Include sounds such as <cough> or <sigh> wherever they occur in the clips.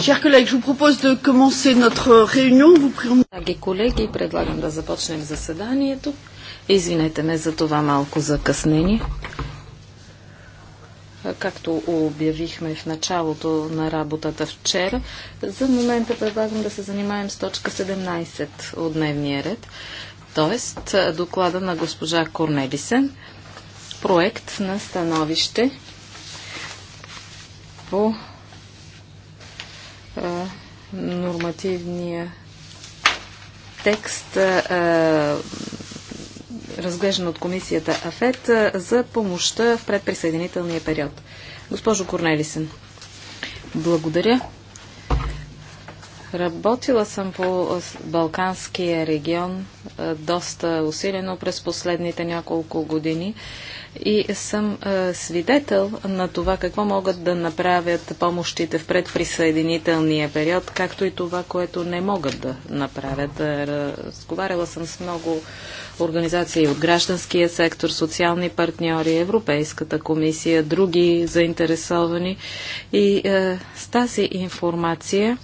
Chers collègues, je vous propose de commencer notre réunion. Vous prions... Драги колеги, предлагам да започнем заседанието. Извинете ме за това малко закъснение. Както обявихме в началото на работата вчера, за момента предлагам да се занимаем с точка 17 от дневния ред, т.е. доклада на госпожа Корнелисен, проект на становище по е, нормативния текст, е, разглеждан от комисията АФЕТ, е, за помощта в предприсъединителния период. Госпожо Корнелисен, благодаря. Работила съм по Балканския регион доста усилено през последните няколко години и съм е, свидетел на това какво могат да направят помощите в предприсъединителния период, както и това, което не могат да направят. Е, разговаряла съм с много организации от гражданския сектор, социални партньори, Европейската комисия, други заинтересовани и е, с тази информация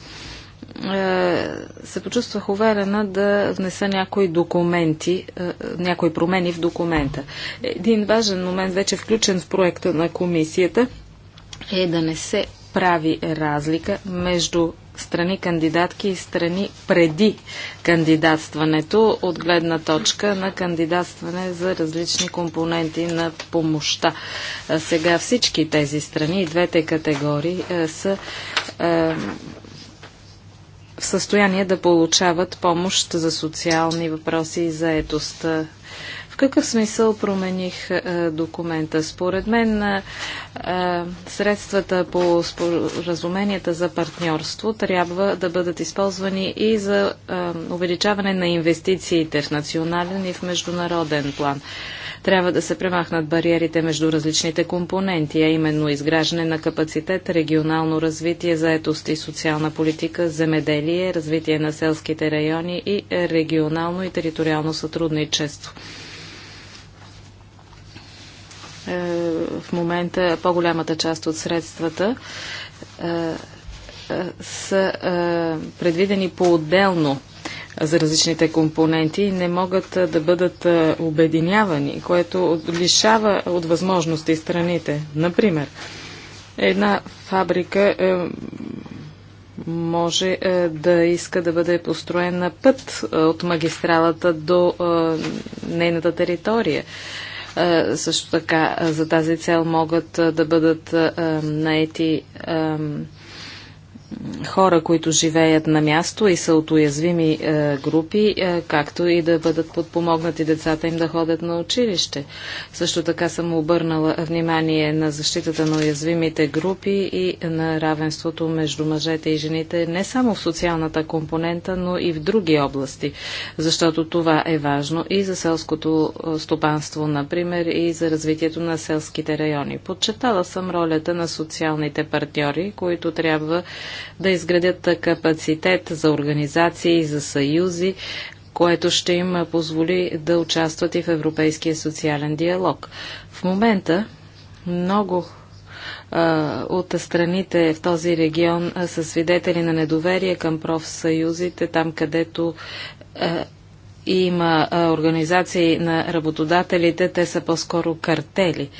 е, се почувствах уверена да внеса някои документи, е, е, някои промени в документа. Един важен момент, вече включен в проекта на комисията, е да не се прави разлика между страни кандидатки и страни преди кандидатстването от гледна точка на кандидатстване за различни компоненти на помощта. Сега всички тези страни, и двете категории са в състояние да получават помощ за социални въпроси и заетост. В какъв смисъл промених е, документа? Според мен е, е, средствата по споразуменията за партньорство трябва да бъдат използвани и за увеличаване на инвестициите в национален и в международен план. Трябва да се премахнат бариерите между различните компоненти, а именно изграждане на капацитет, регионално развитие, заетост и социална политика, земеделие, развитие на селските райони и регионално и териториално сътрудничество е, в момента по-голямата част от средствата е, е, са предвидени по-отделно за различните компоненти не могат да бъдат обединявани, което лишава от възможности страните. Например, една фабрика е, може е, да иска да бъде построен на път е, от магистралата до нейната територия. Също така за тази цел могат да бъдат наети хора, които живеят на място и са от уязвими е, групи, е, както и да бъдат подпомогнати децата им да ходят на училище. Също така съм обърнала внимание на защитата на уязвимите групи и на равенството между мъжете и жените не само в социалната компонента, но и в други области, защото това е важно и за селското е, стопанство, например, и за развитието на селските райони. Подчетала съм ролята на социалните партньори, които трябва да изградят капацитет за организации, за съюзи, което ще им позволи да участват и в европейския социален диалог. В момента много от страните в този регион са свидетели на недоверие към профсъюзите, там където има организации на работодателите, те са по-скоро картели.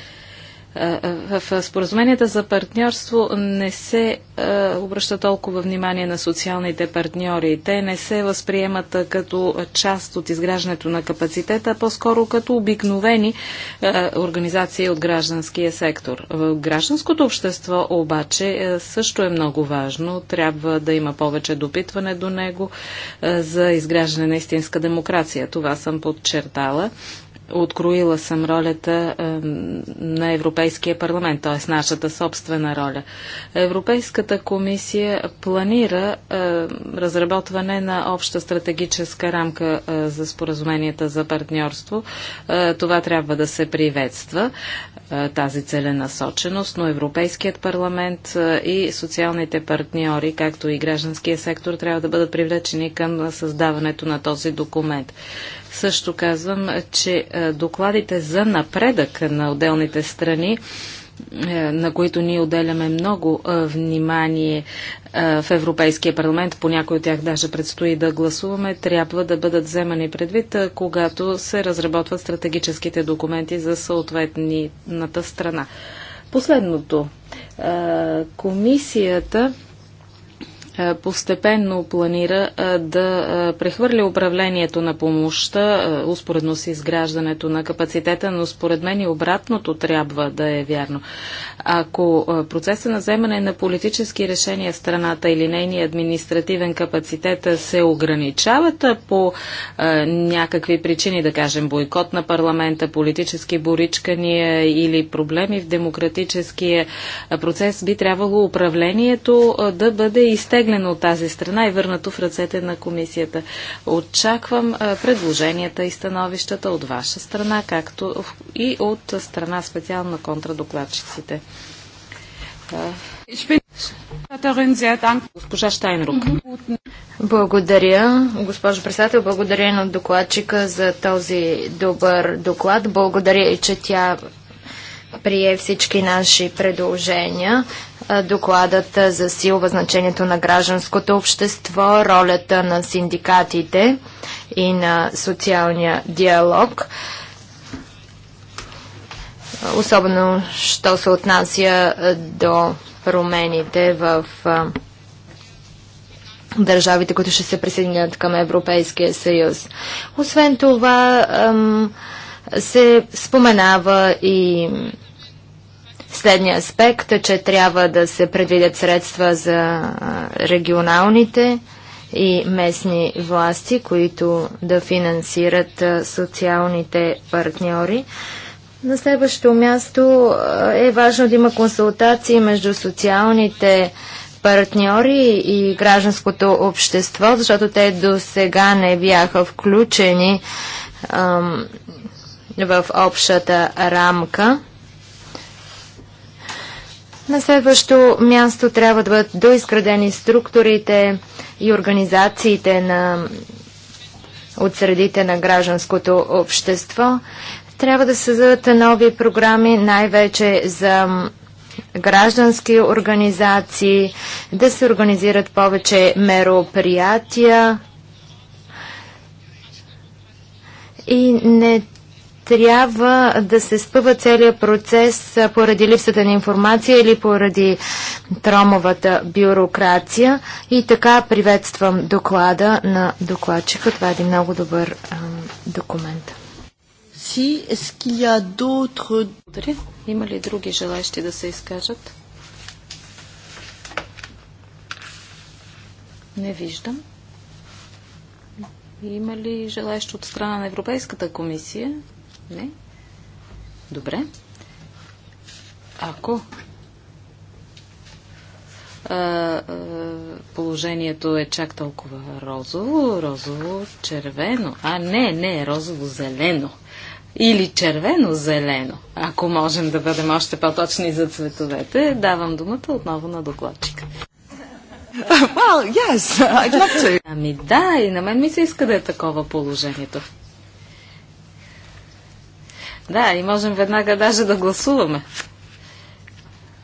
Е, е, в споразуменията за партньорство не се е, обръща толкова внимание на социалните партньори. Те не се възприемат като част от изграждането на капацитета, а по-скоро като обикновени организации от гражданския сектор. В гражданското общество обаче също е много важно. Трябва да има повече допитване до него за изграждане на истинска демокрация. Това съм подчертала. Откроила съм ролята е, на Европейския парламент, т.е. нашата собствена роля. Европейската комисия планира е, разработване на обща стратегическа рамка е, за споразуменията за партньорство. Е, това трябва да се приветства, е, тази целенасоченост, но Европейският парламент е, и социалните партньори, както и гражданския сектор, трябва да бъдат привлечени към създаването на този документ. Също казвам, че е, докладите за напредък на отделните страни е, на които ние отделяме много е, внимание в Европейския парламент, по някои от тях даже предстои да гласуваме, трябва да бъдат вземани предвид, когато се разработват стратегическите документи за съответната страна. Последното. Комисията е, постепенно планира е, да е, прехвърля управлението на помощта, успоредно с изграждането на капацитета, но според мен и обратното трябва да е вярно. Ако процеса на вземане на политически решения в страната или нейния административен капацитет се ограничават по някакви причини, да кажем бойкот на парламента, политически боричкания или проблеми в демократическия процес, би трябвало управлението да бъде изтеглено оттеглено от тази страна и върнато в ръцете на комисията. Очаквам предложенията и становищата от ваша страна, както и от страна специално на контрадокладчиците. Госпожа Штайнрук. Благодаря, госпожо председател. Благодаря на докладчика за този добър доклад. Благодаря и, че тя прие всички наши предложения. Докладът засилва значението на гражданското общество, ролята на синдикатите и на социалния диалог. Особено, що се отнася до промените в държавите, които ще се присъединят към Европейския съюз. Освен това, се споменава и Следния аспект е, че трябва да се предвидят средства за регионалните и местни власти, които да финансират социалните партньори. На следващото място е важно да има консултации между социалните партньори и гражданското общество, защото те до сега не бяха включени ам, в общата рамка. На следващо място трябва да бъдат доизградени структурите и организациите на от средите на гражданското общество. Трябва да се създадат нови програми, най-вече за граждански организации, да се организират повече мероприятия и не трябва да се спъва целият процес поради липсата на информация или поради тромовата бюрокрация. И така приветствам доклада на докладчика. Това е много добър документ. Благодаря. Има ли други желащи да се изкажат? Не виждам. Има ли желащи от страна на Европейската комисия? Не? Добре. Ако положението е чак толкова розово, розово-червено. А не, не, розово-зелено. Или червено-зелено. Ако можем да бъдем още по-точни за цветовете, давам думата отново на докладчика. Well, yes, I'd love to. Ами да, и на мен ми се иска да е такова положението. Да, и можем веднага даже да гласуваме.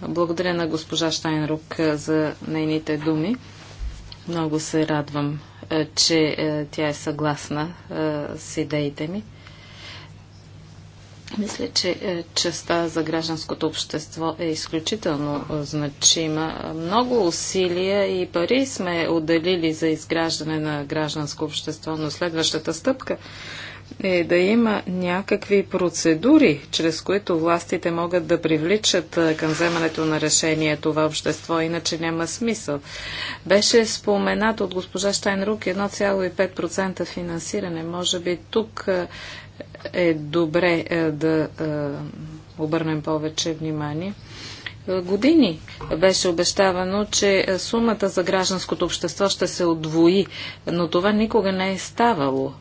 Благодаря на госпожа Штайнрук за нейните думи. Много се радвам, че тя е съгласна с идеите ми. Мисля, че частта за гражданското общество е изключително значима. Много усилия и пари сме отделили за изграждане на гражданско общество, но следващата стъпка е да има някакви процедури, чрез които властите могат да привличат към вземането на решение това общество, иначе няма смисъл. Беше споменат от госпожа Штайнрук 1,5% финансиране. Може би тук е добре да обърнем повече внимание години беше обещавано, че сумата за гражданското общество ще се отвои, но това никога не е ставало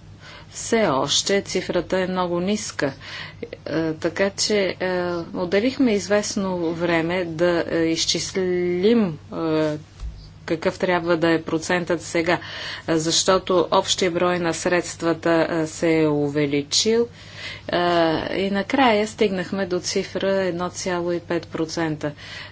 все още цифрата е много ниска. Е, така че е, отделихме известно време да е, изчислим какъв трябва да е процентът сега, защото общия брой на средствата се е увеличил и накрая стигнахме до цифра 1,5%.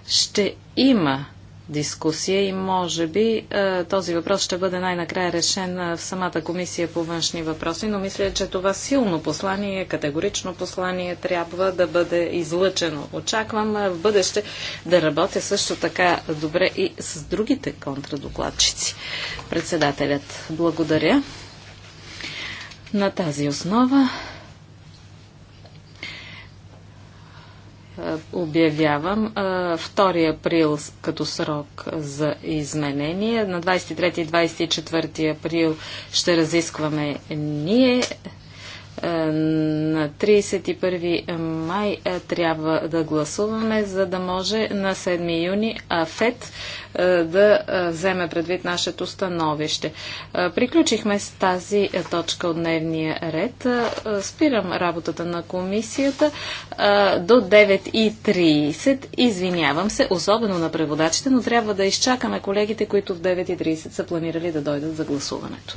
Ще има дискусия и може би е, този въпрос ще бъде най-накрая решен е, в самата комисия по външни въпроси, но мисля, че това силно послание, категорично послание трябва да бъде излъчено. Очаквам е, в бъдеще да работя също така добре и с другите контрадокладчици. Председателят, благодаря. На тази основа Е, обявявам 2 е, април като срок за изменение. На 23 и 24 април ще разискваме ние е, на 31 май е, трябва да гласуваме, за да може на 7 юни ФЕД е, да вземе предвид нашето становище. Приключихме с тази точка от дневния ред. Спирам работата на комисията до 9.30. Извинявам се, особено на преводачите, но трябва да изчакаме колегите, които в 9.30 са планирали да дойдат за гласуването.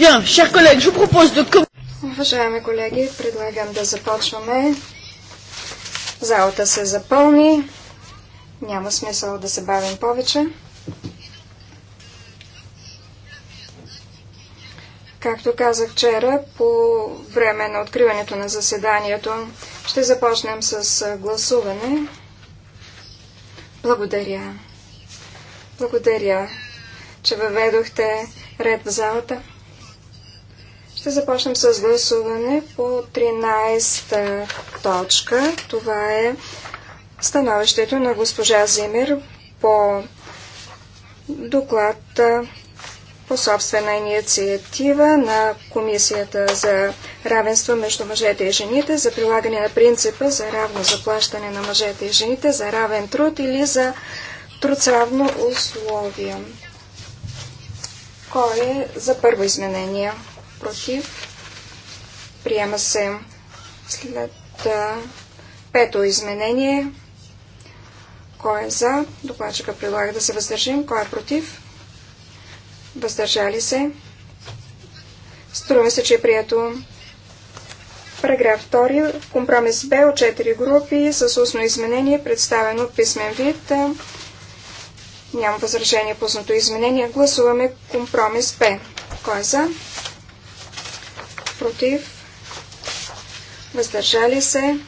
Bien, chers collègues, je vous propose de... Уважаеми колеги, предлагам да започваме. Залата се запълни. Няма смисъл да се бавим повече. Както казах вчера, по време на откриването на заседанието ще започнем с гласуване. Благодаря. Благодаря, че въведохте ред в залата. Ще започнем с гласуване по 13-та точка. Това е становището на госпожа Зимир по доклад по собствена инициатива на Комисията за равенство между мъжете и жените за прилагане на принципа за равно заплащане на мъжете и жените за равен труд или за труд с равно условие. Кой е за първо изменение? против, приема се. След пето изменение, кой е за, докладчика предлага да се въздържим, кой е против, въздържали се. Струва се, че е прието Параграф 2. Компромис Б от 4 групи с устно изменение, представено в писмен вид. Няма възражение познато изменение. Гласуваме компромис Б. Кой е за? против, въздържали се,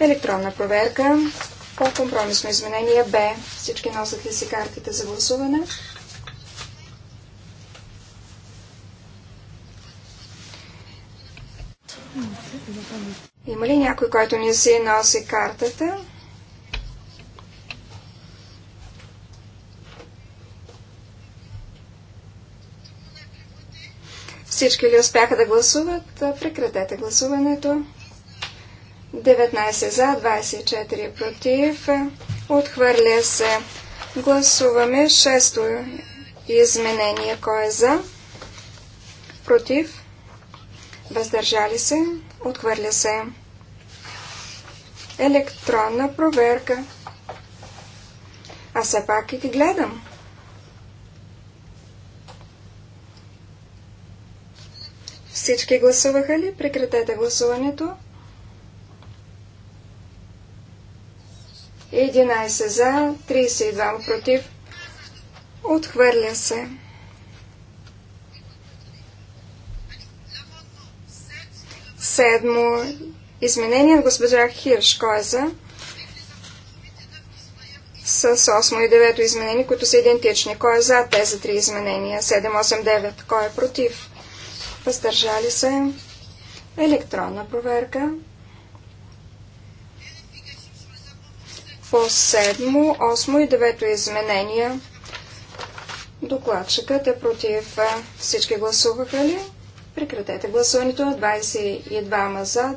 електронна проверка по компромисно изменение Б. Всички носят ли си картите за гласуване? Има ли някой, който не си носи картата? Всички ли успяха да гласуват? Прекратете гласуването. 19 за, 24 против. Отхвърля се. Гласуваме шесто изменение. Кой е за? Против? Въздържали се? Отхвърля се. Електронна проверка. А все пак и ги гледам. Всички гласуваха ли? Прекратете гласуването. 11 за, 32 против. Отхвърля се. Седмо изменение на госпожа Хирш. Кой е за? С 8 и 9 изменения, които са идентични. Кой е за тези три изменения? 7, 8, 9. Кой е против? въздържали се, електронна проверка. По седмо, осмо и девето изменения докладчикът е против. Всички гласуваха ли? Прекратете гласуването. 22 за,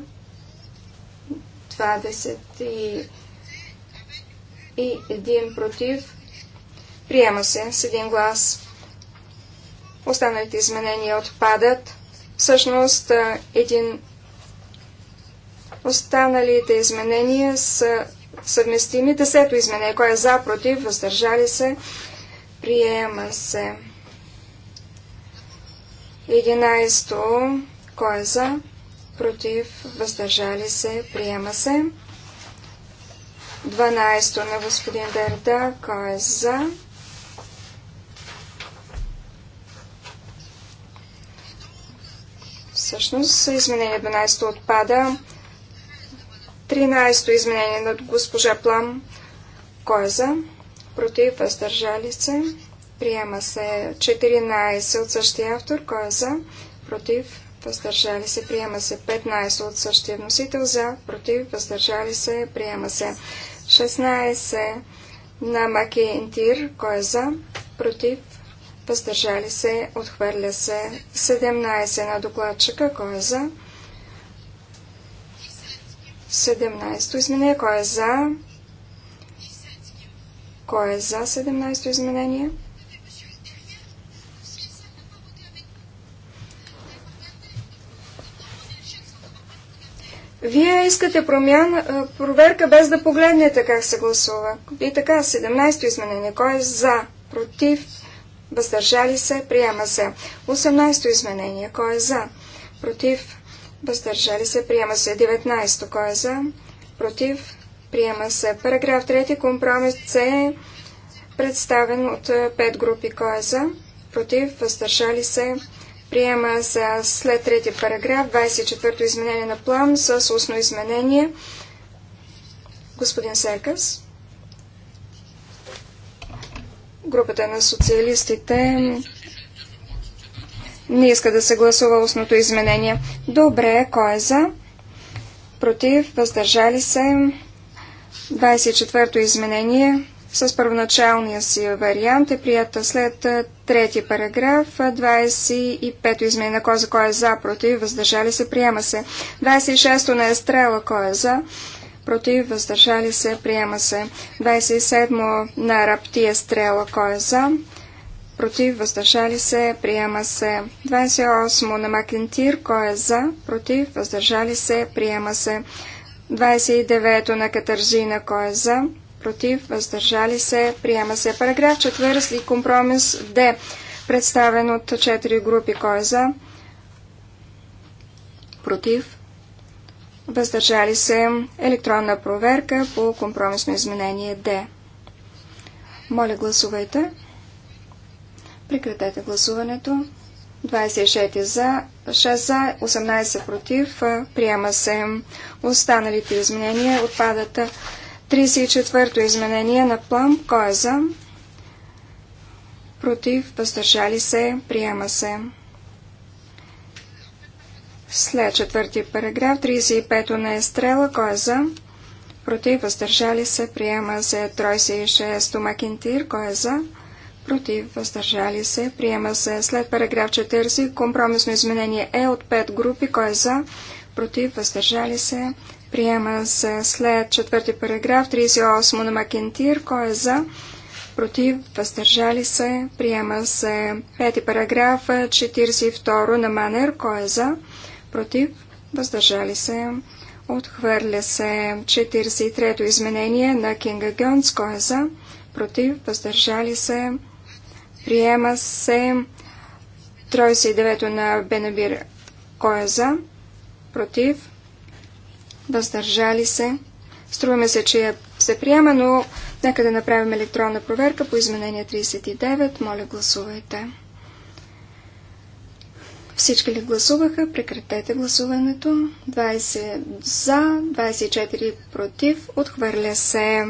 20 и, и 1 против. Приема се с един глас. Останалите изменения отпадат. Всъщност, един останалите изменения са съвместими. Десето изменение, кое е за, против, въздържали се, приема се. Единайсто, кое е за, против, въздържали се, приема се. 12 на господин Дерда, кой е за, Всъщност, изменение 12 отпада. 13 изменение на госпожа Плам. Кой е за? Против, въздържали се. Приема се 14 от същия автор. Кой е за? Против, въздържали се. Приема се 15 от същия вносител. За, против, въздържали се. Приема се 16 на Макентир. Кой е за? Против, въздържали се, отхвърля се 17 на докладчика, кой е за? 17-то изменение, кой е за? Кой е за 17-то изменение? Вие искате промяна, проверка без да погледнете как се гласува. И така, 17-то изменение. Кой е за, против, въздържали се, приема се. 18-то изменение, кой е за, против, въздържали се, приема се. 19-то, кой е за, против, приема се. Параграф 3, компромис С е представен от 5 е, групи, кой е за, против, въздържали се, приема се. След третия параграф, 24-то изменение на план с устно изменение. Господин Серкас. Групата на социалистите не иска да се гласува устното изменение. Добре, кой е за? Против, въздържали се. 24-то изменение с първоначалния си вариант е прията след трети параграф. 25-то изменение на коза, кой е за, против, въздържали се, приема се. 26-то на Естрела кой е за, против, въздържали се, приема се. 27 на Раптия стрела, кой е за, против, въздържали се, приема се. 28 на Макентир, кой е за, против, въздържали се, приема се. 29 на Катарзина, кой е за, против, въздържали се, приема се. Параграф 4 компромис Д, представен от 4 групи, кой е за, против, въздържали се електронна проверка по компромисно изменение Д. Моля, гласувайте. Прекратете гласуването. 26 за, 6 за, 18 против. Приема се останалите изменения. Отпадат 34-то изменение на план. Кой е за? Против, въздържали се, приема се. След четвърти параграф, 35-то на Естрела, кой е за? Против, въздържали се, приема се 36-то Макентир, кой е за? Против, въздържали се, приема се. След параграф 40, компромисно изменение е от 5 групи, кой е за? Против, въздържали се, приема се. След четвърти параграф, 38 на Макентир, кой е за? против, въздържали се, приема се. Пети параграф, 42 на Манер, кой е за, против, въздържали се, отхвърля се 43-то изменение на Кинга Гьонс, кой е за, против, въздържали се, приема се 39-то на Бенабир, кой е за, против, въздържали се. Струваме се, че се приема, но нека да направим електронна проверка по изменение 39. Моля, гласувайте. Всички ли гласуваха? Прекратете гласуването. 20 за, 24 против. Отхвърля се.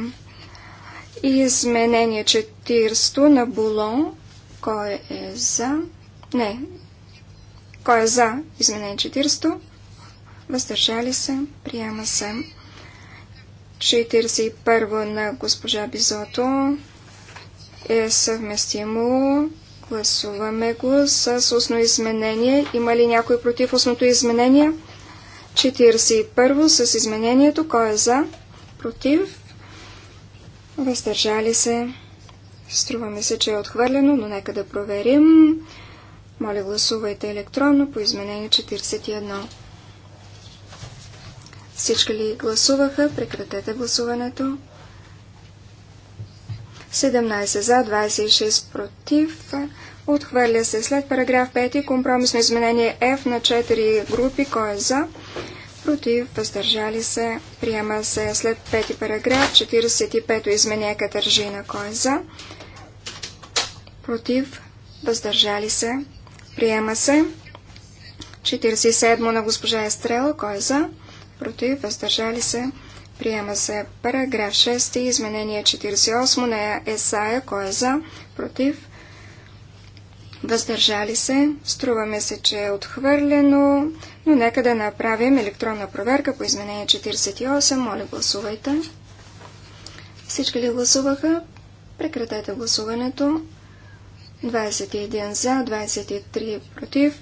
изменение 400 на Булон. Кой е за? Не. Кой е за? Изменение 40. Въздържали се. Приема се. 41 на госпожа Бизото е съвместимо Гласуваме го с устно изменение. Има ли някой против устното изменение? 41 с изменението. Кой е за? Против? Въздържали се. Струваме се, че е отхвърлено, но нека да проверим. Моля, гласувайте електронно по изменение 41. Всички ли гласуваха? Прекратете гласуването. 17 за, 26 против. Отхвърля се след параграф 5 компромисно изменение F на 4 групи. Кой е за? Против. Въздържали се. Приема се след 5 параграф 45 изменение Катържина. Кой е за? Против. Въздържали се. Приема се. 47 на госпожа Естрела. Кой е за? Против. Въздържали се. Приема се параграф 6, изменение 48 на Есая, кой е за, против, въздържали се. Струваме се, че е отхвърлено, но нека да направим електронна проверка по изменение 48. Моля, гласувайте. Всички ли гласуваха? Прекратете гласуването. 21 за, 23 против.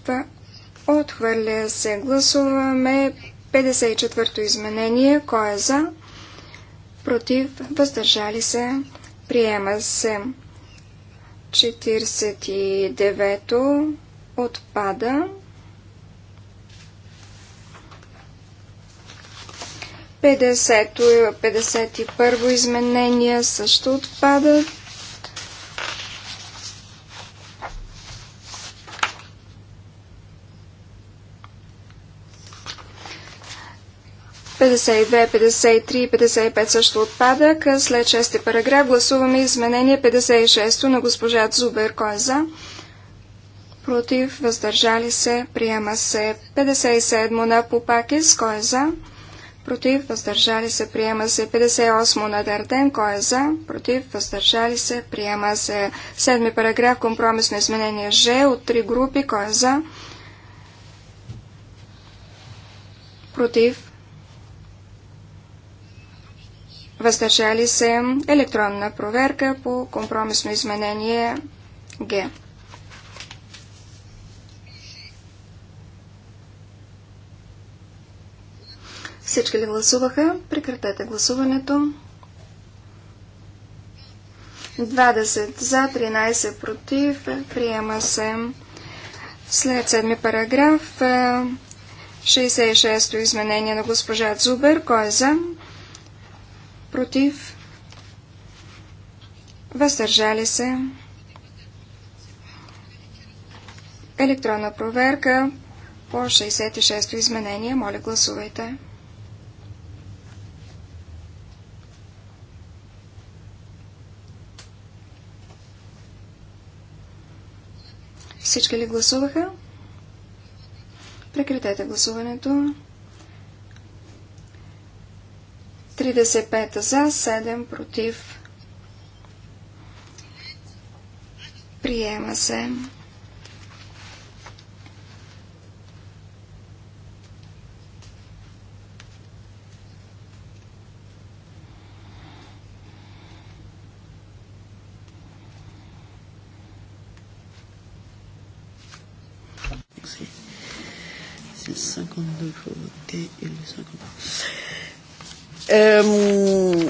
Отхвърля се. Гласуваме 54-то изменение. Кой е за? Против. Въздържали се. Приема се. 49-то отпада. 50-то и 51-во изменение също отпадат. 52, 53 и 55 също отпадък. След 6 параграф гласуваме изменение 56 на госпожа Зубер. Кой е за? Против, въздържали се, приема се. 57 на Попакис. Кой е за? Против, въздържали се, приема се. 58 на Дарден. Кой е за? Против, въздържали се, приема се. 7 параграф, компромисно изменение Ж от 3 групи. Кой е за? Против, въздържали се електронна проверка по компромисно изменение Г. Всички ли гласуваха? Прекратете гласуването. 20 за, 13 против. Приема се след седми параграф 66-то е, изменение на госпожа Зубер. Кой е за? против, въздържали се. Електронна проверка по 66-то изменение. Моля, гласувайте. Всички ли гласуваха? Прекратете гласуването. 35 за, 7 против. Приема се. Sí. Sí, 52 de 52. Euh,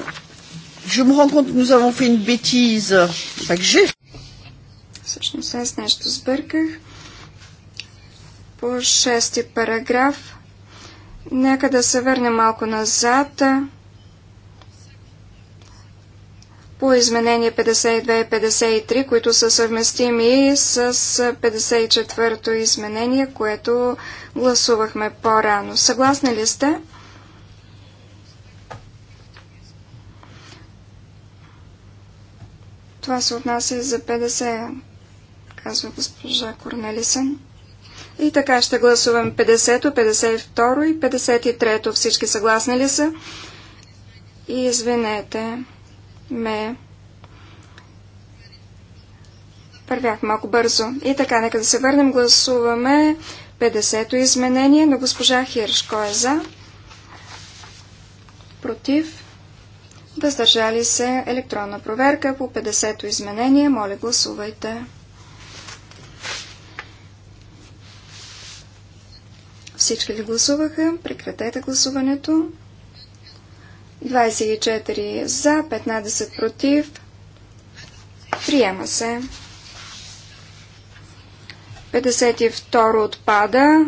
je me rends compte que nous avons fait une bêtise. Enfin, que j'ai. Всъщност аз нещо сбърках. По шести параграф. Нека да се върнем малко назад. По изменение 52 и 53, които са съвместими с 54-то изменение, което гласувахме по-рано. Съгласни ли сте? Това се отнася за 50, казва госпожа Корнелисен. И така ще гласувам 50-то, 52-то и 53-то. Всички съгласни ли са? И извинете ме. Първях малко бързо. И така, нека да се върнем. Гласуваме 50-то изменение на госпожа Хирш. Кой е за? Против? въздържали се електронна проверка по 50-то изменение. Моля, гласувайте. Всички ли гласуваха? Прекратете гласуването. 24 за, 15 против. Приема се. 52 отпада.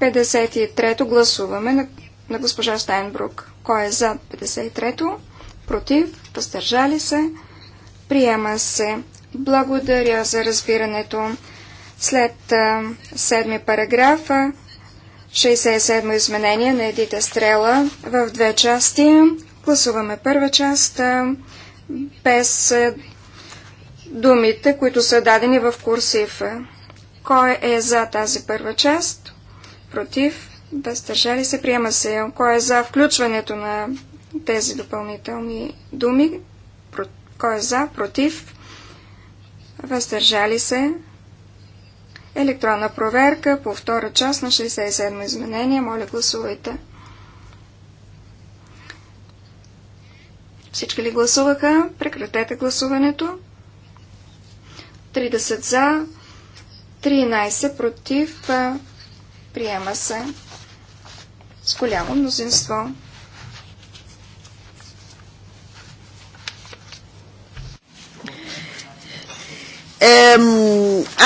53 гласуваме на на госпожа Стайнбрук. Кой е за 53-то? Против? Въздържали се? Приема се. Благодаря за разбирането. След седми параграф, 67 изменение на Едита Стрела в две части. Гласуваме първа част без думите, които са дадени в курсив. Кой е за тази първа част? Против? Въздържали се, приема се. Кой е за включването на тези допълнителни думи? Кой е за? Против? Въздържали се. Електронна проверка по втора част на 67 изменение. Моля, гласувайте. Всички ли гласуваха? Прекратете гласуването. 30 за, 13 против. Приема се с голямо мнозинство.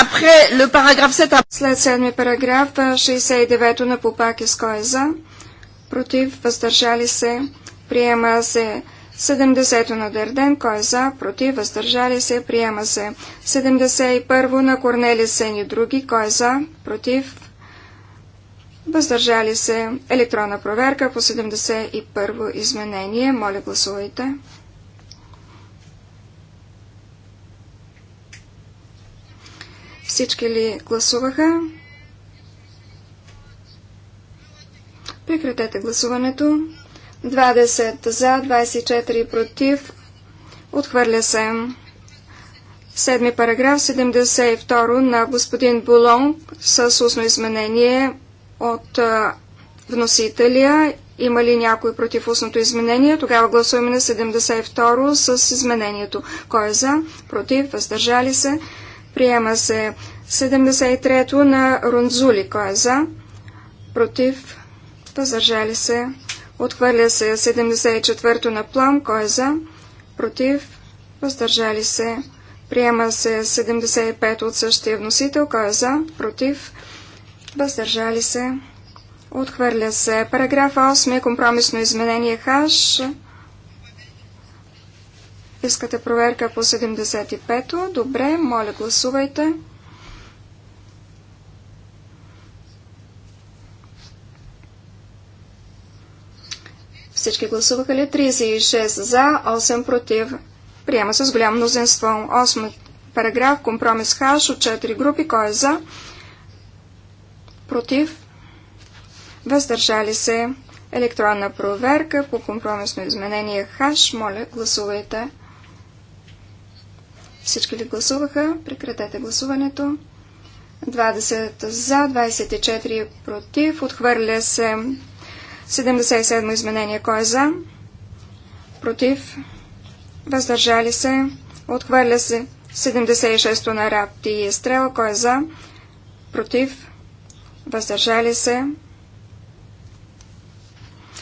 Après le paragraphe 7... След седми параграф, 69-то на Попакис, кой е за? Против, въздържали се, приема се 70-то на Дерден, кой е за? Против, въздържали се, приема се 71-во на Корнели Сени, други, кой е за? Против, Въздържали се електронна проверка по 71 изменение. Моля, гласувайте. Всички ли гласуваха? Прекратете гласуването. 20 за, 24 против. Отхвърля се. Седми параграф, 72 на господин Булон с устно изменение от вносителя. Има ли някой против устното изменение? Тогава гласуваме на 72 с изменението. Кой е за? Против? Въздържали се? Приема се 73-то на Рунзули. Кой е за? Против? Въздържали се? Отхвърля се 74-то на Плам. Кой е за? Против? Въздържали се? Приема се 75 от същия вносител. Кой е за? Против? въздържали се, отхвърля се. Параграф 8, компромисно изменение хаш. Искате проверка по 75-то. Добре, моля гласувайте. Всички гласуваха ли? 36 за, 8 против. Приема се с голямо мнозинство. 8 параграф, компромис хаш от 4 групи. Кой е за? против, въздържали се, електронна проверка по компромисно изменение ХАШ. Моля, гласувайте. Всички ли гласуваха? Прекратете гласуването. 20 за, 24 против. Отхвърля се 77 изменение. Кой е за? Против. Въздържали се. Отхвърля се 76 на Рапти и Стрела. Кой е за? Против въздържали се.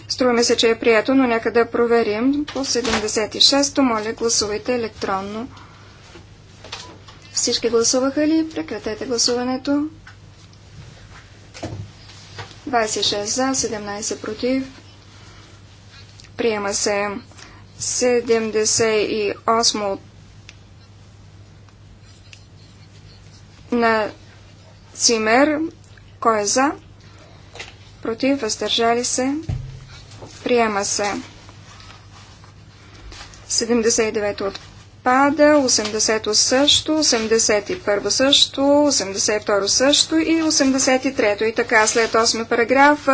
Струва ми се, че е прието, но нека да проверим. По 76-то, моля, гласувайте електронно. Всички гласуваха ли? Прекратете гласуването. 26 за, 17 против. Приема се 78 на Цимер кой е за? Против, въздържали се. Приема се. 79 отпада, 80 също, 81 също, 82 също и 83 И така след 8 параграф,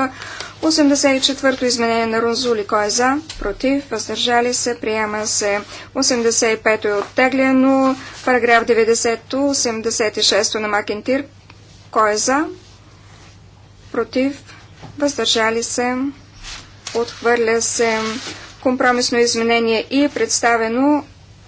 84-то изменение на Рунзули. Кой е за? Против? Въздържали се? Приема се. 85-то е оттеглено. Параграф 90-то, 86-то на Макентир. Кой е за? против, въздържали се, отхвърля се компромисно изменение и е представено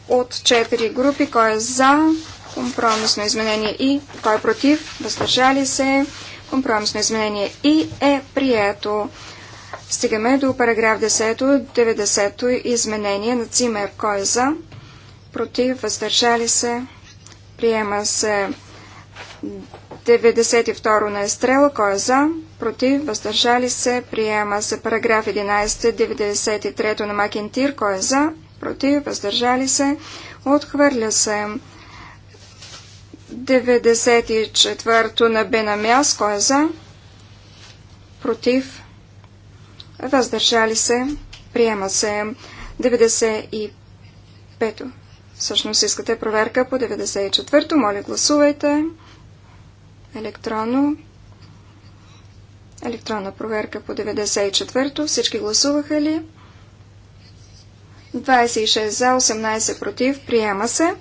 от 4 групи, кой е за компромисно изменение и кой е против, въздържали се, компромисно изменение и е прието. Стигаме до параграф 10, 90-то изменение на Цимер. Кой е за? Против, въздържали се. Приема се 92 на Естрела. Кой е за? Против? Въздържали се? Приема се. Параграф 11. 93 на Макентир. Кой е за? Против? Въздържали се? Отхвърля се. 94 на Бенамяс. Кой е за? Против? Въздържали се? Приема се. 95 Всъщност искате проверка по 94-то. Моля, гласувайте електронно. Електронна проверка по 94-то. Всички гласуваха ли? 26 за, 18 против. Приема се.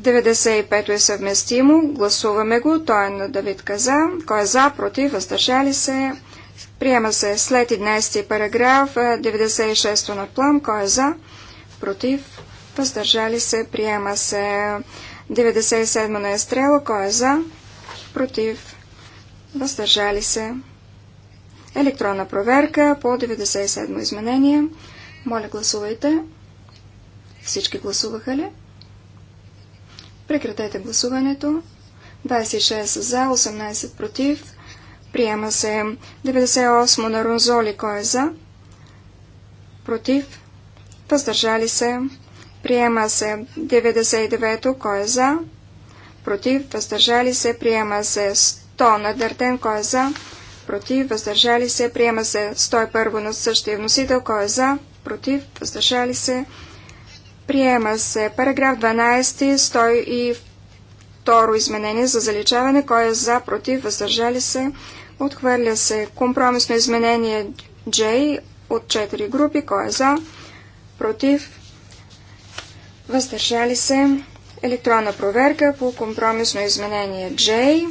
95 то е съвместимо. Гласуваме го. Той е на Давид Каза. Кой е за, против, въздържали се. Приема се след 11 параграф 96 е, на плам. Кой е за, против, въздържали се. Приема се 97 на Естрела. Кой е за? Против. Въздържали се. Електронна проверка по 97 изменение. Моля, гласувайте. Всички гласуваха ли? Прекратете гласуването. 26 за, 18 против. Приема се 98 на Рунзоли. Кой е за? Против. Въздържали се. Приема се 99-то, кой е за? Против, въздържали се, приема се 100 на Дъртен, кой е за? Против, въздържали се, приема се 101 на същия вносител, кой е за? Против, въздържали се, приема се параграф 12, 102 изменение за заличаване, кой е за? Против, въздържали се, отхвърля се компромисно изменение J от 4 групи, кой е за? Против, въздържали се, електронна проверка по компромисно изменение J.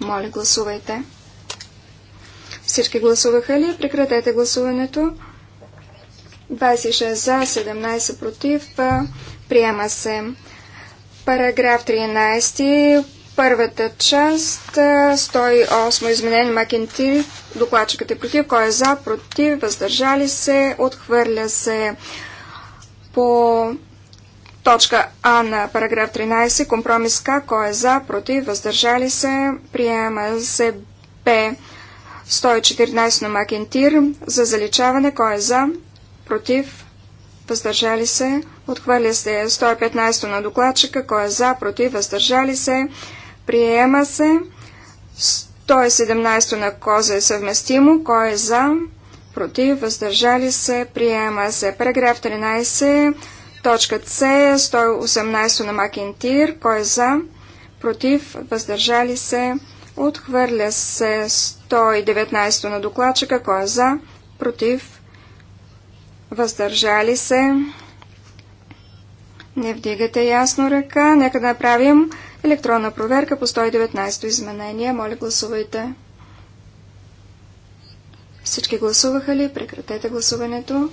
Моля, гласувайте. Всички гласуваха ли? Прекратете гласуването. 26 за, 17 против. Приема се. Параграф 13. Първата част. 108 изменение Макентир. Докладчикът е против. Кой е за? Против. Въздържали се. Отхвърля се. По Точка А на параграф 13, компромис К, кой е за, против, въздържали се, приема се Б. 114 на Макентир за заличаване, кой е за, против, въздържали се, отхвърля се 115 на докладчика, кой е за, против, въздържали се, приема се 117 на Коза е съвместимо, кой е за, против, въздържали се, приема се. Параграф 13 Точка С, 118 на Макентир, кой е за, против, въздържали се, отхвърля се 119 на докладчика, кой е за, против, въздържали се. Не вдигате ясно ръка, нека да направим електронна проверка по 119 изменение. Моля, гласувайте. Всички гласуваха ли? Прекратете гласуването.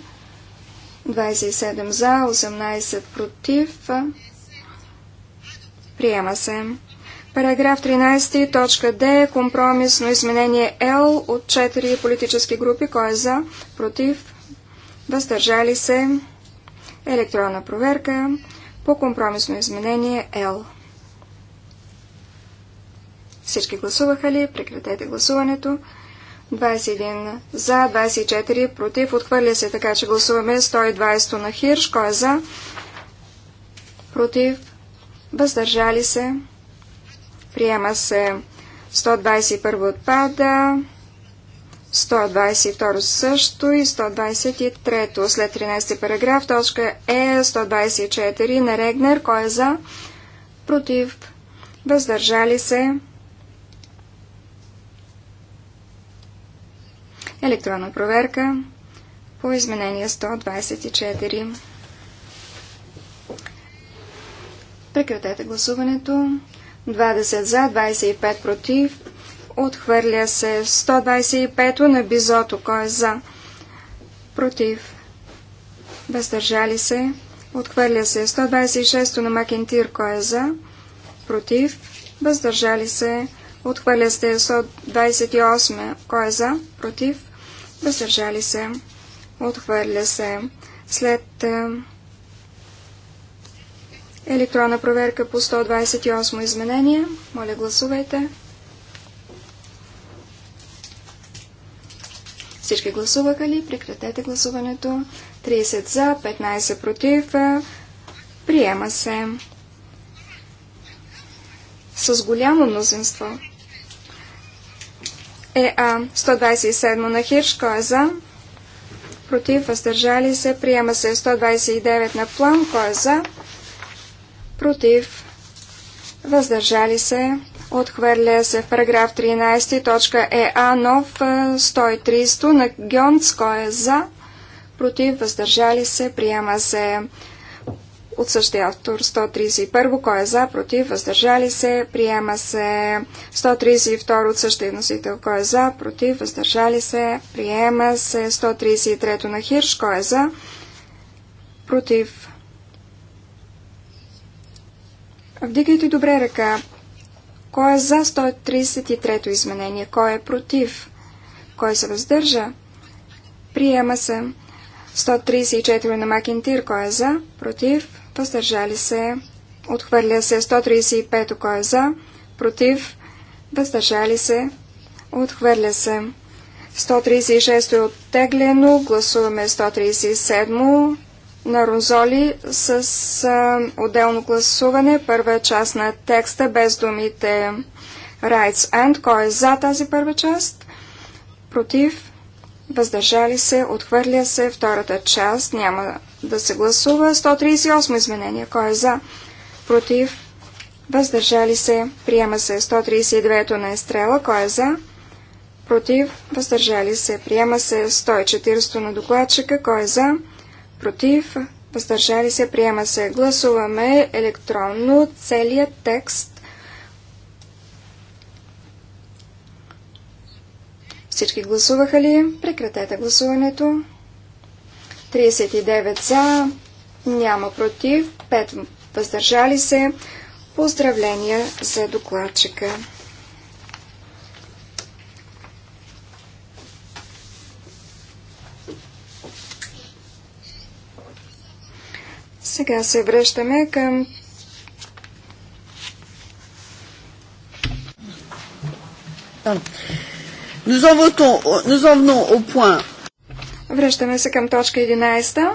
27 за, 18 против. Приема се. Параграф 13, точка Д, компромисно изменение Л от 4 политически групи. Кой е за? Против? Въздържали се? Електронна проверка по компромисно изменение Л. Всички гласуваха ли? Прекратете гласуването. 21 за, 24 против. Отхвърля се, така че гласуваме 120 на Хирш. Кой е за? Против. Въздържали се. Приема се 121 отпада. 122 също и 123 след 13 параграф. Точка е 124 на Регнер. Кой е за? Против. Въздържали се. Електронна проверка по изменение 124. Прекратете гласуването. 20 за, 25 против. Отхвърля се 125 на бизото. Кой е за? Против. Въздържали се. Отхвърля се 126 на Макентир. Кой е за? Против. Въздържали се. Отхвърля се 128. Кой е за? Против въздържали се, отхвърля се. След е, електронна проверка по 128 изменение, моля гласувайте. Всички гласуваха ли? Прекратете гласуването. 30 за, 15 против. Е, приема се. С голямо мнозинство. ЕА 127 на Хирш, кой е за? Против, въздържали се, приема се 129 на План, кой е за? Против, въздържали се, отхвърля се в параграф 13, точка ЕА, нов 130 на Гьонц, кой е за? Против, въздържали се, приема се от същия автор 131. Кой е за, против, въздържали се, приема се 132 от същия носител. Кой е за, против, въздържали се, приема се 133 на Хирш. Кой е за, против. Вдигайте добре ръка. Кой е за 133 изменение? Кой е против? Кой се въздържа? Приема се. 134 на Макентир. Кой е за? Против? въздържали се, отхвърля се 135, кой е за, против, въздържали се, отхвърля се. 136 е оттеглено, гласуваме 137 на Розоли с а, отделно гласуване, първа част на текста без думите rights and, кой е за тази първа част, против, въздържали се, отхвърля се, втората част няма да се гласува. 138 изменение, кой е за, против, въздържали се, приема се 139-то на Естрела, кой е за, против, въздържали се, приема се 140-то на докладчика, кой е за, против, въздържали се, приема се. Гласуваме електронно целият текст Всички гласуваха ли? Прекратете гласуването. 39 за, няма против, 5 въздържали се. Поздравления за докладчика. Сега се връщаме към Done. Nous en, votons, nous en venons au point. Връщаме се към точка 11.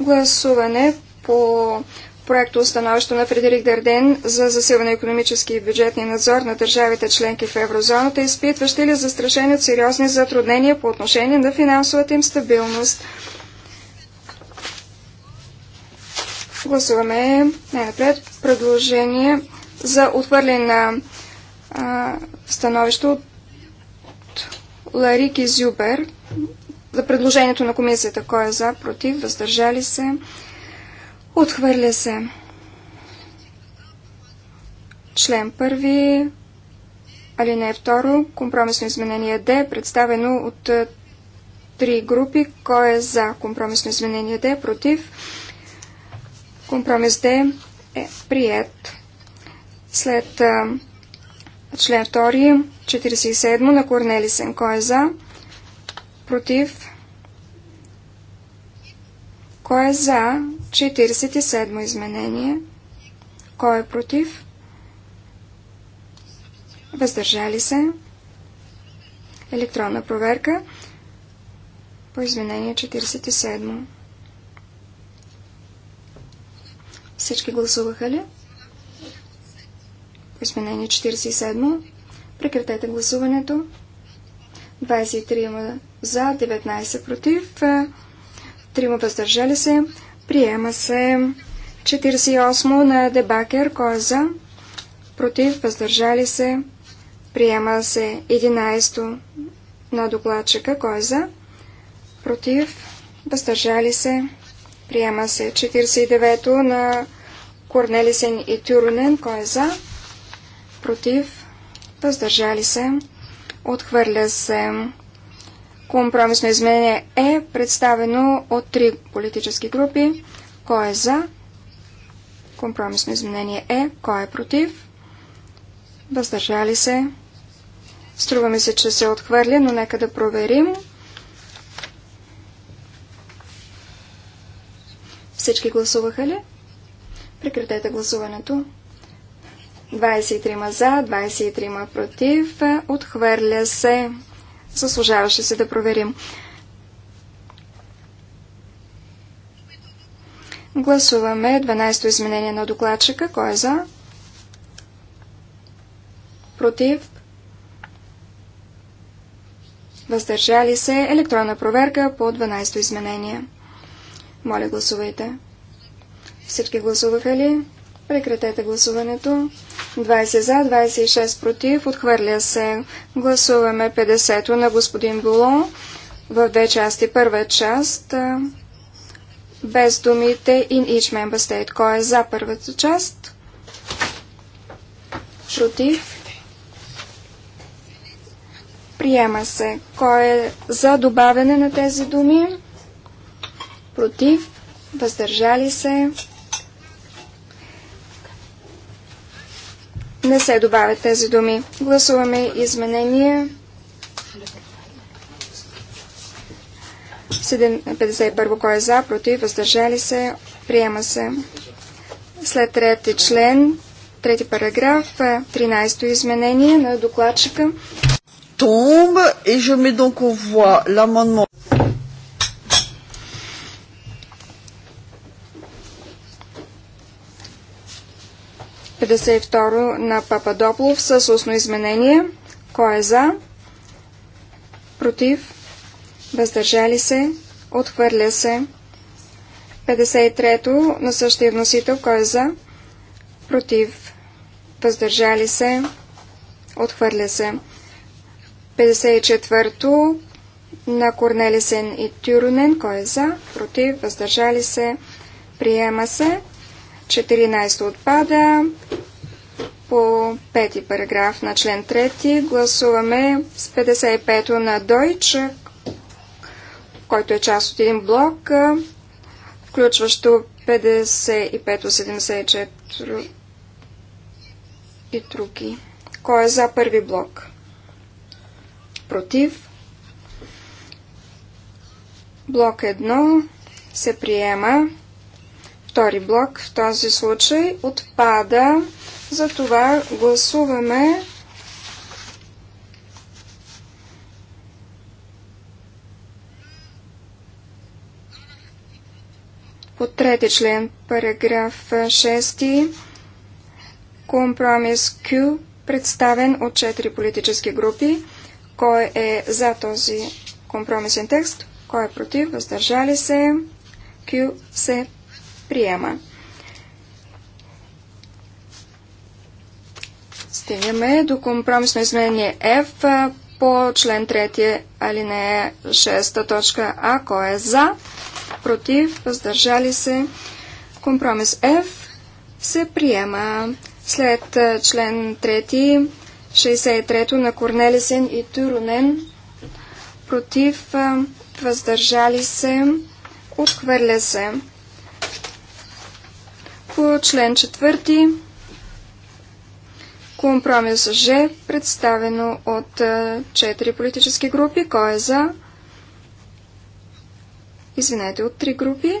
Гласуване по проекто установище на Фредерик Дарден за засилване на економически и бюджетни надзор на държавите членки в еврозоната, изпитващи ли застрашени от сериозни затруднения по отношение на финансовата им стабилност. Гласуваме най-напред предложение за отвърляне на становището от Ларик и Зюбер за предложението на комисията. Кой е за, против, въздържали се, отхвърля се. Член първи, алинея второ, компромисно изменение Д, представено от е, три групи. Кой е за компромисно изменение Д, против? Компромис Д е прият. След е, Член 2, 47 на Корнелисен. Кой е за? Против? Кой е за 47 изменение? Кой е против? Въздържали се? Електронна проверка по изменение 47. Всички гласуваха ли? Изменение 47. Прекратете гласуването. 23 за, 19 против, 3 е, въздържали се. Приема се 48 на Дебакер, кой е за, против, въздържали се. Приема се 11 на докладчика, кой е за, против, въздържали се. Приема се 49 на Корнелисен и Тюрунен, кой е за, против, въздържали се, отхвърля се. Компромисно изменение е представено от три политически групи. Кой е за? Компромисно изменение е. Кой е против? Въздържали се. Струва ми се, че се отхвърля, но нека да проверим. Всички гласуваха ли? Прекратете гласуването. 23 за, 23 против. Отхвърля се. Заслужаваше се да проверим. Гласуваме 12-то изменение на докладчика. Кой е за? Против? Въздържали се електронна проверка по 12-то изменение. Моля, гласувайте. Всички гласуваха ли? Прекратете гласуването. 20 за, 26 против. Отхвърля се. Гласуваме 50-то на господин Було в две части. Първа част без думите in each member state. Кой е за първата част? Против. Приема се. Кой е за добавяне на тези думи? Против. Въздържали се. не се добавят тези думи. Гласуваме изменение 51. Кой е за, против, въздържали се, приема се. След трети член, трети параграф, 13-то изменение на докладчика. Tombe et je mets donc au voie l'amendement. 52 на Пападоплов с устно изменение. Кой е за? Против? Въздържали се? Отхвърля се. 53 то на същия вносител. Кой е за? Против? Въздържали се? Отхвърля се. 54 то на Корнелисен и Тюрунен. Кой е за? Против? Въздържали се? Приема се. 14 отпада. По пети параграф на член 3 гласуваме с 55-то на Дойч, който е част от един блок, включващо 55-74 и други. Кой е за първи блок? Против. Блок 1 се приема. Втори блок в този случай отпада. Затова гласуваме по трети член, параграф 6, компромис Q, представен от четири политически групи. Кой е за този компромисен текст? Кой е против? Въздържали се? Q се приема. Стигаме до компромисно изменение F по член 3 алинея 6 точка А. Кой е за? Против? Въздържали се? Компромис F се приема след член 3 63 на Корнелисен и Турунен против въздържали се отхвърля се по член 4 компромис Ж, представено от 4 политически групи. Кой е за? Извинете, от 3 групи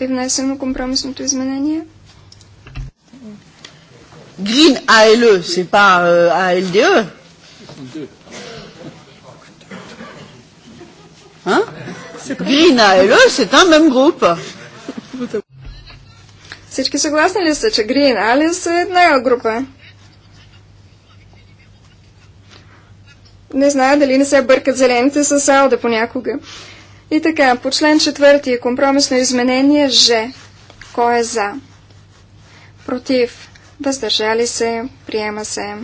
е внесено компромисното изменение. Грин АЛЕ, се па. АЛДЕ? ALDE. Hein Green ALE, е, c'est un même groupe. Всички съгласни ли са, че Green Alice е една група? Не знае дали не се бъркат зелените с алда понякога. И така, по член 4 компромисно изменение Ж. Кой е за? Против. Въздържали се. Приема се.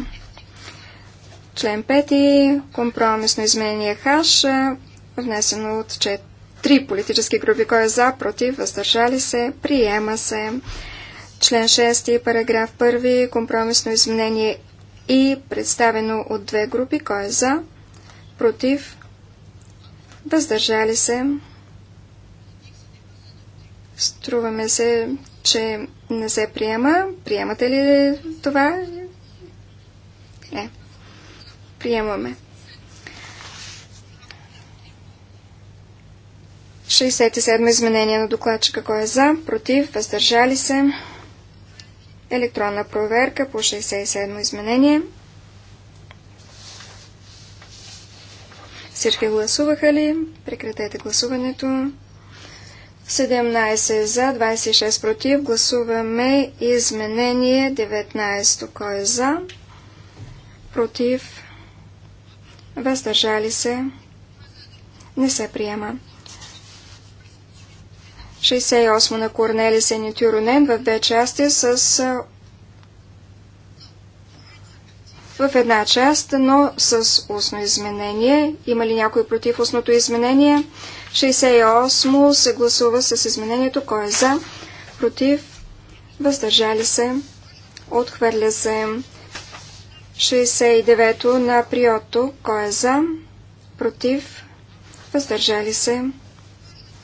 Член 5. Компромисно изменение Х. Внесено от 4 три политически групи. Кой е за, против, въздържали се, приема се. Член 6, параграф 1, компромисно изменение и представено от две групи. Кой е за, против, въздържали се. Струваме се, че не се приема. Приемате ли това? Не. Приемаме. 67 изменение на докладчика. Кой е за? Против? Въздържали се? Електронна проверка по 67 изменение. Всички гласуваха ли? Прекратете гласуването. 17 за, 26 против. Гласуваме изменение 19. Кой е за? Против? Въздържали се? Не се приема. 68 на Корнели Сенитюронен в две части с в една част, но с устно изменение. Има ли някой против устното изменение? 68 се гласува с изменението. Кой е за? Против? Въздържали се? Отхвърля се. 69 на Приото. Кой е за? Против? Въздържали се?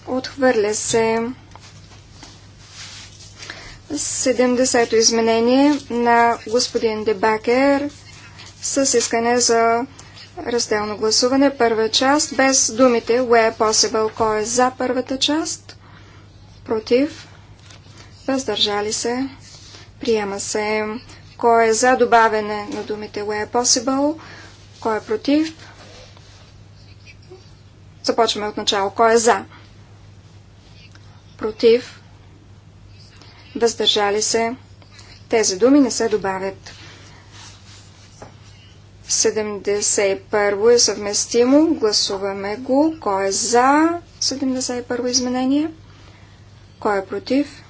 Отхвърля се 70-то изменение на господин Дебакер с искане за разделно гласуване. Първа част без думите Where е possible. Кой е за първата част? Против? Въздържали се? Приема се. Кой е за добавяне на думите Where е possible? Кой е против? Започваме от начало. Кой е за? против, въздържали се. Тези думи не се добавят. 71 е съвместимо. Гласуваме го. Кой е за 71 изменение? Кой е против?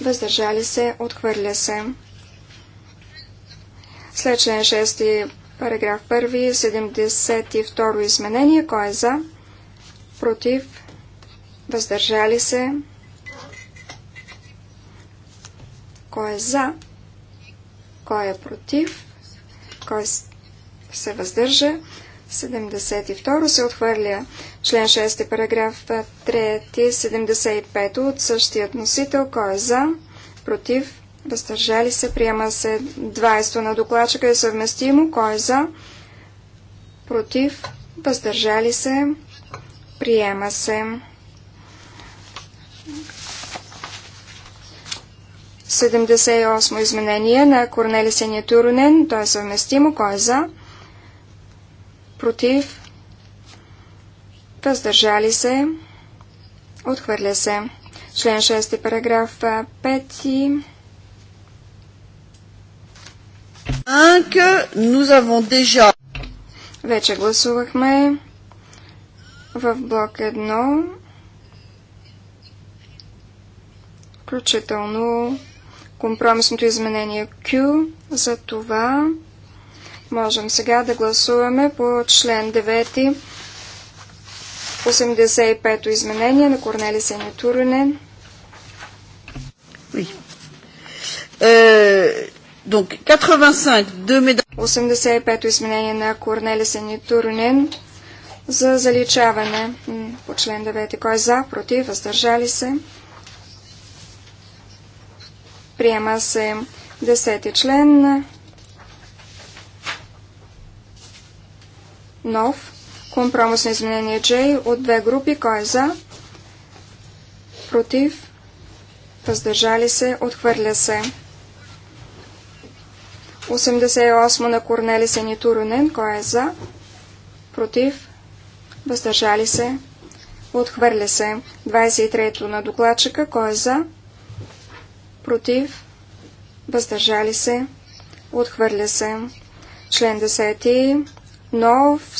Въздържали се. Отхвърля се. След член 6 параграф 1 72 изменение. Кой е за? Против? въздържали се, кой е за, кой е против, кой се въздържа. 72 се отхвърля. Член 6, параграф 3, 75 от същият носител. Кой е за? Против? Въздържали се? Приема се 20 на докладчика е съвместимо. Кой е за? Против? Въздържали се? Приема се. 78 изменение на Корнели Сеня Турунен. Той е съвместимо. Кой е за? Против? Въздържали се? Отхвърля се. Член 6, параграф 5. Анка nous avons déjà. Вече гласувахме в блок 1 включително компромисното изменение Q. За това можем сега да гласуваме по член 9 85-то изменение на Корнели Сеня турнен. Oui. Euh, donc 85 de 85-то изменение на Корнели Сеня Турунен за заличаване по член 9. Кой е за, против, въздържали се? Приема се десети член. Нов. на изменение J от две групи. Кой е за? Против. Въздържали се. Отхвърля се. 88 на Корнели Сени Турунен. Кой е за? Против. Въздържали се. Отхвърля се. 23-то на докладчика. Кой е за? против, въздържали се, отхвърля се. Член 10, нов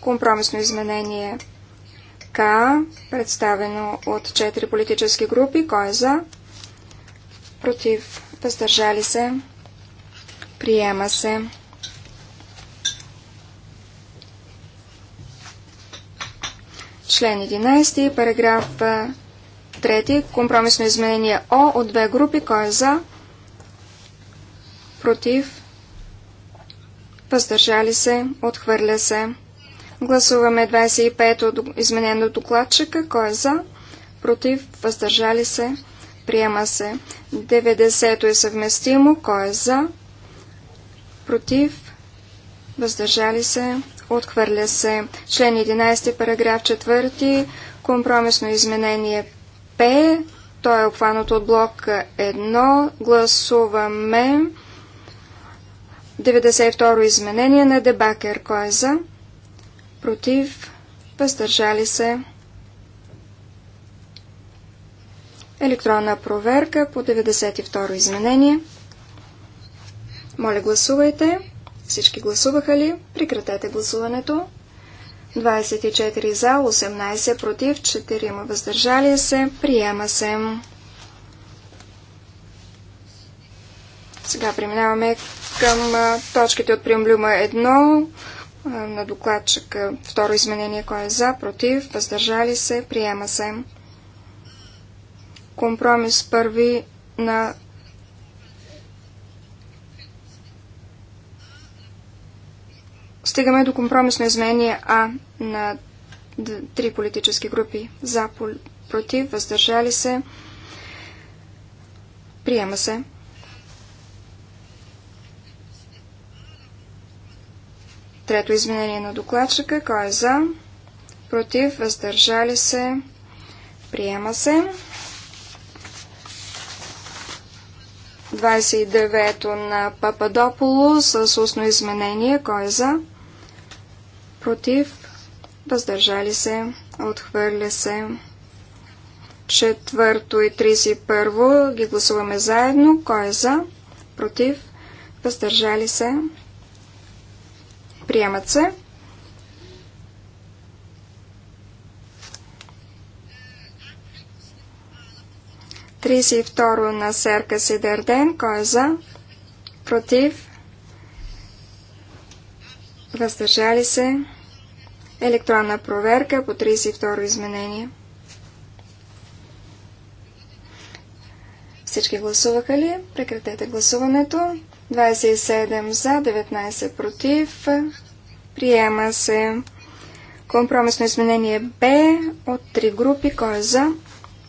компромисно изменение. К, представено от 4 политически групи, кой е за, против, въздържали се, приема се. Член 11, параграф трети. Компромисно изменение О от две групи. Кой е за? Против? Въздържали се? Отхвърля се. Гласуваме 25 от изменено докладчика. Кой е за? Против? Въздържали се? Приема се. 90 е съвместимо. Кой е за? Против? Въздържали се? Отхвърля се. Член 11, параграф 4, компромисно изменение П. Той е обхванат от блок 1. Гласуваме 92-ро изменение на Дебакер. Кой е за? Против? Въздържали се? Електронна проверка по 92-ро изменение. Моля гласувайте. Всички гласуваха ли? Прекратете гласуването. 24 за, 18 против, 4 въздържали се. Приема се. Сега преминаваме към точките от приемлюма 1 на докладчик. Второ изменение, кой е за, против, въздържали се, приема се. Компромис първи на Стигаме до компромисно изменение А на три политически групи. За, против, въздържали се. Приема се. Трето изменение на докладчика. Кой е за? Против, въздържали се. Приема се. 29-то на Пападополо с устно изменение. Кой е за? против, въздържали се, отхвърля се. Четвърто и 31 ги гласуваме заедно. Кой е за? Против? Въздържали се? Приемат се. Триси второ на Серка Сидерден. Кой е за? Против? Въздържали се? Електронна проверка по 32 изменение. Всички гласуваха ли? Прекратете гласуването. 27 за, 19 против. Приема се компромисно изменение Б от три групи. Кой е за?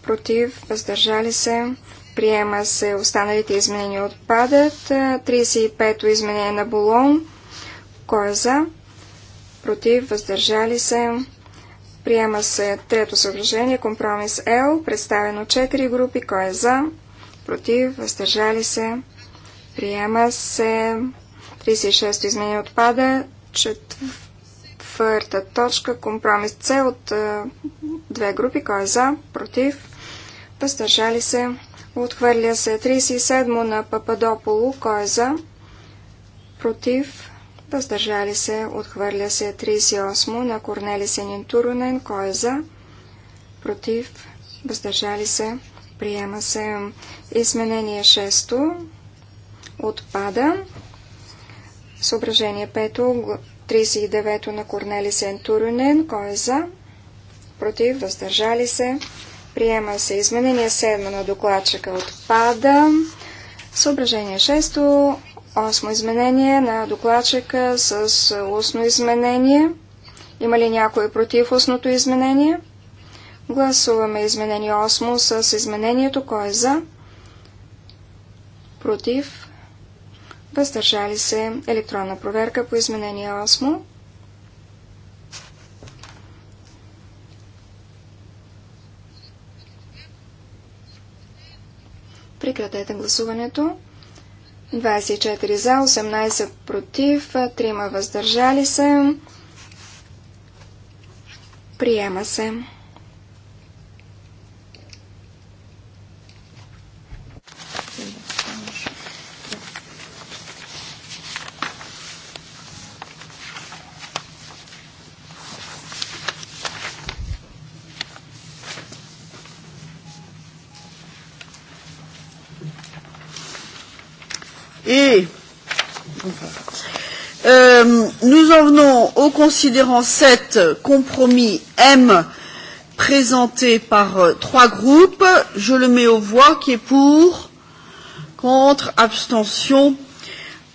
Против. Въздържали се. Приема се останалите изменения отпадат. 35-то изменение на Болон. Кой е за? против, въздържали се. Приема се трето съображение, компромис L, представено 4 групи, кой е за, против, въздържали се. Приема се 36-то изменение отпада, четвърта точка, компромис C от две групи, кой е за, против, въздържали се. Отхвърля се 37 на Пападополу, кой е за, против, въздържали се, отхвърля се 38 на Корнели Сенин Турунен, кой е за, против, въздържали се, приема се изменение 6, отпада, съображение 5, 39 на Корнели Сен Турунен, кой е за, против, въздържали се, приема се изменение 7 на докладчика, отпада, съображение 6, Осмо изменение на докладчика с устно изменение. Има ли някой против устното изменение? Гласуваме изменение 8 с изменението. Кой е за? Против? Въздържали се. Електронна проверка по изменение 8. Прекратете гласуването. 24 за, 18 против, 3 въздържали се. Приема се. Et euh, nous en venons au considérant 7 compromis M présenté par euh, trois groupes. Je le mets aux voix qui est pour, contre, abstention,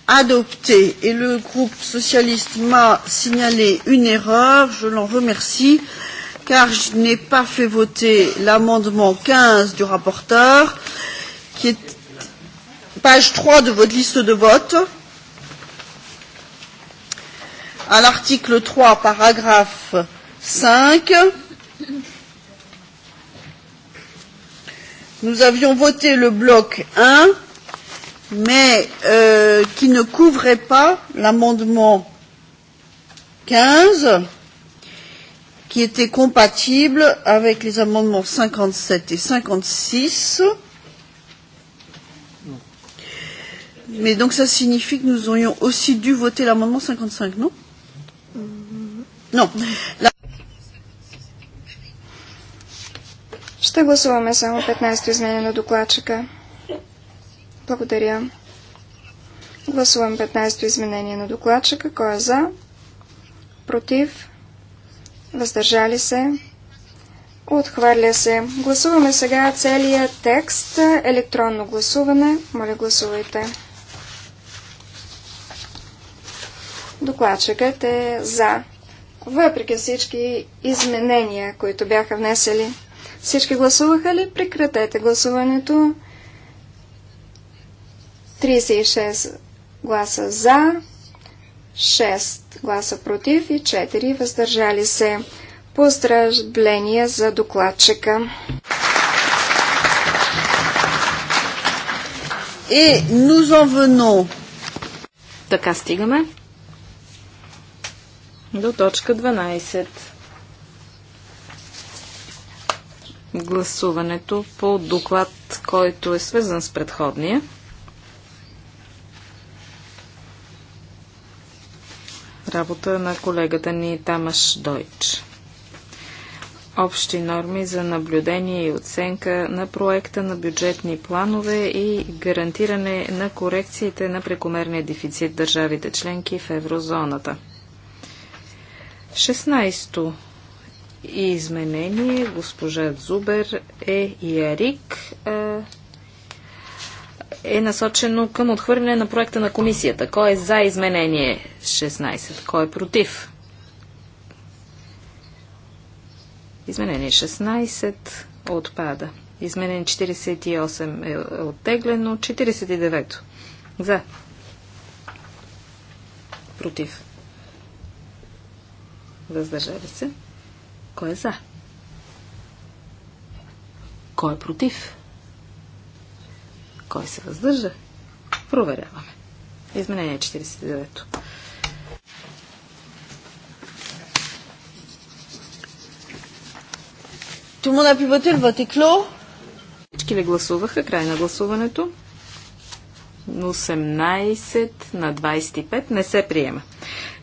adopté. Et le groupe socialiste m'a signalé une erreur, je l'en remercie, car je n'ai pas fait voter l'amendement 15 du rapporteur, qui est page 3 de votre liste de vote. À l'article 3, paragraphe 5, nous avions voté le bloc 1, mais euh, qui ne couvrait pas l'amendement 15 qui était compatible avec les amendements 57 et 56. Mais donc ça signifie que nous aurions aussi dû voter l'amendement 55, non Non. La... Ще гласуваме само 15-то изменение на докладчика. Благодаря. Гласувам 15-то изменение на докладчика. Кой е за? Против? Въздържали се? Отхвърля се. Гласуваме сега целият текст. Електронно гласуване. Моля, гласувайте. Докладчикът е за, въпреки всички изменения, които бяха внесели. Всички гласуваха ли? Прекратете гласуването. 36 гласа за, 6 гласа против и 4 въздържали се. Поздравления за докладчика. И nous en venons. Така стигаме до точка 12. Гласуването по доклад, който е свързан с предходния. Работа на колегата ни Тамаш Дойч. Общи норми за наблюдение и оценка на проекта на бюджетни планове и гарантиране на корекциите на прекомерния дефицит държавите членки в еврозоната. 16-то изменение госпожа Зубер е Ярик е насочено към отхвърляне на проекта на комисията. Кой е за изменение 16? Кой е против? Изменение 16 отпада. Изменение 48 е оттеглено. 49 за. Против. Въздържали се. Кой е за? Кой е против? Кой се въздържа? Проверяваме. Изменение 49-то. Тому на пивате Всички ли гласуваха? Край на гласуването. 18 на 25 не се приема.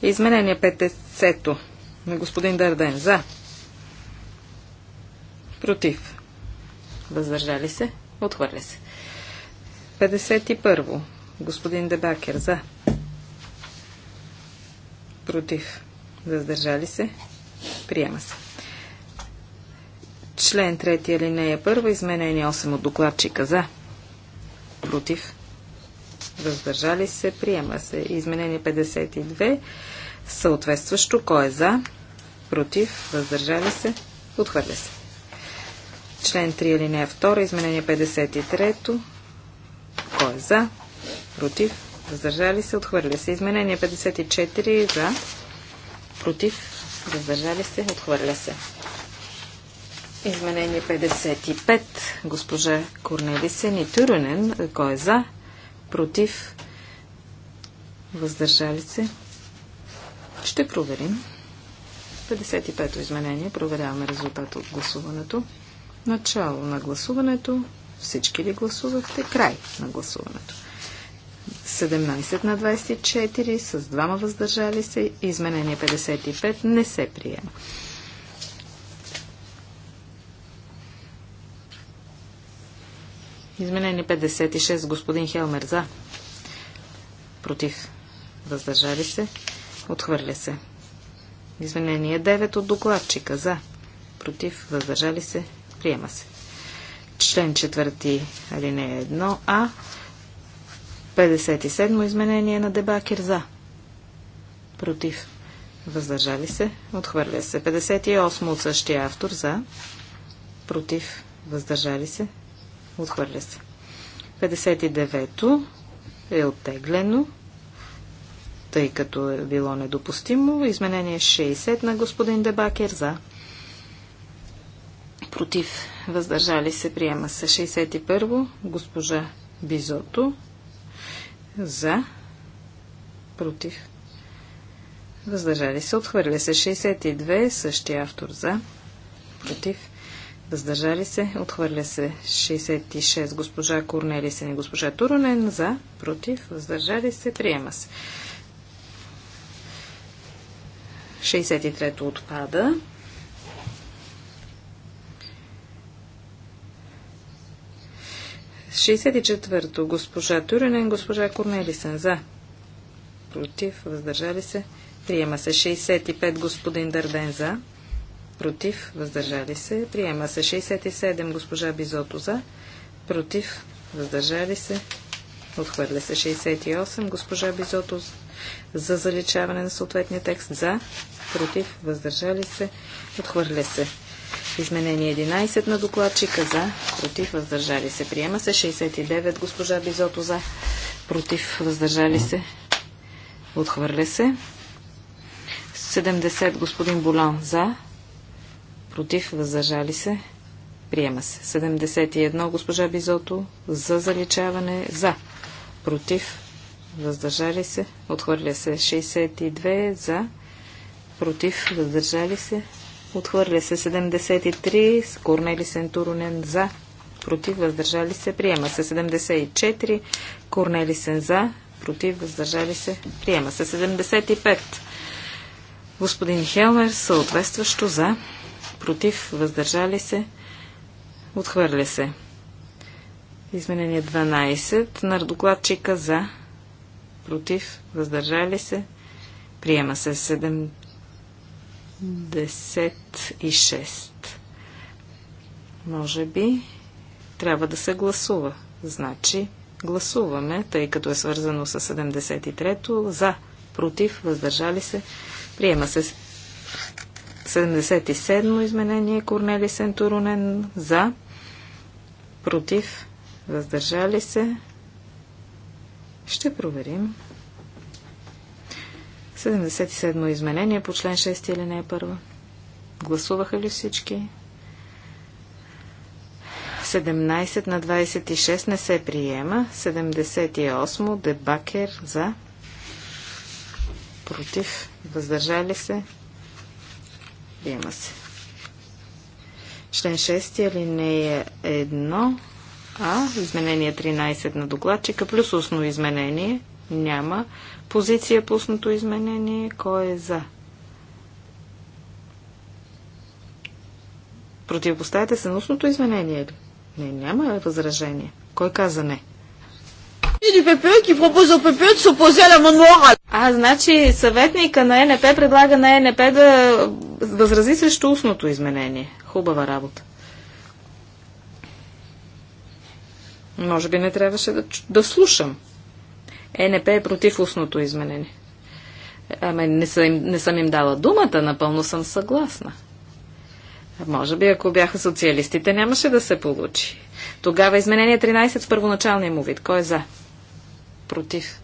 Изменение 50-то на господин Дарден. За. Против. Въздържали се. Отхвърля се. 51. Господин Дебакер. За. Против. Въздържали се. Приема се. Член 3 алинея 1. Изменение 8 от докладчика. За. Против. Въздържали се. Приема се. Изменение 52 съответстващо. Кой е за? Против? Въздържали се? Отхвърля се. Член 3 алинея 2, изменение 53. Кой е за? Против? Въздържали се? Отхвърля се. Изменение 54 за? Против? Въздържали се? Отхвърля се. Изменение 55. Госпожа Корнелисен и Тюрюнен. Кой е за? Против? Въздържали се? Ще проверим. 55-то изменение. Проверяваме резултата от гласуването. Начало на гласуването. Всички ли гласувахте? Край на гласуването. 17 на 24 с двама въздържали се. Изменение 55 не се приема. Изменение 56. Господин Хелмер за. Против. Въздържали се. Отхвърля се. Изменение 9 от докладчика. За. Против. Въздържали се. Приема се. Член 4, алинея 1а. 57 изменение на дебакер. За. Против. Въздържали се. Отхвърля се. 58 от същия автор. За. Против. Въздържали се. Отхвърля се. 59 е оттеглено тъй като е било недопустимо. Изменение 60 на господин Дебакер за. Против. Въздържали се. Приема се. 61. Госпожа Бизото. За. Против. Въздържали се. Отхвърля се. 62. Същия автор за. Против. Въздържали се. Отхвърля се 66. Госпожа Корнелисен и госпожа Туронен За. Против. Въздържали се. Приема се. 63-то отпада. С 64-то госпожа Тюренен, госпожа Корнелисен за. Против, въздържали се. Приема се 65 господин Дърден за. Против, въздържали се. Приема се 67 госпожа Бизото за. Против, въздържали се. Отхвърля се 68 госпожа Бизото за за заличаване на съответния текст. За, против, въздържали се, отхвърля се. Изменение 11 на докладчика за, против, въздържали се. Приема се 69 госпожа Бизото за, против, въздържали се, отхвърля се. 70 господин Болан за, против, въздържали се, приема се. 71 госпожа Бизото за заличаване за, против, въздържали се, отхвърля се 62 за, против, въздържали се, отхвърля се 73 с Корнели Сентурунен за, против, въздържали се, приема се 74 Корнели Сен за, против, въздържали се, приема се 75 господин Хелмер, съответстващо за, против, въздържали се, отхвърля се. Изменение 12 на докладчика за против, въздържали се, приема се 76. Може би трябва да се гласува. Значи гласуваме, тъй като е свързано с 73-то, за, против, въздържали се, приема се 77-мо изменение Корнели Сентуронен за, против, въздържали се, ще проверим. 77 изменение по член 6 или не е първа. Гласуваха ли всички? 17 на 26 не се приема. 78 дебакер за. Против. Въздържали се. Приема се. Член 6 или е едно. А, изменение 13 на докладчика, плюс устно изменение. Няма. Позиция по устното изменение. Кой е за? Противопоставяте се на устното изменение ли? Не, няма възражение. Кой каза не? А, значи съветника на ЕНП предлага на ЕНП да възрази срещу устното изменение. Хубава работа. Може би не трябваше да, да слушам. ЕНП е против устното изменение. Ама не съм, не съм им дала думата, напълно съм съгласна. Може би, ако бяха социалистите, нямаше да се получи. Тогава изменение 13 в първоначалния му вид. Кой е за? Против.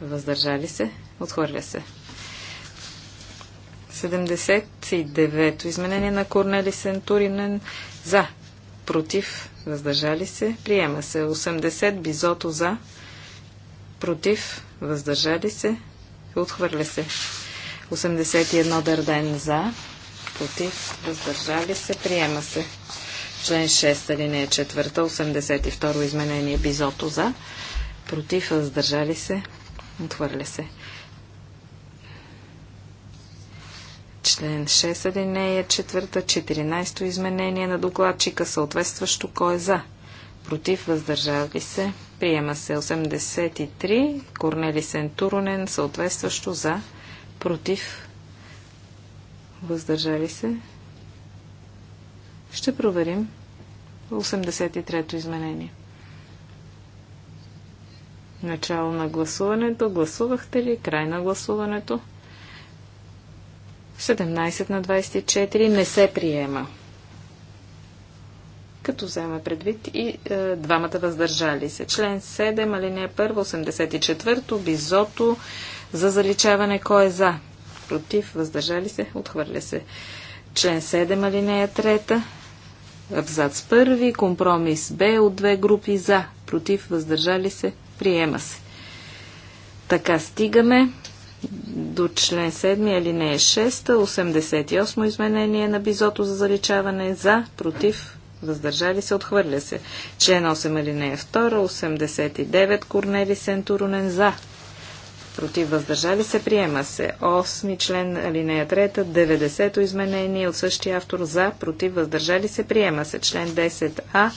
Въздържали се? Отхвърля се. 79-то изменение на Корнели Сентуринен за против, въздържали се, приема се. 80 бизото за, против, въздържали се, отхвърля се. 81 дърден за, против, въздържали се, приема се. Член 6, алинея 4, 82 изменение бизото за, против, въздържали се, отхвърля се. Член 6 алинея 4, 14 изменение на докладчика, съответстващо кой е за. Против въздържали се. Приема се 83. Корнели Сентурунен, съответстващо за. Против въздържали се. Ще проверим 83-то изменение. Начало на гласуването. Гласувахте ли? Край на гласуването. 17 на 24 не се приема. Като вземе предвид и е, двамата въздържали се. Член 7, алинея 1, 84, бизото за заличаване. Кой е за? Против, въздържали се, отхвърля се. Член 7, алинея 3, абзац 1, компромис Б от две групи за, против, въздържали се, приема се. Така стигаме до член 7, алинея 6, 88 изменение на бизото за заличаване за, против, въздържали се, отхвърля се. Член 8, алинея 2, 89 Корнели Сентурунен за, против, въздържали се, приема се. 8 член, алинея 3, 90 изменение от същия автор за, против, въздържали се, приема се. Член 10а,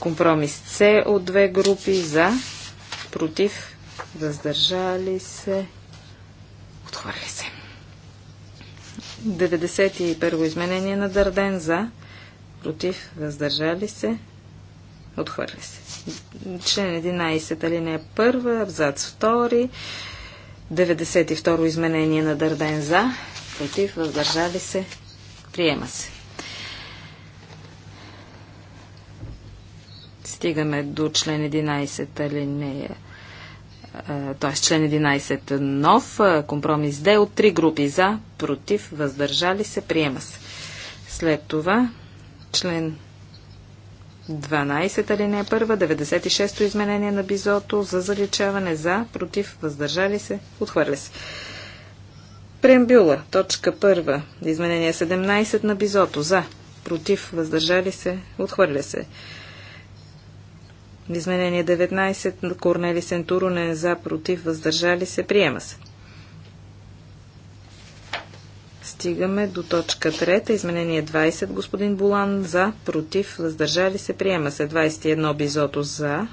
компромис С от две групи за, против, въздържали се, отхвърли се. 91 изменение на Дърден за, против, въздържали се, отхвърля се. Член 11, алинея 1, абзац 2, 92 изменение на Дърден за, против, въздържали се, приема се. Стигаме до член 11, алинея 1 т.е. член 11 нов, компромис Д от три групи за, против, въздържали се, приема се. След това член 12 алинея 1, 96-то изменение на Бизото за заличаване за, против, въздържали се, отхвърля се. Преамбюла, точка 1, изменение 17 на Бизото за, против, въздържали се, отхвърля се. Изменение 19. Корнели е за, против, въздържали се, приема се. Стигаме до точка 3. Изменение 20. Господин Булан за, против, въздържали се, приема се. 21. Бизото за,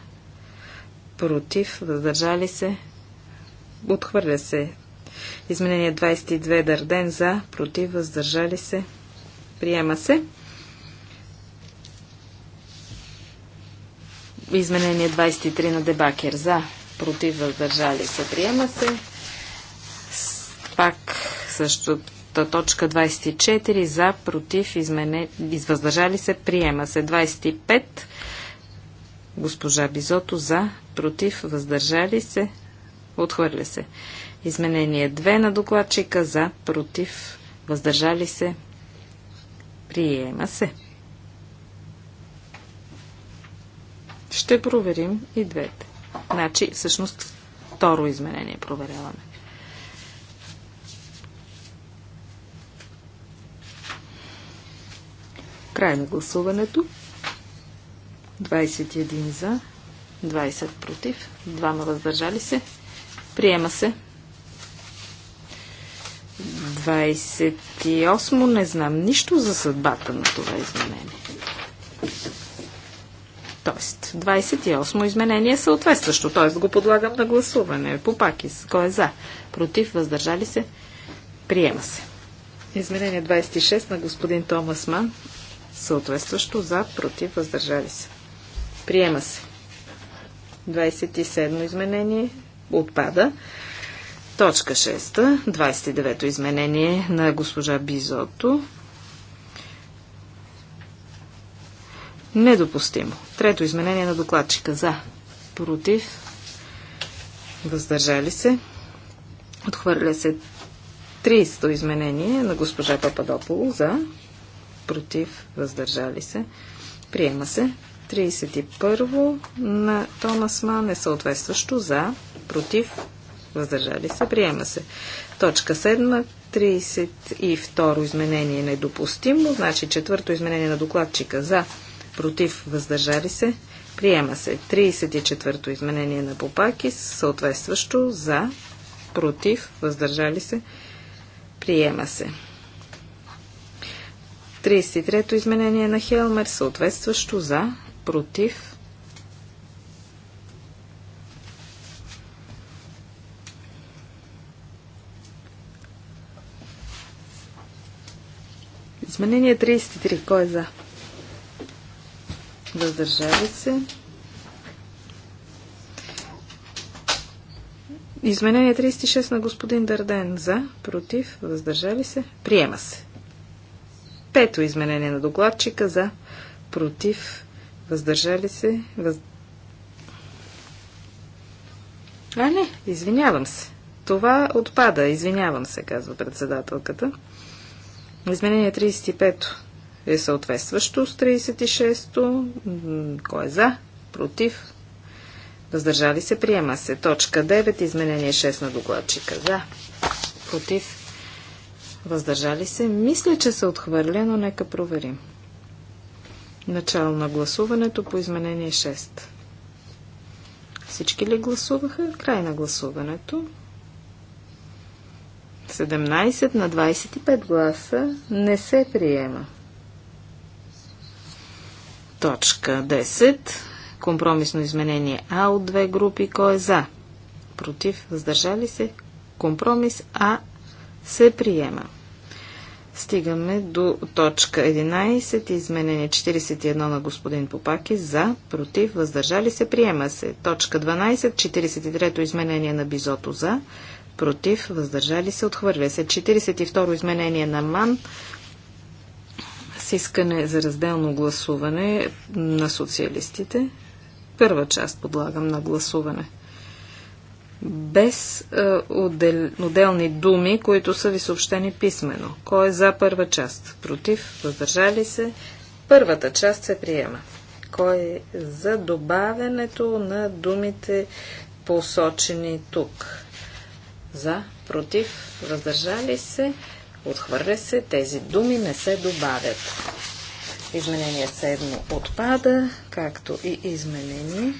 против, въздържали се, отхвърля се. Изменение 22. Дарден за, против, въздържали се, приема се. Изменение 23 на Дебакер. За. Против. Въздържали се. Приема се. Пак също точка 24. За. Против. Измене... Въздържали се. Приема се. 25. Госпожа Бизото. За. Против. Въздържали се. Отхвърля се. Изменение 2 на докладчика. За. Против. Въздържали се. Приема се. Ще проверим и двете. Значи, всъщност, второ изменение проверяваме. Край на гласуването. 21 за, 20 против, 2 въздържали се. Приема се. 28 не знам нищо за съдбата на това изменение. Тоест, 28 изменение е съответстващо, т.е. го подлагам на гласуване. Попакис, кой е за? Против, въздържали се? Приема се. Изменение 26 на господин Томас Ман, съответстващо за, против, въздържали се. Приема се. 27 изменение отпада. Точка 6. 29-то изменение на госпожа Бизото. Недопустимо. Трето изменение на докладчика. За. Против. Въздържали се. Отхвърля се 30 изменение на госпожа Пападополо. За. Против. Въздържали се. Приема се. 31 на Томас Ман е съответстващо за, против, въздържали се, приема се. Точка 7, 32 изменение е недопустимо, значи четвърто изменение на докладчика за, против, въздържали се, приема се. 34-то изменение на Бобаки, съответстващо за, против, въздържали се, приема се. 33-то изменение на Хелмер, съответстващо за, против, Изменение 33. Кой е за? въздържали се. Изменение 36 на господин Дърден, за, против, въздържали се, приема се. Пето изменение на докладчика за, против, въздържали се, въз... А не, извинявам се. Това отпада, извинявам се, казва председателката. Изменение 35 е съответстващо с 36-то. Кой е за? Против? Въздържали се? Приема се. Точка 9. Изменение 6 на докладчика. За. Против? Въздържали се? Мисля, че се отхвърля, но нека проверим. Начало на гласуването по изменение 6. Всички ли гласуваха? Край на гласуването. 17 на 25 гласа не се приема. Точка 10. Компромисно изменение А от две групи. Кой е за? Против? Въздържали се? Компромис А се приема. Стигаме до точка 11, изменение 41 на господин Попаки за, против, въздържали се, приема се. Точка 12, 43 изменение на Бизото за, против, въздържали се, отхвърля се. 42 изменение на МАН с искане за разделно гласуване на социалистите. Първа част подлагам на гласуване. Без е, отдел, отделни думи, които са ви съобщени писменно. Кой е за първа част? Против? Въздържали се? Първата част се приема. Кой е за добавянето на думите посочени тук? За? Против? Въздържали се? Отхвърля се. Тези думи не се добавят. Изменение 7 отпада, както и изменение.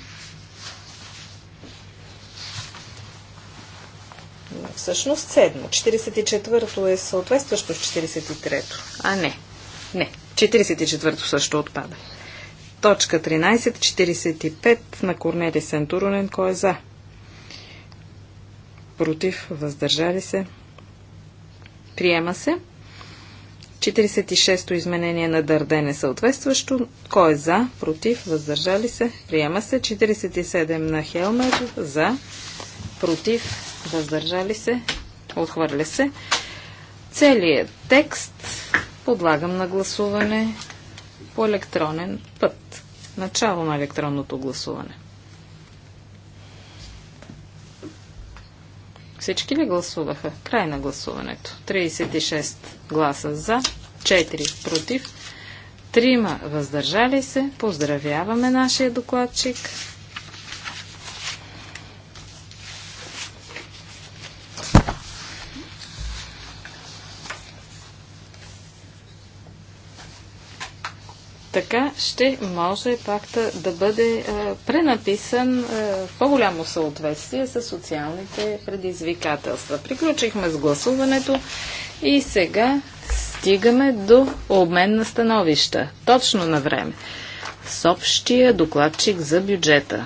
Всъщност 7. 44-то е съответстващо с 43-то. А не. Не. 44-то също отпада. Точка 13, 45 на Корнели Сентуронен. Кой е за? Против, въздържали се, Приема се. 46-то изменение на Дърден е съответстващо. Кой е за? Против? Въздържали се? Приема се. 47 на Хелмер. За? Против? Въздържали се? Отхвърля се. Целият текст подлагам на гласуване по електронен път. Начало на електронното гласуване. Всички ли гласуваха? Край на гласуването. 36 гласа за, 4 против, 3 въздържали се. Поздравяваме нашия докладчик. Така ще може пакта да бъде а, пренаписан а, в по-голямо съответствие с социалните предизвикателства. Приключихме с гласуването и сега стигаме до обмен на становища. Точно на време. С общия докладчик за бюджета.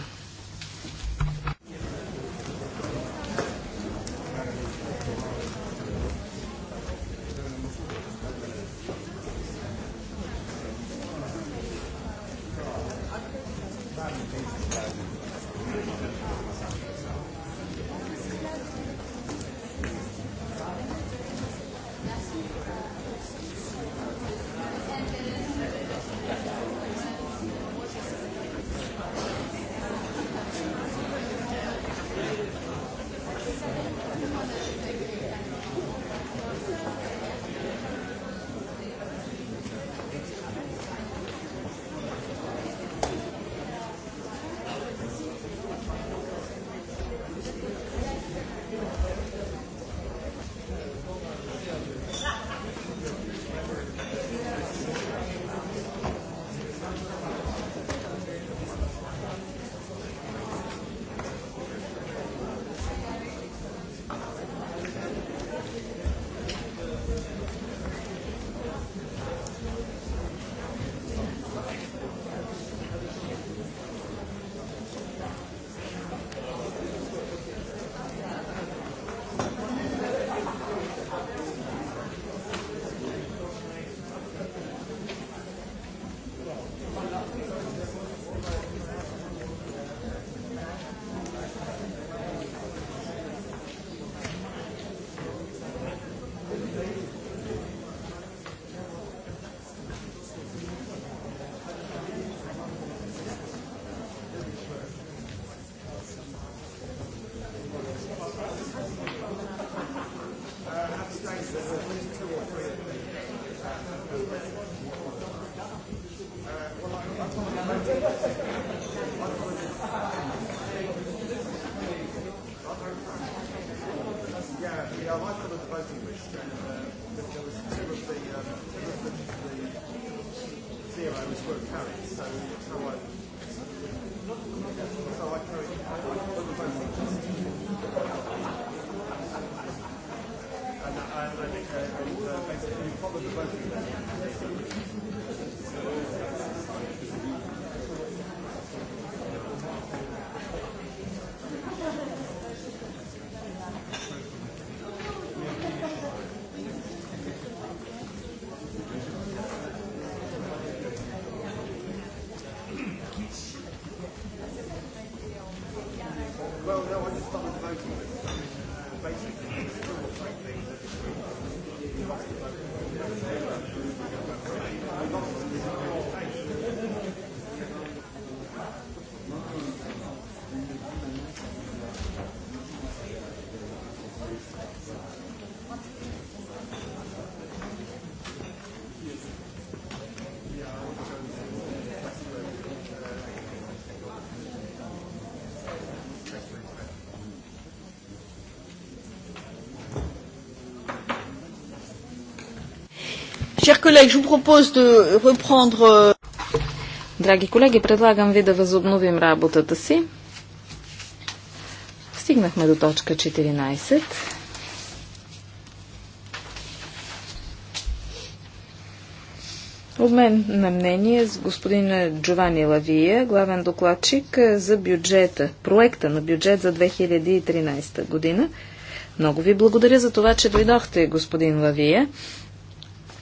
work Chers collègues, je vous propose de reprendre... Euh, Драги колеги, предлагам ви да възобновим работата си. Стигнахме до точка 14. Обмен на мнение с господин Джовани Лавия, главен докладчик за бюджета, проекта на бюджет за 2013 година. Много ви благодаря за това, че дойдохте, господин Лавия.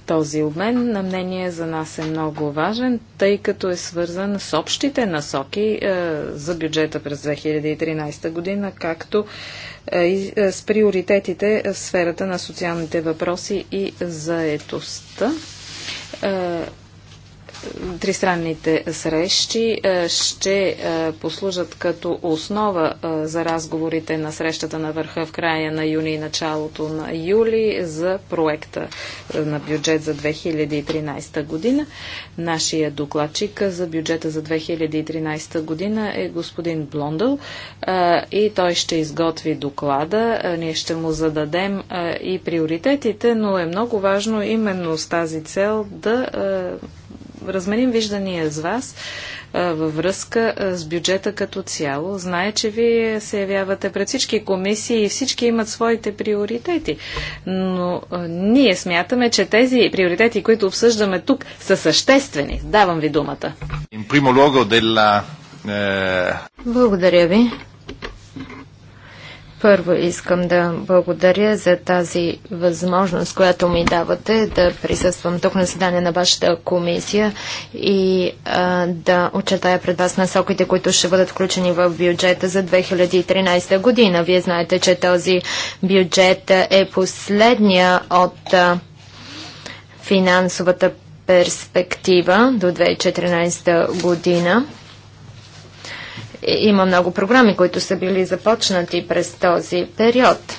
Този обмен на мнение за нас е много важен, тъй като е свързан с общите насоки е, за бюджета през 2013 година, както е, и е, с приоритетите в сферата на социалните въпроси и заетостта. Тристранните срещи е, ще е, послужат като основа е, за разговорите на срещата на върха в края на юни и началото на юли за проекта на бюджет за 2013 година. Нашия докладчик за бюджета за 2013 година е господин Блондъл и той ще изготви доклада. Ние ще му зададем и приоритетите, но е много важно именно с тази цел да разменим виждания с вас във връзка с бюджета като цяло. Знае, че вие се явявате пред всички комисии и всички имат своите приоритети. Но ние смятаме, че тези приоритети, които обсъждаме тук, са съществени. Давам ви думата. Е, Благодаря ви. Първо искам да благодаря за тази възможност, която ми давате да присъствам тук на заседание на вашата комисия и а, да очертая пред вас насоките, които ще бъдат включени в бюджета за 2013 година. Вие знаете, че този бюджет е последния от а, финансовата перспектива до 2014 година. Е, има много програми, които са били започнати през този период.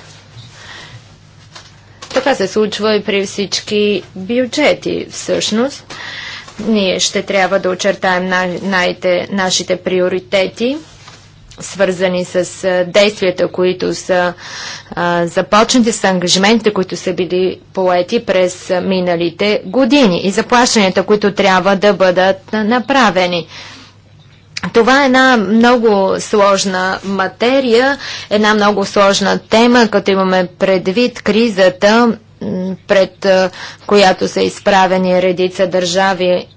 Така се случва и при всички бюджети. Всъщност, ние ще трябва да очертаем най- нашите приоритети свързани с действията, които са а, започнати, с ангажиментите, които са били поети през миналите години и заплащанията, които трябва да бъдат направени. Това е една много сложна материя, една много сложна тема, като имаме предвид кризата, пред която са изправени редица държави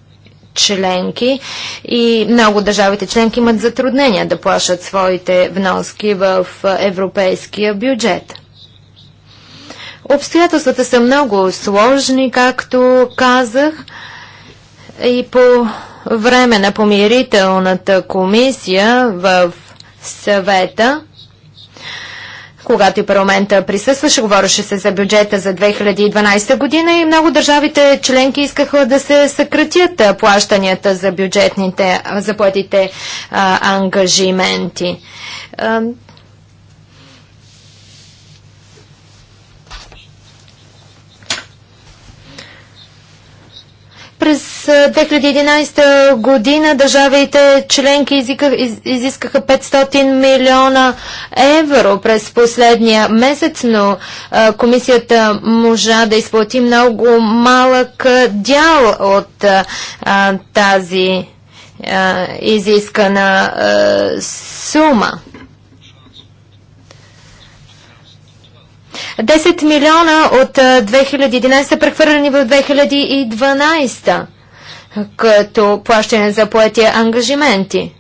членки и много държавите членки имат затруднения да плащат своите вноски в европейския бюджет. Обстоятелствата са много сложни, както казах, и по време на помирителната комисия в съвета, когато и парламента присъстваше, говореше се за бюджета за 2012 година и много държавите членки искаха да се съкратят плащанията за бюджетните, заплатите а, ангажименти. През 2011 година държавите членки изискаха 500 милиона евро през последния месец, но комисията можа да изплати много малък дял от тази изискана сума. 10 милиона от 2011 прехвърлени в 2012 като плащане за поети ангажименти.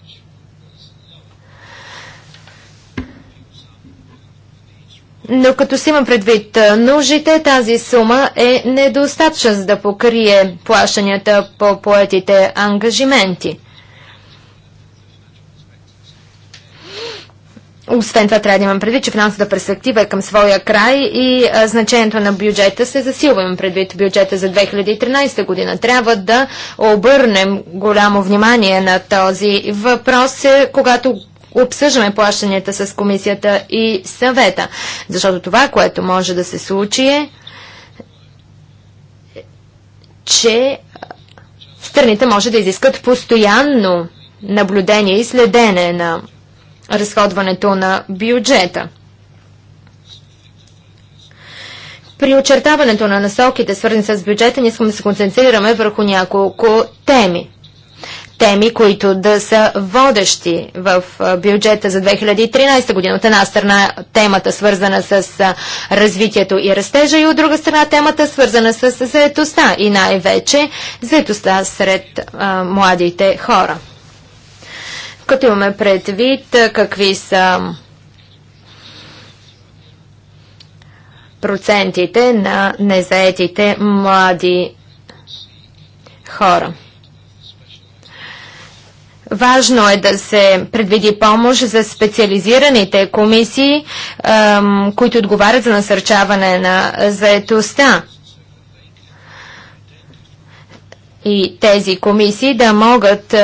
Но като си има предвид нуждите, тази сума е недостатъчна за да покрие плащанията по поетите ангажименти. Освен това трябва да имам предвид, че финансовата перспектива е към своя край и а, значението на бюджета се засилва. Имам предвид бюджета за 2013 година. Трябва да обърнем голямо внимание на този въпрос, е, когато обсъждаме плащанията с комисията и съвета. Защото това, което може да се случи е, че страните може да изискат постоянно наблюдение и следене на разходването на бюджета. При очертаването на насоките, свързани с бюджета, ние искаме да се концентрираме върху няколко теми. Теми, които да са водещи в бюджета за 2013 година. От една страна темата свързана с развитието и растежа и от друга страна темата свързана с заетостта и най-вече заетостта сред а, младите хора като имаме предвид какви са процентите на незаетите млади хора. Важно е да се предвиди помощ за специализираните комисии, които отговарят за насърчаване на заетостта. И тези комисии да могат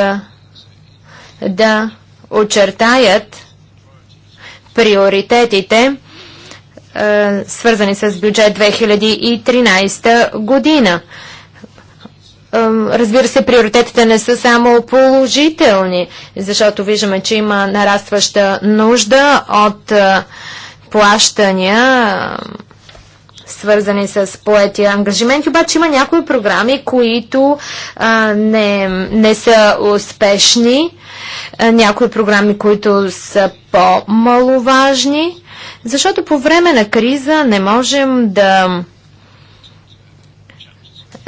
да очертаят приоритетите, е, свързани с бюджет 2013 година. Е, разбира се, приоритетите не са само положителни, защото виждаме, че има нарастваща нужда от е, плащания свързани с поетия ангажименти. Обаче има някои програми, които а, не, не са успешни, а, някои програми, които са по-маловажни, защото по време на криза не можем да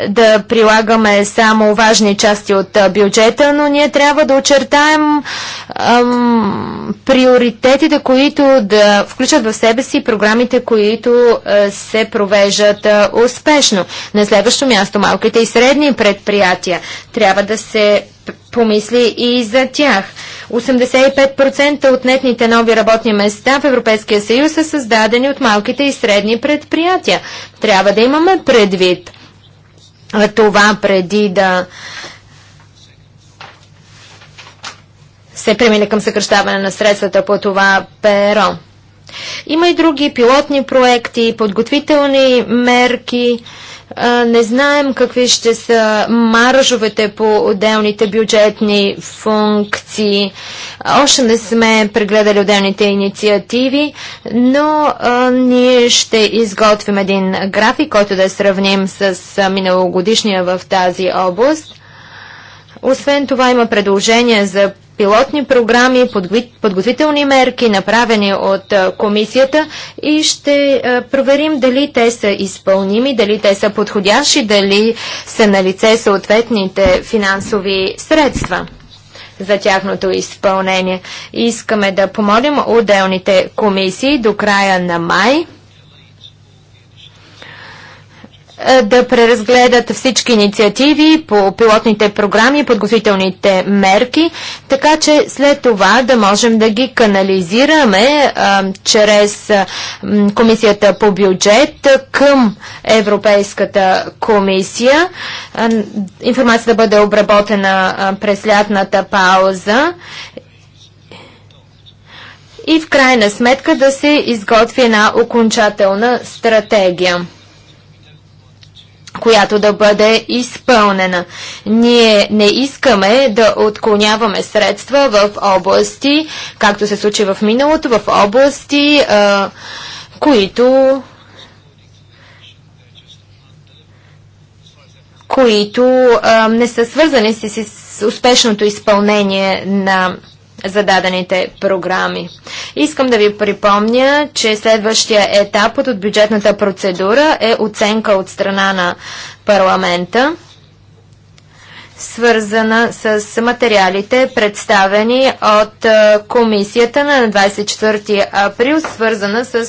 да прилагаме само важни части от бюджета, но ние трябва да очертаем ам, приоритетите, които да включат в себе си програмите, които а, се провеждат а, успешно. На следващо място малките и средни предприятия трябва да се помисли и за тях. 85% от нетните нови работни места в Европейския съюз са създадени от малките и средни предприятия. Трябва да имаме предвид – това преди да се премине към съкръщаване на средствата по това перо. Има и други пилотни проекти, подготвителни мерки, не знаем какви ще са маржовете по отделните бюджетни функции. Още не сме прегледали отделните инициативи, но ние ще изготвим един график, който да сравним с миналогодишния в тази област. Освен това има предложение за пилотни програми, подготвителни мерки, направени от комисията и ще проверим дали те са изпълними, дали те са подходящи, дали са на лице съответните финансови средства за тяхното изпълнение. Искаме да помолим отделните комисии до края на май – е, да преразгледат всички инициативи по пилотните програми и подготвителните мерки, така че след това да можем да ги канализираме а, е, чрез а, е, Комисията по бюджет към Европейската комисия. А, информация да бъде обработена а, през лятната пауза и в крайна сметка да се изготви една окончателна стратегия която да бъде изпълнена. Ние не искаме да отклоняваме средства в области, както се случи в миналото, в области, а, които които а, не са свързани с, с успешното изпълнение на зададените програми. Искам да ви припомня, че следващия етап от бюджетната процедура е оценка от страна на парламента, свързана с материалите, представени от комисията на 24 април, свързана с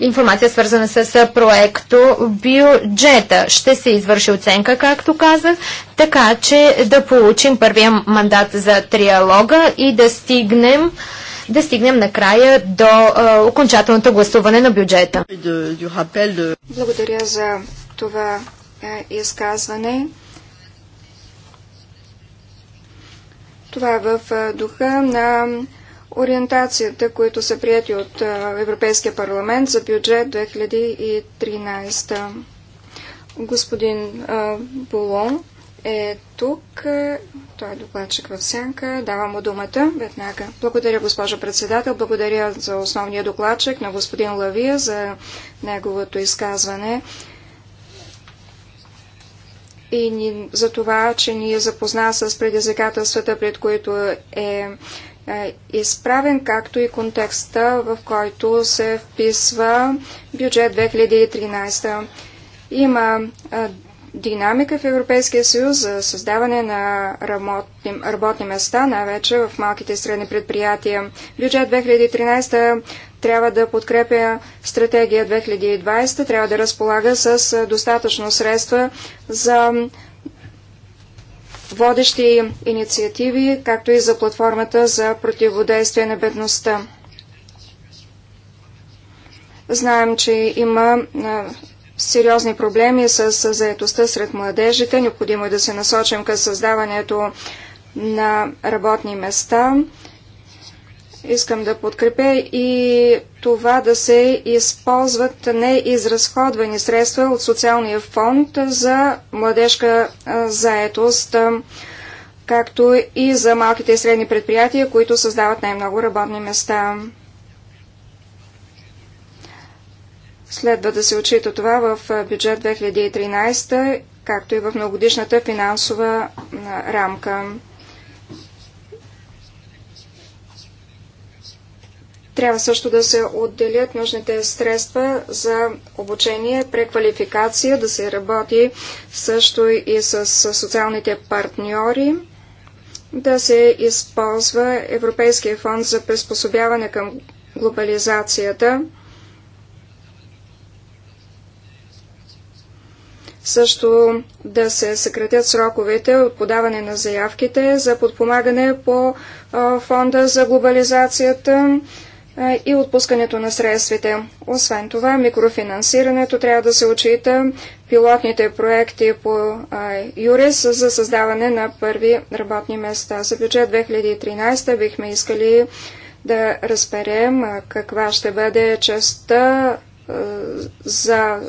информация свързана с проекто бюджета. Ще се извърши оценка, както казах, така че да получим първия мандат за триалога и да стигнем да стигнем накрая до а, окончателното гласуване на бюджета. Благодаря за това е, изказване. Това е в духа на ориентацията, които са прияти от Европейския парламент за бюджет 2013. Господин Болон е тук. Той е докладчик в сянка. Давам му думата веднага. Благодаря, госпожо председател. Благодаря за основния докладчик на господин Лавия за неговото изказване и за това, че ни е запозна с предизвикателствата, пред които е е изправен, както и контекста, в който се вписва бюджет 2013. Има динамика в Европейския съюз за създаване на работни, работни места, най-вече в малките и средни предприятия. Бюджет 2013 трябва да подкрепя стратегия 2020, трябва да разполага с достатъчно средства за водещи инициативи, както и за платформата за противодействие на бедността. Знаем, че има сериозни проблеми с заетостта сред младежите. Необходимо е да се насочим към създаването на работни места, Искам да подкрепя и това да се използват неизразходвани средства от социалния фонд за младежка заетост, както и за малките и средни предприятия, които създават най-много работни места. Следва да се отчита това в бюджет 2013, както и в многодишната финансова рамка. Трябва също да се отделят нужните средства за обучение, преквалификация, да се работи също и с социалните партньори, да се използва Европейския фонд за приспособяване към глобализацията. също да се съкратят сроковете от подаване на заявките за подпомагане по фонда за глобализацията, и отпускането на средствите. Освен това, микрофинансирането трябва да се отчита пилотните проекти по ЮРИС за създаване на първи работни места. За бюджет 2013 бихме искали да разберем каква ще бъде частта за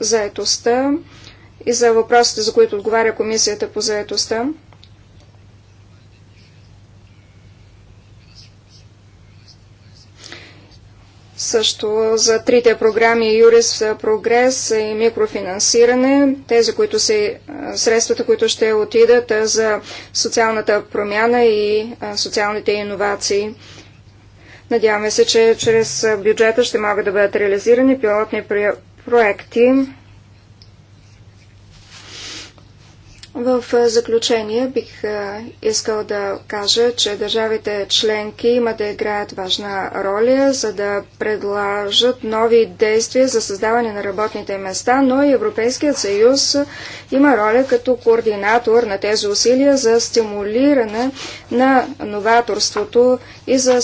заетостта и за въпросите, за които отговаря Комисията по заетостта. също за трите програми Юрис Прогрес и микрофинансиране, тези, които се, средствата, които ще отидат за социалната промяна и социалните иновации. Надяваме се, че чрез бюджета ще могат да бъдат реализирани пилотни проекти В заключение бих искал да кажа, че държавите членки имат да играят важна роля, за да предложат нови действия за създаване на работните места, но и Европейският съюз има роля като координатор на тези усилия за стимулиране на новаторството и за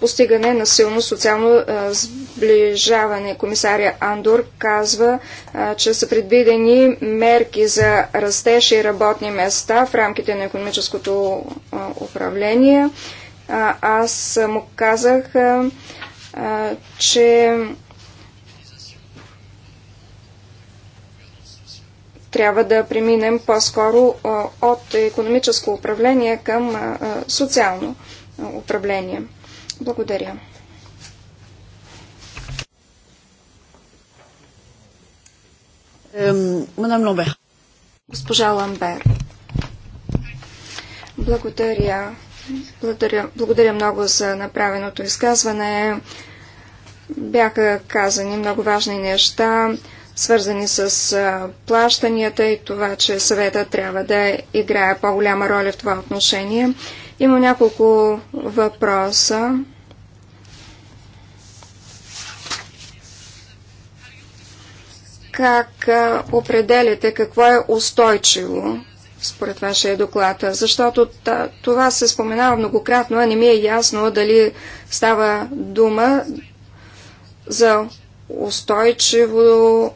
постигане на силно социално приближаване. Комисаря Андор казва, че са предвидени мерки за растеж и работни места в рамките на економическото управление. Аз му казах, че трябва да преминем по-скоро от економическо управление към социално управление. Благодаря. Мадам Ламбер. Госпожа Ламбер. Благодаря. Благодаря, благодаря много за направеното изказване. Бяха казани много важни неща, свързани с плащанията и това, че съвета трябва да играе по-голяма роля в това отношение. Има няколко въпроса. как определяте какво е устойчиво според вашия доклад, защото това се споменава многократно, а не ми е ясно дали става дума за устойчиво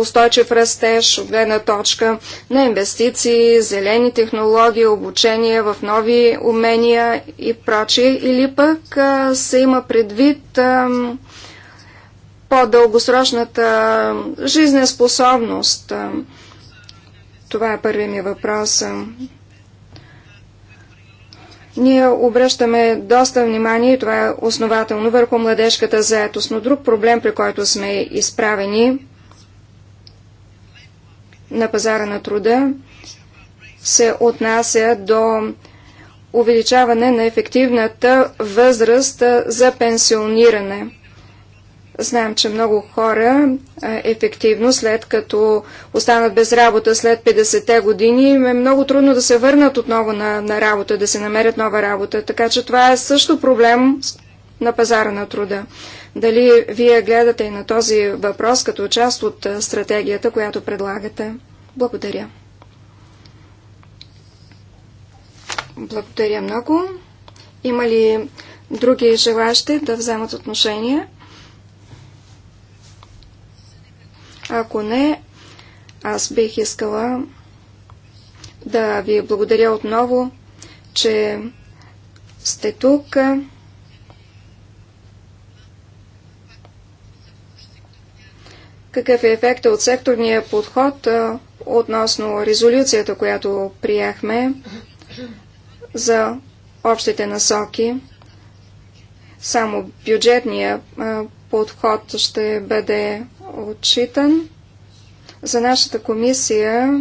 устойчив растеж от гледна точка на инвестиции, зелени технологии, обучение в нови умения и прочие, или пък се има предвид а, по-дългосрочната жизнеспособност? Това е първият ми въпрос. Ние обръщаме доста внимание, и това е основателно, върху младежката заетост, но друг проблем, при който сме изправени на пазара на труда, се отнася до увеличаване на ефективната възраст за пенсиониране. Знаем, че много хора ефективно, след като останат без работа след 50-те години, им е много трудно да се върнат отново на, на работа, да се намерят нова работа. Така че това е също проблем на пазара на труда. Дали вие гледате и на този въпрос като част от стратегията, която предлагате? Благодаря. Благодаря много. Има ли други желащи да вземат отношение? Ако не, аз бих искала да ви благодаря отново, че сте тук. Какъв е ефектът от секторния подход относно резолюцията, която приехме за общите насоки? Само бюджетния подход ще бъде отчитан. За нашата комисия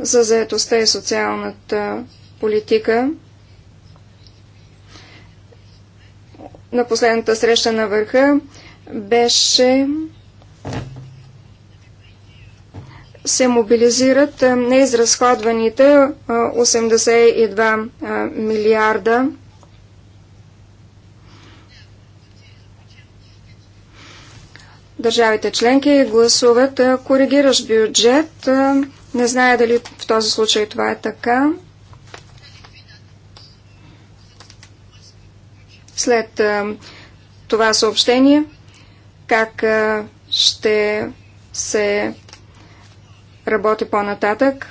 за заетостта и социалната политика на последната среща на върха беше се мобилизират неизразходваните 82 милиарда държавите членки гласуват коригираш бюджет. Не зная дали в този случай това е така. След това съобщение, как ще се работи по-нататък.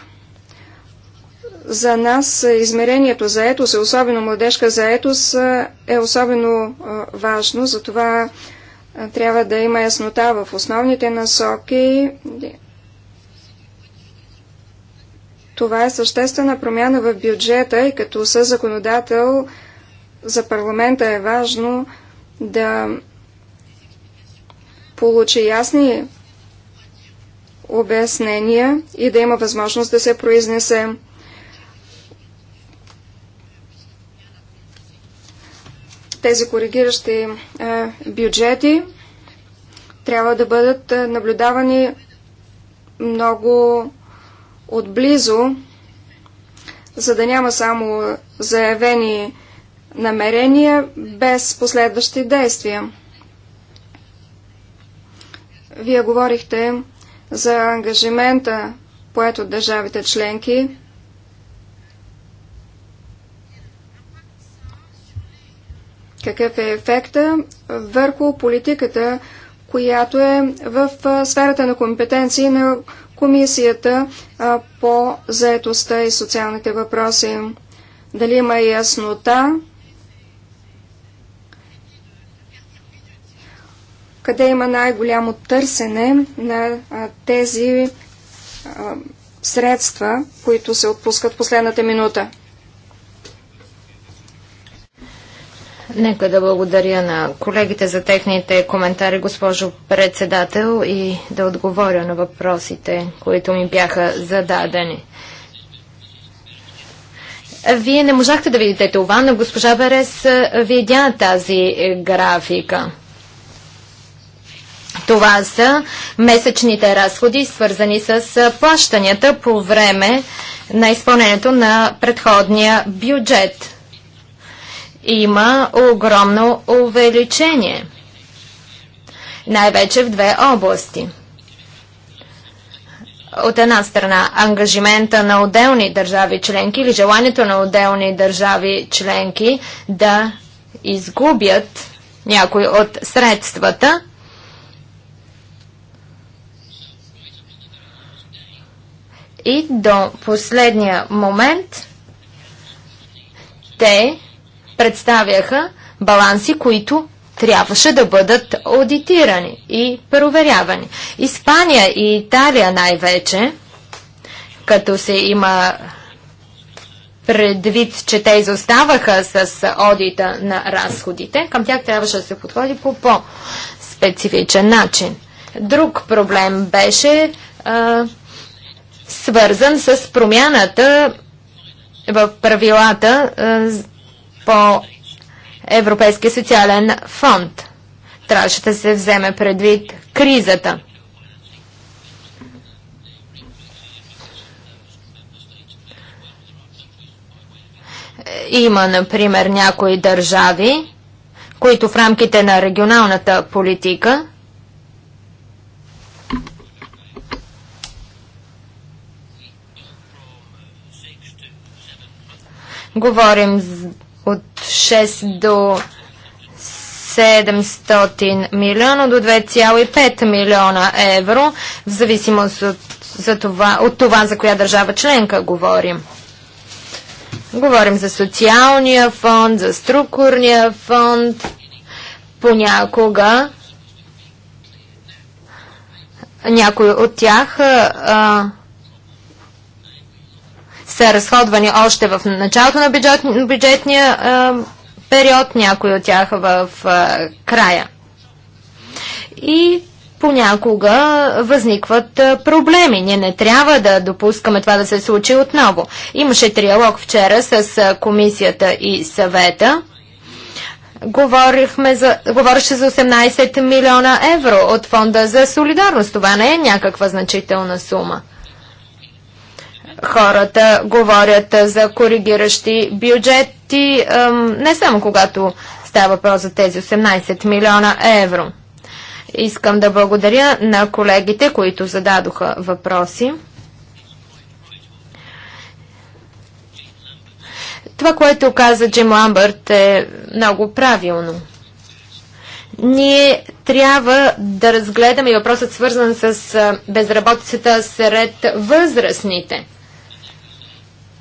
За нас измерението за етос, е особено младежка за етос, е особено важно, затова трябва да има яснота в основните насоки. Това е съществена промяна в бюджета и като със законодател за парламента е важно да получи ясни обяснения и да има възможност да се произнесе. Тези коригиращи е, бюджети трябва да бъдат е, наблюдавани много отблизо, за да няма само заявени намерения без последващи действия. Вие говорихте за ангажимента, поет от държавите членки, какъв е ефекта върху политиката, която е в сферата на компетенции на Комисията по заетостта и социалните въпроси. Дали има яснота? Къде има най-голямо търсене на тези средства, които се отпускат последната минута? Нека да благодаря на колегите за техните коментари, госпожо председател, и да отговоря на въпросите, които ми бяха зададени. Вие не можахте да видите това, но госпожа Берес видя тази е, графика. Това са месечните разходи, свързани с плащанията по време на изпълнението на предходния бюджет има огромно увеличение. Най-вече в две области. От една страна ангажимента на отделни държави членки или желанието на отделни държави членки да изгубят някои от средствата, и до последния момент те представяха баланси, които трябваше да бъдат аудитирани и проверявани. Испания и Италия най-вече, като се има предвид, че те изоставаха с одита на разходите, към тях трябваше да се подходи по по-специфичен начин. Друг проблем беше а, свързан с промяната в правилата а, по Европейския социален фонд. Трябваше да се вземе предвид кризата. Има, например, някои държави, които в рамките на регионалната политика говорим от 6 до 700 милиона до 2,5 милиона евро, в зависимост от, за това, от това, за коя държава членка говорим. Говорим за социалния фонд, за структурния фонд. Понякога някои от тях а, са разходвани още в началото на бюджет, бюджетния а, период, някои от тях в а, края. И понякога възникват а, проблеми. Ние не трябва да допускаме това да се случи отново. Имаше триалог вчера с а, комисията и съвета. Говорихме за, говореше за 18 милиона евро от фонда за солидарност. Това не е някаква значителна сума хората говорят за коригиращи бюджети, не само когато става въпрос за тези 18 милиона евро. Искам да благодаря на колегите, които зададоха въпроси. Това, което каза Джим Ламбърт е много правилно. Ние трябва да разгледаме и въпросът свързан с безработицата сред възрастните –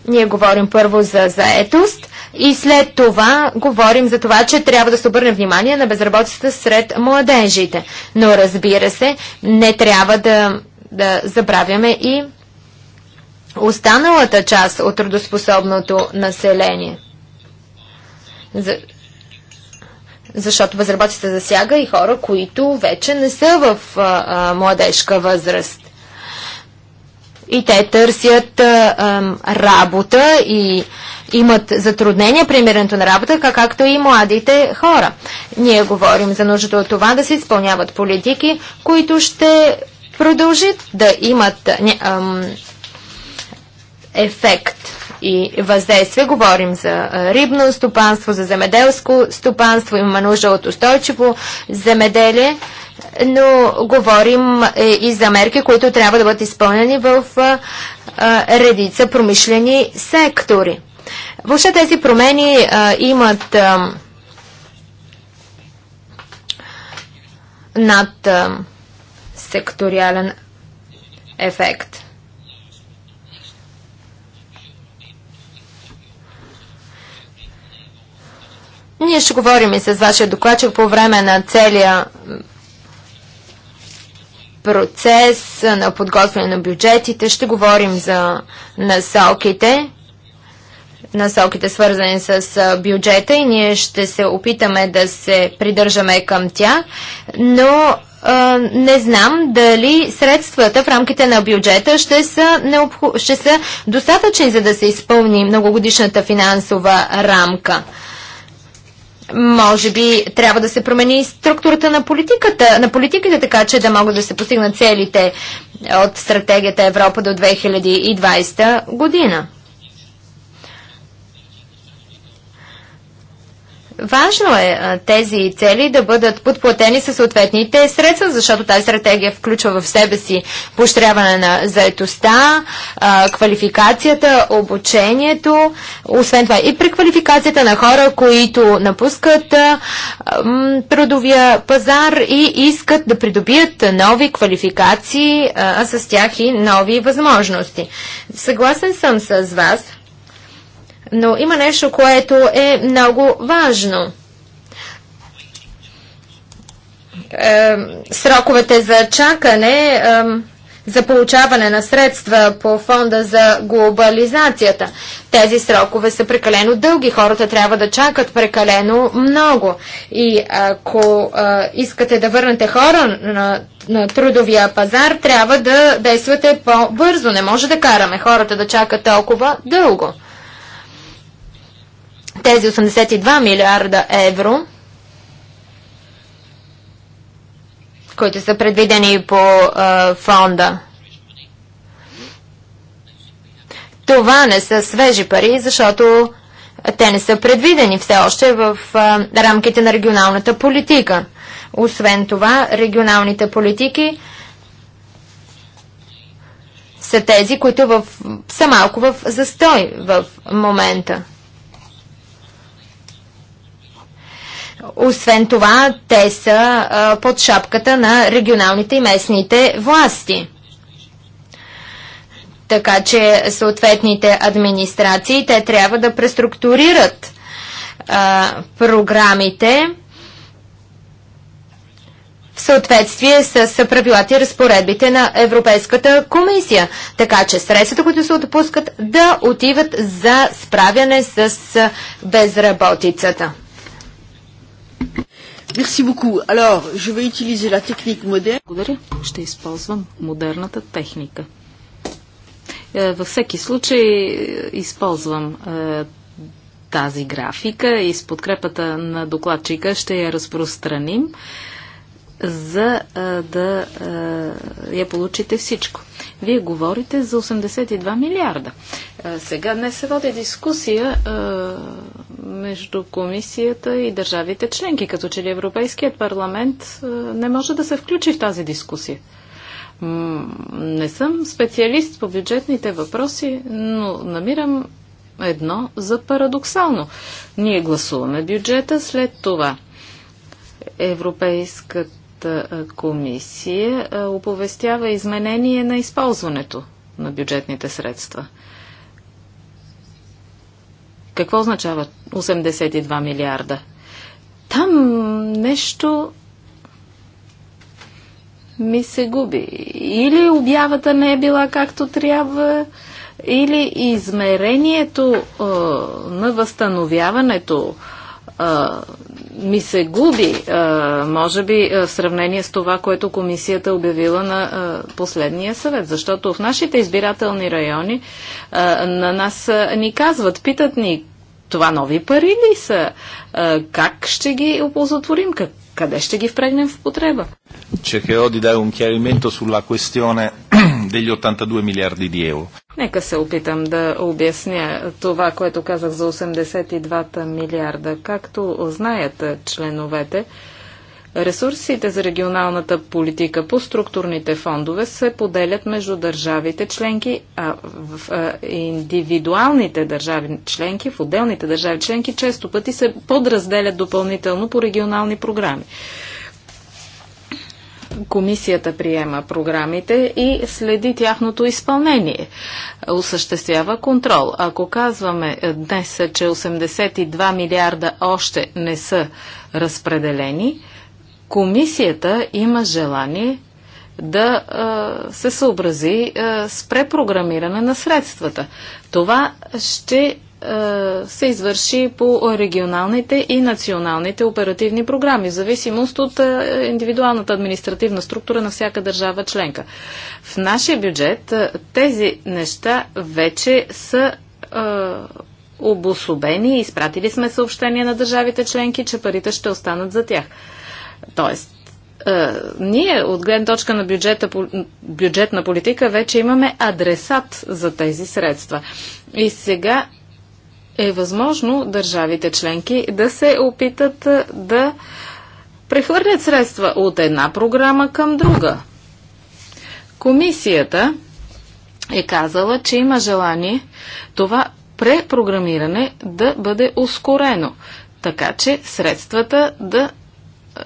ние говорим първо за заетост и след това говорим за това, че трябва да се обърне внимание на безработицата сред младежите. Но разбира се, не трябва да, да забравяме и останалата част от трудоспособното население. За... Защото безработицата засяга и хора, които вече не са в а, а, младежка възраст и те търсят а, работа и имат затруднения при мирането на работа, как както и младите хора. Ние говорим за нуждата от това да се изпълняват политики, които ще продължат да имат а, ефект и въздействие. Говорим за рибно стопанство, за земеделско стопанство, имаме нужда от устойчиво земеделие но говорим е, и за мерки, които трябва да бъдат изпълнени в редица промишлени сектори. Въобще тези промени имат над секториален ефект. Ние ще говорим и с вашия докладчик по време на целия процес на подготвяне на бюджетите. Ще говорим за насоките, насоките свързани с бюджета и ние ще се опитаме да се придържаме към тях, но а, не знам дали средствата в рамките на бюджета ще са, необхо... ще са достатъчни, за да се изпълни многогодишната финансова рамка може би трябва да се промени структурата на политиката, на политиката така, че да могат да се постигнат целите от стратегията Европа до 2020 година. Важно е тези цели да бъдат подплатени със съответните средства, защото тази стратегия включва в себе си поощряване на заетостта, квалификацията, обучението, освен това и преквалификацията на хора, които напускат трудовия пазар и искат да придобият нови квалификации, а с тях и нови възможности. Съгласен съм с вас, но има нещо, което е много важно. Е, сроковете за чакане е, за получаване на средства по фонда за глобализацията. Тези срокове са прекалено дълги, хората трябва да чакат прекалено много. И ако е, искате да върнете хора на, на трудовия пазар, трябва да действате по-бързо. Не може да караме хората да чакат толкова дълго тези 82 милиарда евро, които са предвидени по а, фонда. Това не са свежи пари, защото те не са предвидени все още в а, рамките на регионалната политика. Освен това, регионалните политики са тези, които в, са малко в застой в момента. Освен това, те са а, под шапката на регионалните и местните власти. Така че съответните администрации, те трябва да преструктурират а, програмите в съответствие с правилата и разпоредбите на Европейската комисия. Така че средствата, които се отпускат, да отиват за справяне с безработицата. Merci beaucoup. Alors, je vais utiliser la technique moderne. Благодаря. Ще използвам модерната техника. Е, във всеки случай е, използвам е, тази графика и с подкрепата на докладчика ще я разпространим за а, да а, я получите всичко. Вие говорите за 82 милиарда. А, сега днес се води дискусия а, между комисията и държавите членки, като че ли Европейският парламент а, не може да се включи в тази дискусия. М- не съм специалист по бюджетните въпроси, но намирам едно за парадоксално. Ние гласуваме бюджета, след това Европейската Европейската комисия оповестява изменение на използването на бюджетните средства. Какво означава 82 милиарда? Там нещо ми се губи. Или обявата не е била както трябва, или измерението на възстановяването ми се губи, може би, в сравнение с това, което комисията обявила на последния съвет. Защото в нашите избирателни райони на нас ни казват, питат ни, това нови пари ли са? Как ще ги оползотворим? Къде ще ги впрегнем в потреба? Cercherò di dare un chiarimento sulla questione <clears throat> degli 82 miliardi di euro. Нека се опитам да обясня това, което казах за 82 милиарда. Както знаят членовете, Ресурсите за регионалната политика по структурните фондове се поделят между държавите членки, а в индивидуалните държави членки, в отделните държави членки, често пъти се подразделят допълнително по регионални програми. Комисията приема програмите и следи тяхното изпълнение. Осъществява контрол. Ако казваме е, днес, е, че 82 милиарда още не са разпределени, комисията има желание да а, е, се съобрази а, с препрограмиране на средствата. Това ще е, се извърши по регионалните и националните оперативни програми, в зависимост от е, индивидуалната административна структура на всяка държава членка. В нашия бюджет е, тези неща вече са обособени и изпратили сме съобщение на държавите членки, че парите ще останат за тях. Тоест, ние от гледна точка на бюджета, бюджетна политика вече имаме адресат за тези средства. И сега е възможно държавите членки да се опитат да прехвърлят средства от една програма към друга. Комисията е казала, че има желание това препрограмиране да бъде ускорено, така че средствата да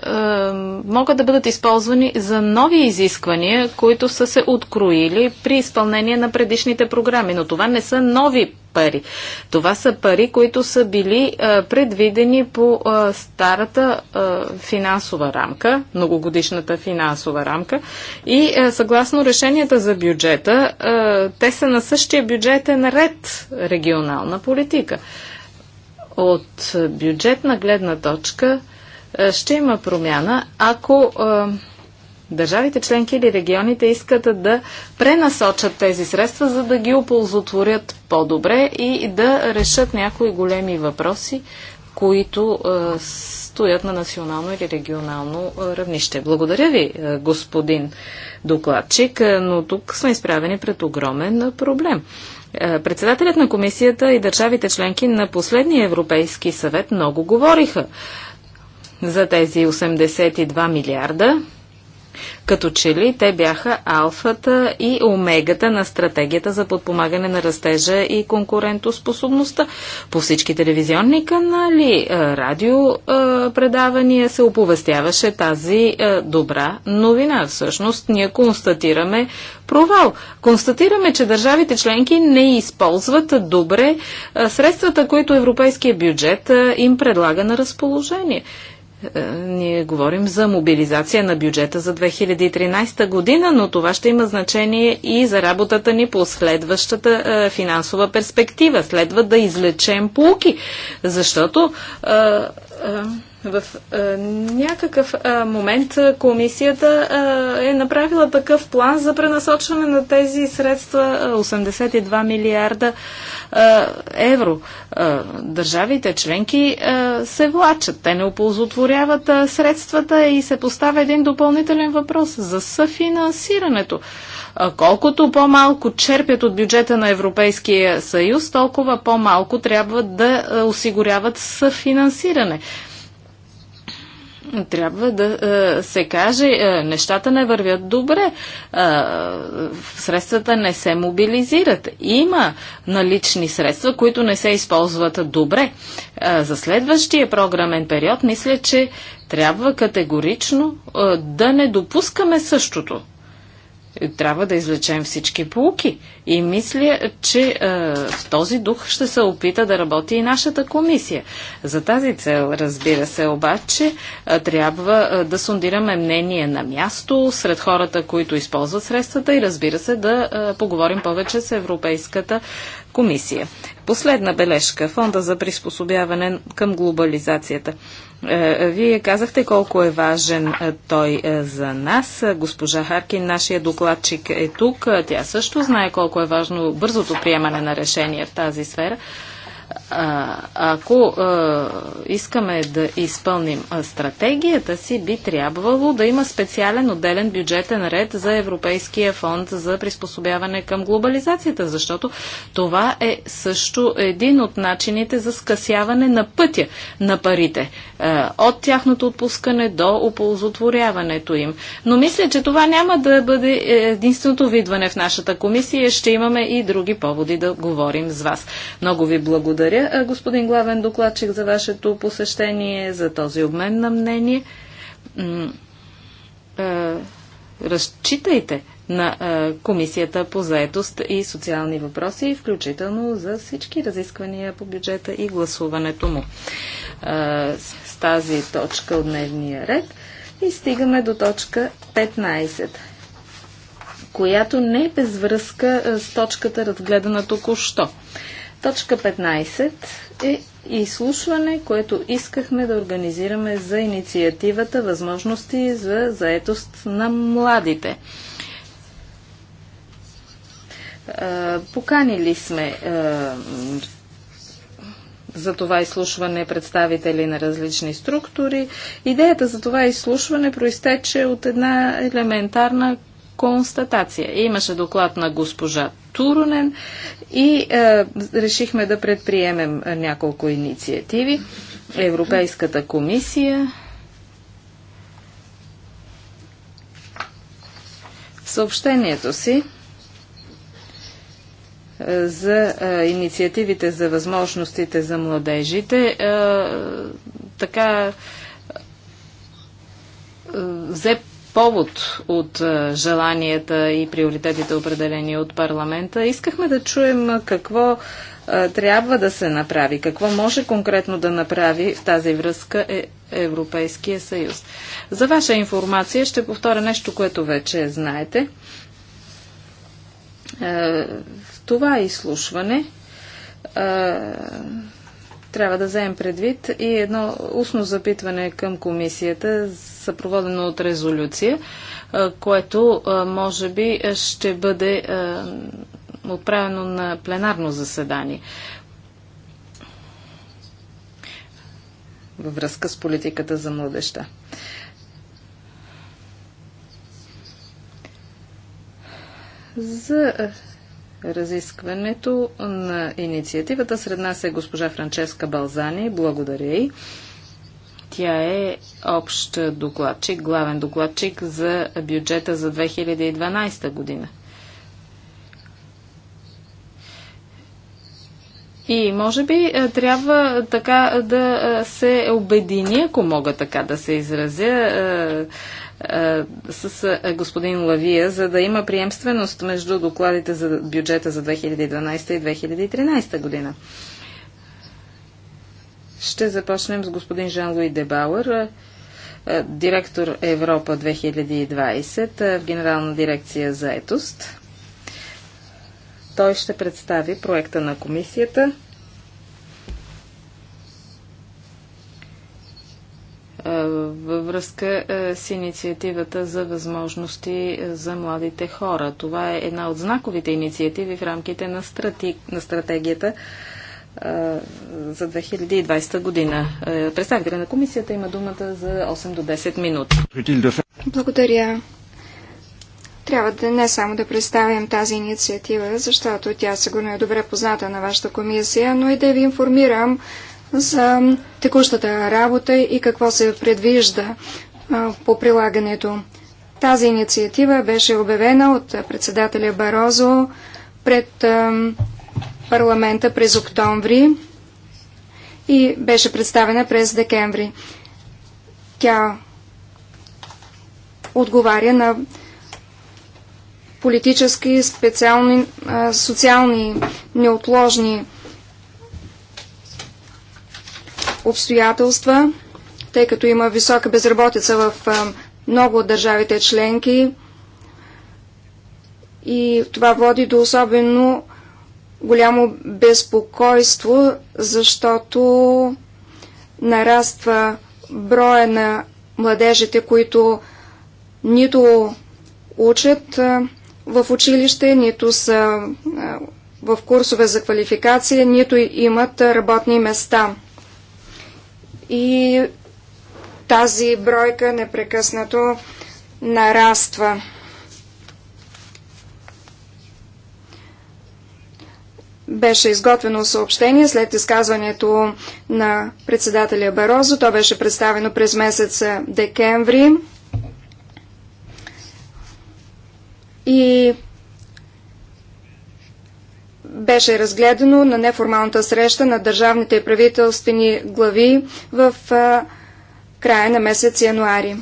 е, могат да бъдат използвани за нови изисквания, които са се откроили при изпълнение на предишните програми. Но това не са нови пари. Това са пари, които са били а, предвидени по а, старата а, финансова рамка, многогодишната финансова рамка и а, съгласно решенията за бюджета, а, те са на същия бюджетен ред регионална политика. От бюджетна гледна точка ще има промяна, ако а, Държавите членки или регионите искат да пренасочат тези средства, за да ги оползотворят по-добре и да решат някои големи въпроси, които стоят на национално или регионално равнище. Благодаря ви, господин докладчик, но тук сме изправени пред огромен проблем. Председателят на комисията и държавите членки на последния Европейски съвет много говориха за тези 82 милиарда, като че ли те бяха алфата и омегата на стратегията за подпомагане на растежа и конкурентоспособността. По всички телевизионни канали, е, радио е, предавания се оповестяваше тази е, добра новина. Всъщност ние констатираме провал. Констатираме, че държавите членки не използват добре средствата, които европейския бюджет им предлага на разположение. Е, ние говорим за мобилизация на бюджета за 2013 година, но това ще има значение и за работата ни по следващата е, финансова перспектива. Следва да излечем полки, защото е, в е, някакъв е, момент комисията е, е направила такъв план за пренасочване на тези средства 82 е, милиарда е, евро. Е, държавите членки се влачат, те не оползотворяват средствата и се поставя един допълнителен въпрос за съфинансирането. Колкото по-малко черпят от бюджета на Европейския съюз, толкова по-малко трябва да осигуряват съфинансиране трябва да е, се каже, е, нещата не вървят добре, е, средствата не се мобилизират. Има налични средства, които не се използват добре. За следващия програмен период мисля, че трябва категорично да не допускаме същото. Трябва да излечем всички полуки. И мисля, че е, в този дух ще се опита да работи и нашата комисия. За тази цел, разбира се, обаче, е, трябва е, да сондираме мнение на място сред хората, които използват средствата и, разбира се, да е, поговорим повече с Европейската комисия. Последна бележка. Фонда за приспособяване към глобализацията. Е, вие казахте колко е важен е, той е, за нас. Госпожа Харкин, нашия докладчик е тук. Тя също знае колко е важно бързото приемане на решение в тази сфера. А, ако а, искаме да изпълним а, стратегията си, би трябвало да има специален отделен бюджетен ред за Европейския фонд за приспособяване към глобализацията, защото това е също един от начините за скъсяване на пътя на парите, а, от тяхното отпускане до оползотворяването им. Но мисля, че това няма да бъде единственото видване в нашата комисия. Ще имаме и други поводи да говорим с вас. Много ви благодаря благодаря, господин главен докладчик, за вашето посещение, за този обмен на мнение. Разчитайте на Комисията по заедост и социални въпроси, включително за всички разисквания по бюджета и гласуването му. С тази точка от дневния ред и стигаме до точка 15 която не е без връзка с точката разгледана току-що. Точка 15 е изслушване, което искахме да организираме за инициативата Възможности за заетост на младите. Поканили сме за това изслушване представители на различни структури. Идеята за това изслушване проистече от една елементарна констатация. Имаше доклад на госпожа Турунен и е, решихме да предприемем няколко инициативи. Европейската комисия в съобщението си е, за е, инициативите за възможностите за младежите. е, така а, е, взе повод от желанията и приоритетите определени от парламента. Искахме да чуем какво трябва да се направи, какво може конкретно да направи в тази връзка е, Европейския съюз. За ваша информация ще повторя нещо, което вече знаете. В това изслушване трябва да вземем предвид и едно устно запитване към комисията съпроводено от резолюция, което може би ще бъде отправено на пленарно заседание. Във връзка с политиката за младеща. За разискването на инициативата сред нас е госпожа Франческа Балзани. Благодаря й. Тя е общ докладчик, главен докладчик за бюджета за 2012 година. И може би е, трябва е, така е, да се обедини, ако мога така да се изразя, с господин Лавия, за да има приемственост между докладите за бюджета за 2012 и 2013 година. Ще започнем с господин Жан-Луи Дебауер, е, е, директор Европа 2020 е, в Генерална дирекция за етост. Той ще представи проекта на комисията. във връзка с инициативата за възможности за младите хора. Това е една от знаковите инициативи в рамките на, стратег... на стратегията за 2020 година. Е, представителя на комисията има думата за 8 до 10 минути. Благодаря. Трябва да не само да представим тази инициатива, защото тя сигурно е добре позната на вашата комисия, но и да ви информирам за текущата работа и какво се предвижда по прилагането. Тази инициатива беше обявена от председателя Барозо пред парламента през октомври и беше представена през декември. Тя отговаря на политически, специални, социални, неотложни обстоятелства, тъй като има висока безработица в много от държавите членки и това води до особено голямо безпокойство, защото нараства броя на младежите, които нито учат в училище, нито са в курсове за квалификация, нито имат работни места. И тази бройка непрекъснато нараства. беше изготвено съобщение след изказването на председателя Барозо. То беше представено през месец декември. И беше разгледано на неформалната среща на държавните и правителствени глави в края на месец януари.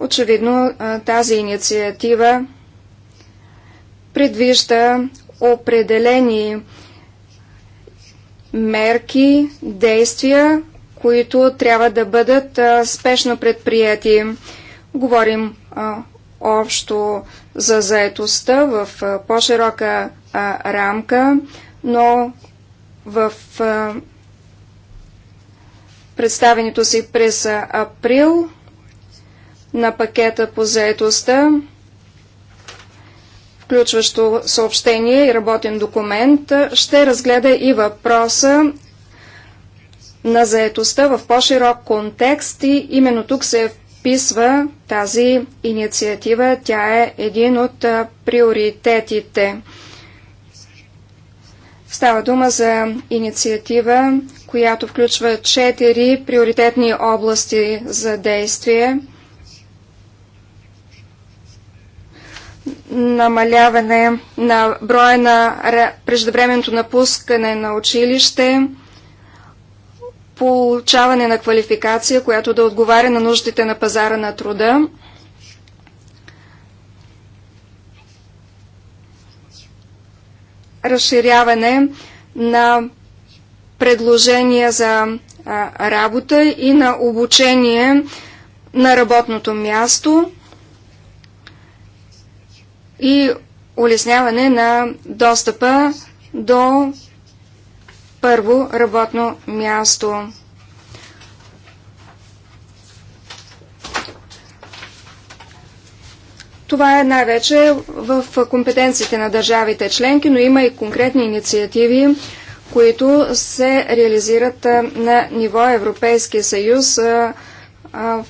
Очевидно тази инициатива предвижда определени мерки, действия, които трябва да бъдат а, спешно предприяти. Говорим а, общо за заетостта в по-широка рамка, но в а, представенето си през април на пакета по заетостта включващо съобщение и работен документ, ще разгледа и въпроса на заетостта в по-широк контекст и именно тук се вписва тази инициатива. Тя е един от приоритетите. Става дума за инициатива, която включва четири приоритетни области за действие – намаляване на броя на преждевременното напускане на училище, получаване на квалификация, която да отговаря на нуждите на пазара на труда. разширяване на предложения за работа и на обучение на работното място и улесняване на достъпа до първо работно място. Това е най-вече в компетенциите на държавите членки, но има и конкретни инициативи, които се реализират на ниво Европейския съюз в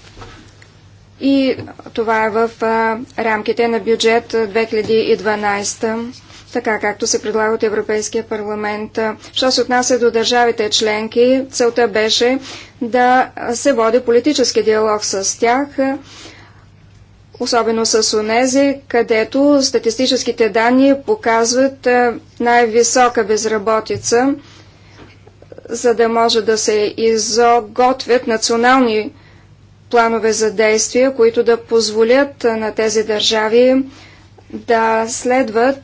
и това е в а, рамките на бюджет 2012, така както се предлага от Европейския парламент. Що се отнася до държавите членки, целта беше да се води политически диалог с тях, особено с онези, където статистическите данни показват най-висока безработица, за да може да се изготвят национални планове за действия, които да позволят на тези държави да следват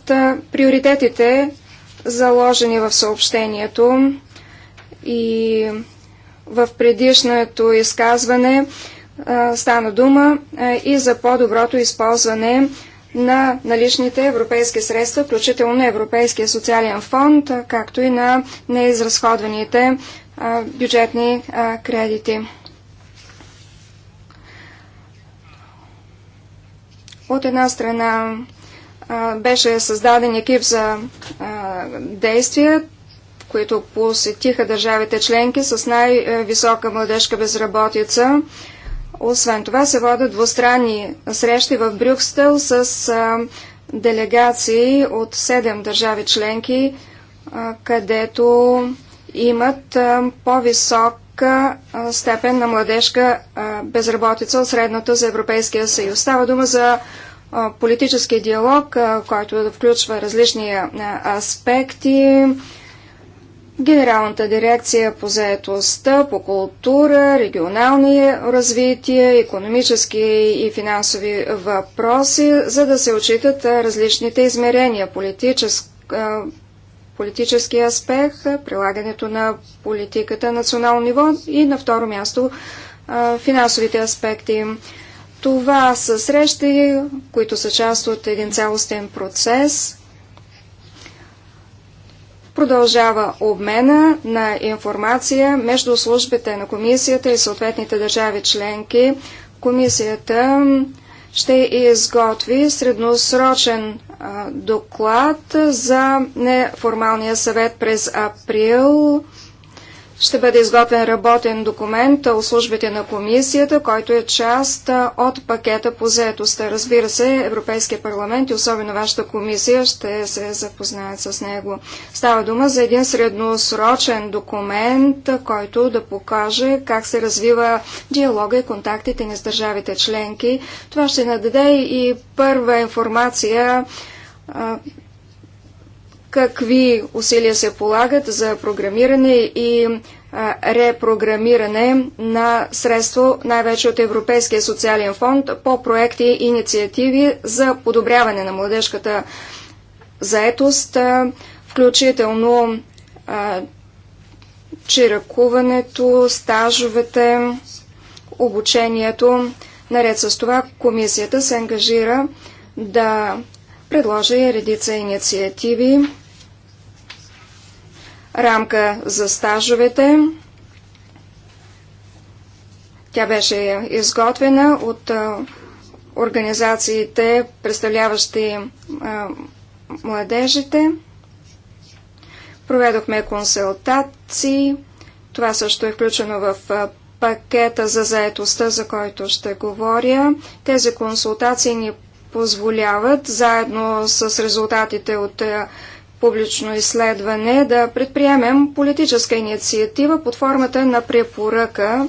приоритетите, заложени в съобщението и в предишното изказване стана дума и за по-доброто използване на наличните европейски средства, включително на Европейския социален фонд, както и на неизразходваните бюджетни кредити. От една страна беше създаден екип за действия, които посетиха държавите членки с най-висока младежка безработица. Освен това се водят двустранни срещи в Брюкстел с а, делегации от 7 държави членки, а, където имат по-висок степен на младежка безработица от средната за Европейския съюз. Става дума за политически диалог, който включва различни аспекти. Генералната дирекция по заетостта, по култура, регионални развитие, економически и финансови въпроси, за да се очитат различните измерения, политическа, политически аспект, прилагането на политиката на национално ниво и на второ място финансовите аспекти. Това са срещи, които са част от един цялостен процес. Продължава обмена на информация между службите на комисията и съответните държави членки. Комисията ще изготви средносрочен доклад за неформалния съвет през април ще бъде изготвен работен документ от службите на комисията, който е част от пакета по заетостта. Разбира се, Европейския парламент и особено вашата комисия ще се запознаят с него. Става дума за един средносрочен документ, който да покаже как се развива диалога и контактите ни с държавите членки. Това ще нададе и първа информация какви усилия се полагат за програмиране и репрограмиране на средство, най-вече от Европейския социален фонд, по проекти и инициативи за подобряване на младежката заетост, включително чиракуването, стажовете, обучението. Наред с това комисията се ангажира да предложи редица инициативи рамка за стажовете. Тя беше изготвена от организациите, представляващи младежите. Проведохме консултации. Това също е включено в пакета за заетостта, за който ще говоря. Тези консултации ни позволяват, заедно с резултатите от публично изследване да предприемем политическа инициатива под формата на препоръка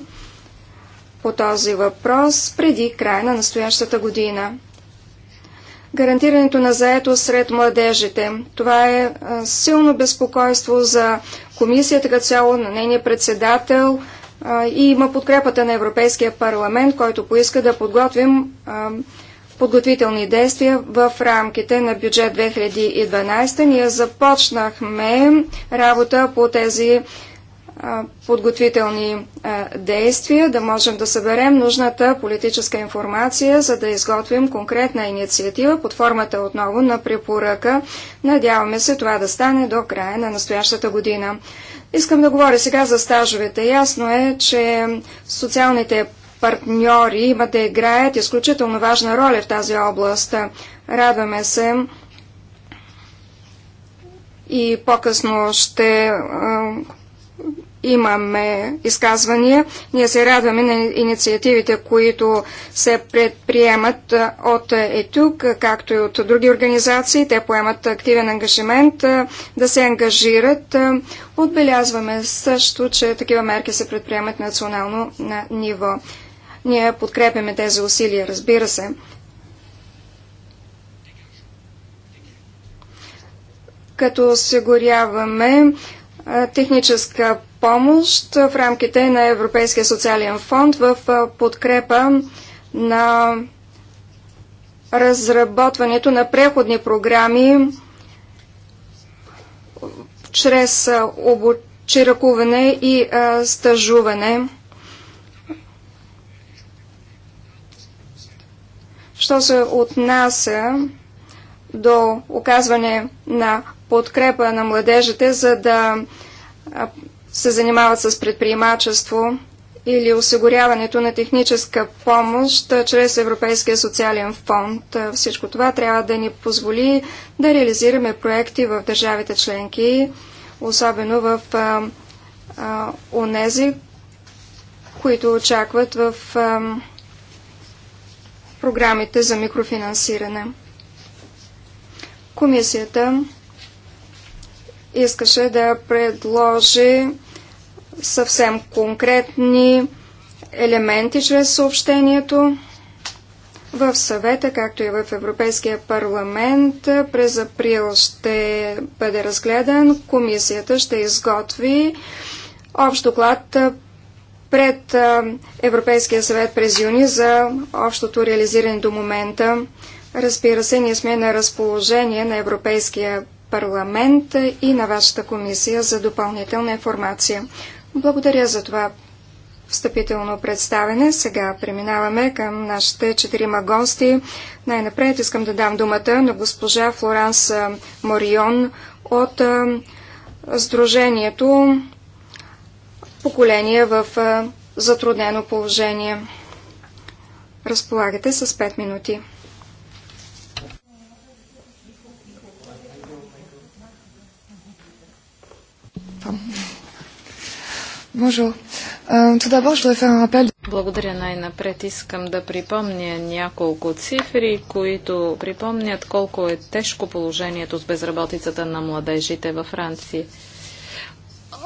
по този въпрос преди края на настоящата година. Гарантирането на заето сред младежите. Това е силно безпокойство за комисията като цяло, на нейния председател и има подкрепата на Европейския парламент, който поиска да подготвим подготвителни действия в рамките на бюджет 2012. Ние започнахме работа по тези подготвителни действия, да можем да съберем нужната политическа информация, за да изготвим конкретна инициатива под формата отново на препоръка. Надяваме се това да стане до края на настоящата година. Искам да говоря сега за стажовете. Ясно е, че социалните партньори имат да играят изключително важна роля в тази област. Радваме се и по-късно ще имаме изказвания. Ние се радваме на инициативите, които се предприемат от ЕТУК, както и от други организации. Те поемат активен ангажимент да се ангажират. Отбелязваме също, че такива мерки се предприемат национално на ниво. Ние подкрепяме тези усилия, разбира се. Като осигуряваме техническа помощ в рамките на Европейския социален фонд в подкрепа на разработването на преходни програми чрез обучение чиракуване и а, стажуване. Що се отнася до оказване на подкрепа на младежите, за да се занимават с предприемачество или осигуряването на техническа помощ чрез Европейския социален фонд. Всичко това трябва да ни позволи да реализираме проекти в държавите членки, особено в онези, които очакват в а, програмите за микрофинансиране. Комисията искаше да предложи съвсем конкретни елементи чрез съобщението в съвета, както и в Европейския парламент. През април ще бъде разгледан. Комисията ще изготви общ доклад пред Европейския съвет през юни за общото реализиране до момента. Разбира се, ние сме на разположение на Европейския парламент и на вашата комисия за допълнителна информация. Благодаря за това встъпително представене. Сега преминаваме към нашите четирима гости. Най-напред искам да дам думата на госпожа Флоранс Морион от Сдружението поколения в затруднено положение. Разполагате с 5 минути. Euh, Благодаря най-напред. Искам да припомня няколко цифри, които припомнят колко е тежко положението с безработицата на младежите във Франция.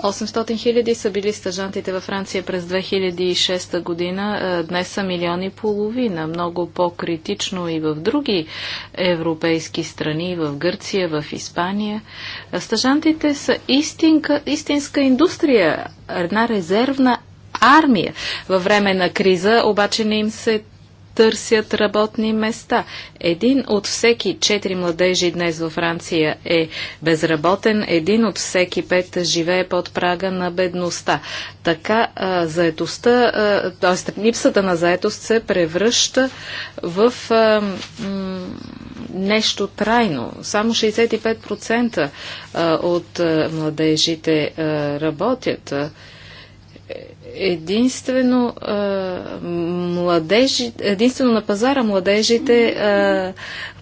800 хиляди са били стъжантите във Франция през 2006 година. Е, днес са милиони и половина. Много по-критично и в други европейски страни, в Гърция, в Испания. Е, стъжантите са истинка, истинска индустрия, една резервна армия. Във време на криза обаче не им се търсят работни места. Един от всеки четири младежи днес във Франция е безработен, един от всеки пет живее под прага на бедността. Така заетостта, т.е. липсата на заетост се превръща в нещо трайно. Само 65% от младежите работят единствено, а, младежи, единствено на пазара младежите а,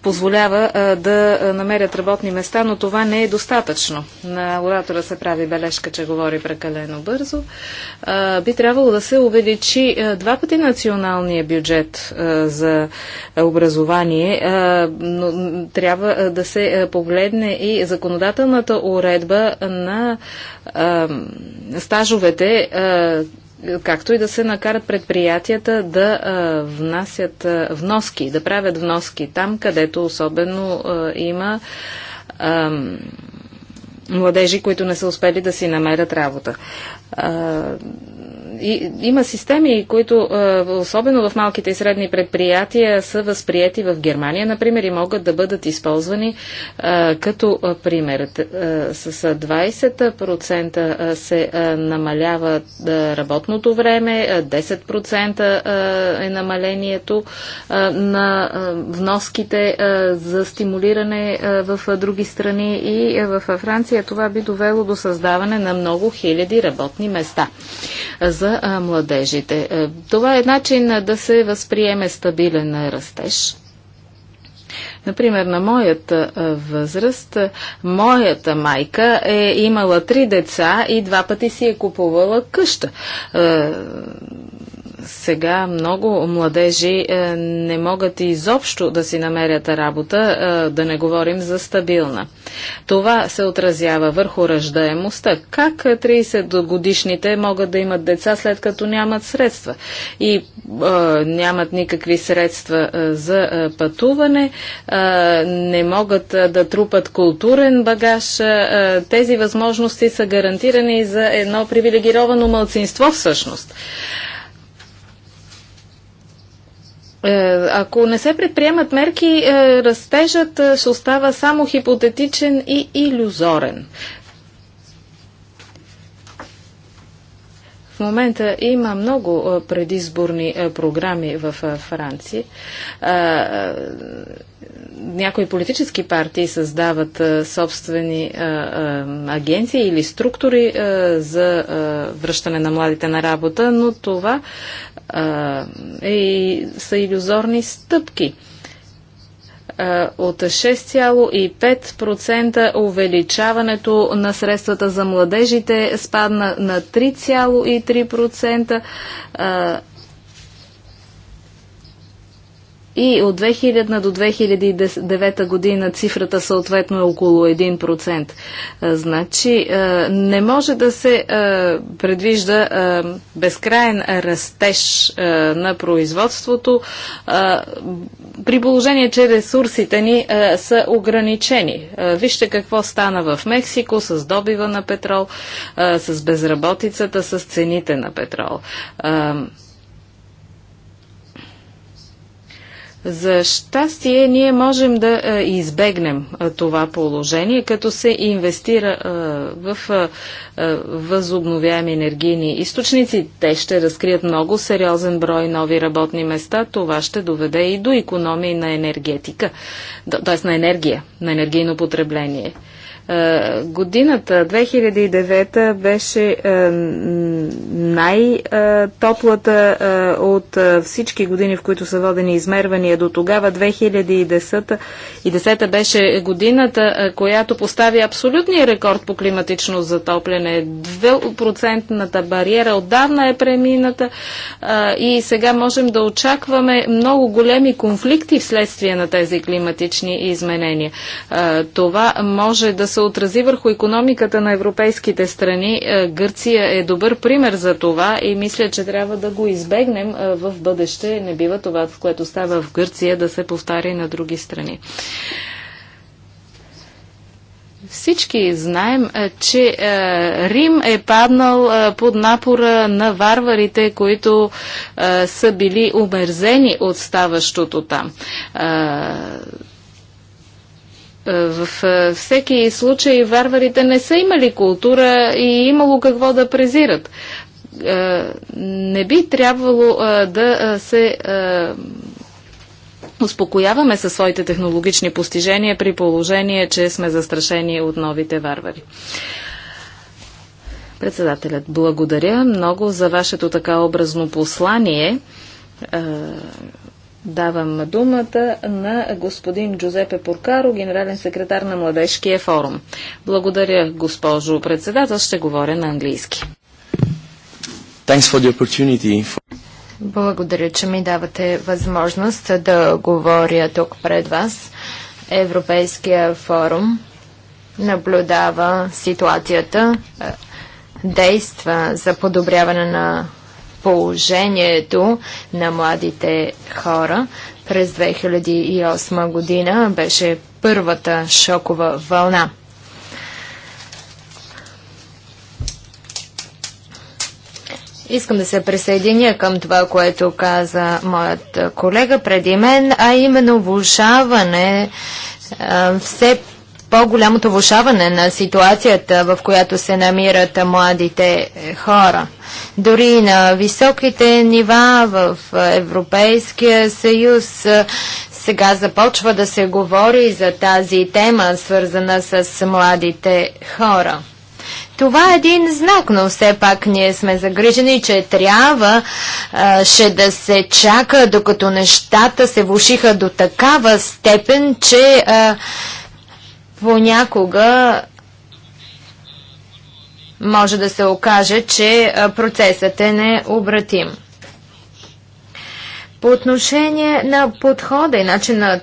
позволява а, да намерят работни места, но това не е достатъчно. На оратора се прави бележка, че говори прекалено бързо. А, би трябвало да се увеличи а, два пъти националния бюджет а, за образование, а, но трябва а, да се погледне и законодателната уредба на а, стажовете а, както и да се накарат предприятията да а, внасят а, вноски, да правят вноски там, където особено а, има а, младежи, които не са успели да си намерят работа. А, и, има системи, които особено в малките и средни предприятия са възприяти в Германия, например, и могат да бъдат използвани като пример. С 20% се намалява работното време, 10% е намалението на вноските за стимулиране в други страни и в Франция това би довело до създаване на много хиляди работни места. За за а, младежите. Е, това е начин да се възприеме стабилен растеж. Например, на моята възраст, моята майка е имала три деца и два пъти си е купувала къща. Е, сега много младежи е, не могат изобщо да си намерят работа, е, да не говорим за стабилна. Това се отразява върху ръждаемостта. Как 30-годишните могат да имат деца след като нямат средства и е, нямат никакви средства за пътуване, не могат да трупат културен багаж. Тези възможности са гарантирани за едно привилегировано мълцинство всъщност. Е, ако не се предприемат мерки, е, растежът е, ще остава само хипотетичен и иллюзорен. В момента има много предизборни програми в Франция. Някои политически партии създават собствени агенции или структури за връщане на младите на работа, но това а, е и са иллюзорни стъпки. от 6,5% увеличаването на средствата за младежите спадна на 3,3% и от 2000 до 2009 година цифрата съответно е около 1%. Значи не може да се предвижда безкрайен растеж на производството при положение, че ресурсите ни са ограничени. Вижте какво стана в Мексико с добива на петрол, с безработицата, с цените на петрол. За щастие, ние можем да е, избегнем е, това положение, като се инвестира е, в възобновяеми енергийни източници. Те ще разкрият много сериозен брой нови работни места. Това ще доведе и до економии на енергетика, т.е. на енергия, на енергийно потребление. Е, годината 2009 беше е, най-топлата е, от всички години, в които са водени измервания. До тогава 2010, беше годината, която постави абсолютния рекорд по климатично затопляне. 2% бариера отдавна е премината и сега можем да очакваме много големи конфликти вследствие на тези климатични изменения. Това може да се се отрази върху економиката на европейските страни. Е, Гърция е добър пример за това и мисля, че трябва да го избегнем е, в бъдеще. Не бива това, в което става в Гърция, да се повтаря и на други страни. Всички знаем, е, че Рим е паднал под напора на варварите, които са били омерзени от ставащото там. Е, в е, всеки случай варварите не са имали култура и имало какво да презират. Е, не би трябвало да се успокояваме със своите технологични постижения при положение, че сме застрашени от новите варвари. Председателят, благодаря много за вашето така образно послание Давам думата на господин Джузепе Поркаро, генерален секретар на Младежкия форум. Благодаря, госпожо председател. Ще говоря на английски. Благодаря, че ми давате възможност да говоря тук пред вас. Европейския форум наблюдава ситуацията, действа за подобряване на положението на младите хора. През 2008 година беше първата шокова вълна. Искам да се присъединя към това, което каза моят колега преди мен, а именно влушаване все по-голямото влушаване на ситуацията, в която се намират младите е, хора. Дори на високите нива в е, Европейския съюз е, сега започва да се говори за тази тема, свързана с младите хора. Това е един знак, но все пак ние сме загрижени, че трябва а, ще да се чака, докато нещата се влушиха до такава степен, че а, понякога може да се окаже, че процесът е необратим. По отношение на подхода и начинът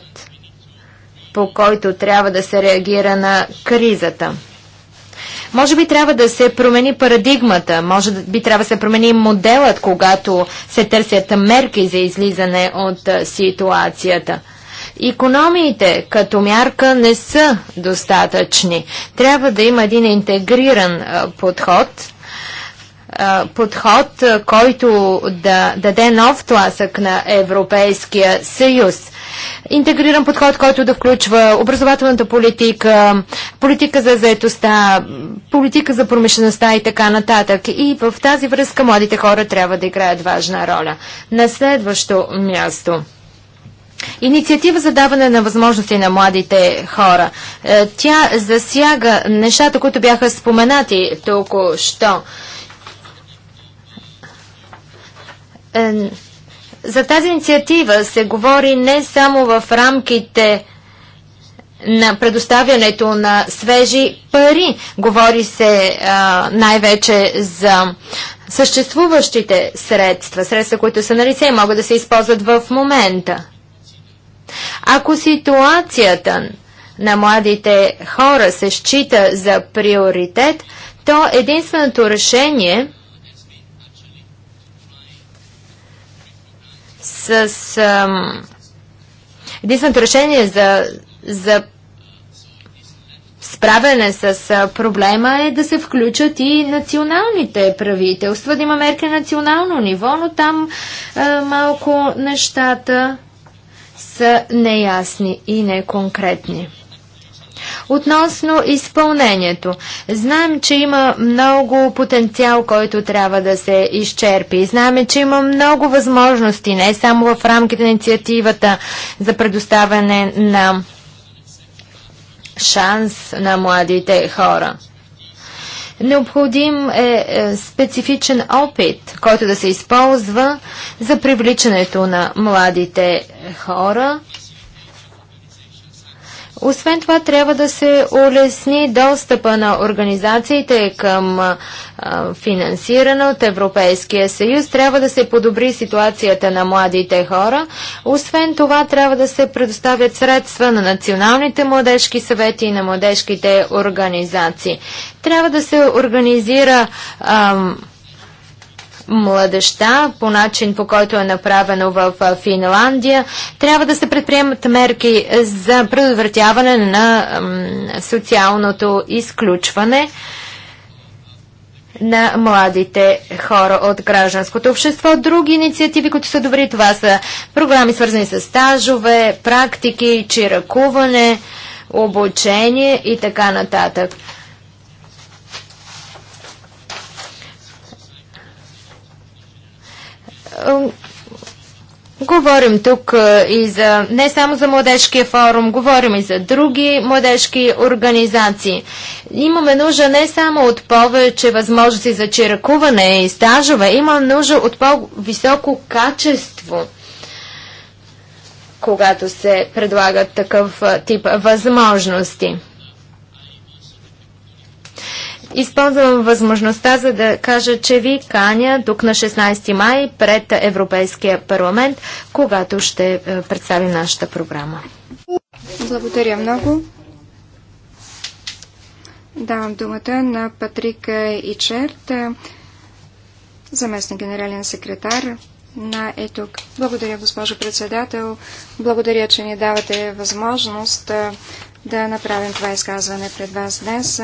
по който трябва да се реагира на кризата. Може би трябва да се промени парадигмата, може би трябва да се промени моделът, когато се търсят мерки за излизане от ситуацията – Икономиите като мярка не са достатъчни. Трябва да има един интегриран подход, подход, който да даде нов тласък на Европейския съюз. Интегриран подход, който да включва образователната политика, политика за заетостта, политика за промишлеността и така нататък. И в тази връзка младите хора трябва да играят важна роля. На следващо място – Инициатива за даване на възможности на младите хора. Е, тя засяга нещата, които бяха споменати толкова. що е, За тази инициатива се говори не само в рамките на предоставянето на свежи пари. Говори се най-вече за съществуващите средства, средства, които са на лице и могат да се използват в момента. Ако ситуацията на младите хора се счита за приоритет, то единственото решение с единственото решение за, за справяне с проблема е да се включат и националните правителства, да има мерки на национално ниво, но там малко нещата са неясни и неконкретни. Относно изпълнението. Знаем, че има много потенциал, който трябва да се изчерпи. Знаем, че има много възможности, не само в рамките на инициативата за предоставяне на шанс на младите хора. Необходим е, е специфичен опит, който да се използва за привличането на младите хора освен това, трябва да се улесни достъпа на организациите към финансиране от Европейския съюз. Трябва да се подобри ситуацията на младите хора. Освен това, трябва да се предоставят средства на националните младежки съвети и на младежките организации. Трябва да се организира. Ам, младеща по начин, по който е направено в Финландия. Трябва да се предприемат мерки за предотвратяване на социалното изключване на младите хора от гражданското общество. Други инициативи, които са добри, това са програми свързани с стажове, практики, чиракуване, обучение и така нататък. Говорим тук и за, не само за младежкия форум, говорим и за други младежки организации. Имаме нужда не само от повече възможности за чиракуване и стажове, има нужда от по-високо качество, когато се предлагат такъв тип възможности. Използвам възможността за да кажа, че ви каня тук на 16 май пред Европейския парламент, когато ще е, представим нашата програма. Благодаря много. Давам думата на Патрик Ичерт, е, заместник генерален секретар на ЕТОК. Благодаря, госпожо председател. Благодаря, че ни давате възможност е, да направим това изказване пред вас днес.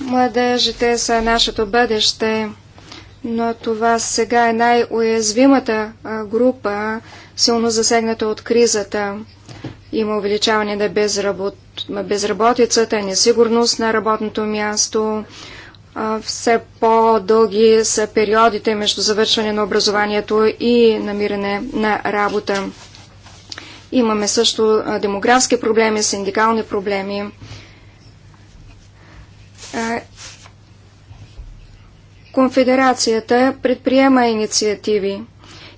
Младежите са нашето бъдеще, но това сега е най-уязвимата група, силно засегната от кризата. Има увеличаване на безработ... безработицата, несигурност на работното място, все по-дълги са периодите между завършване на образованието и намиране на работа. Имаме също демографски проблеми, синдикални проблеми. Конфедерацията предприема инициативи.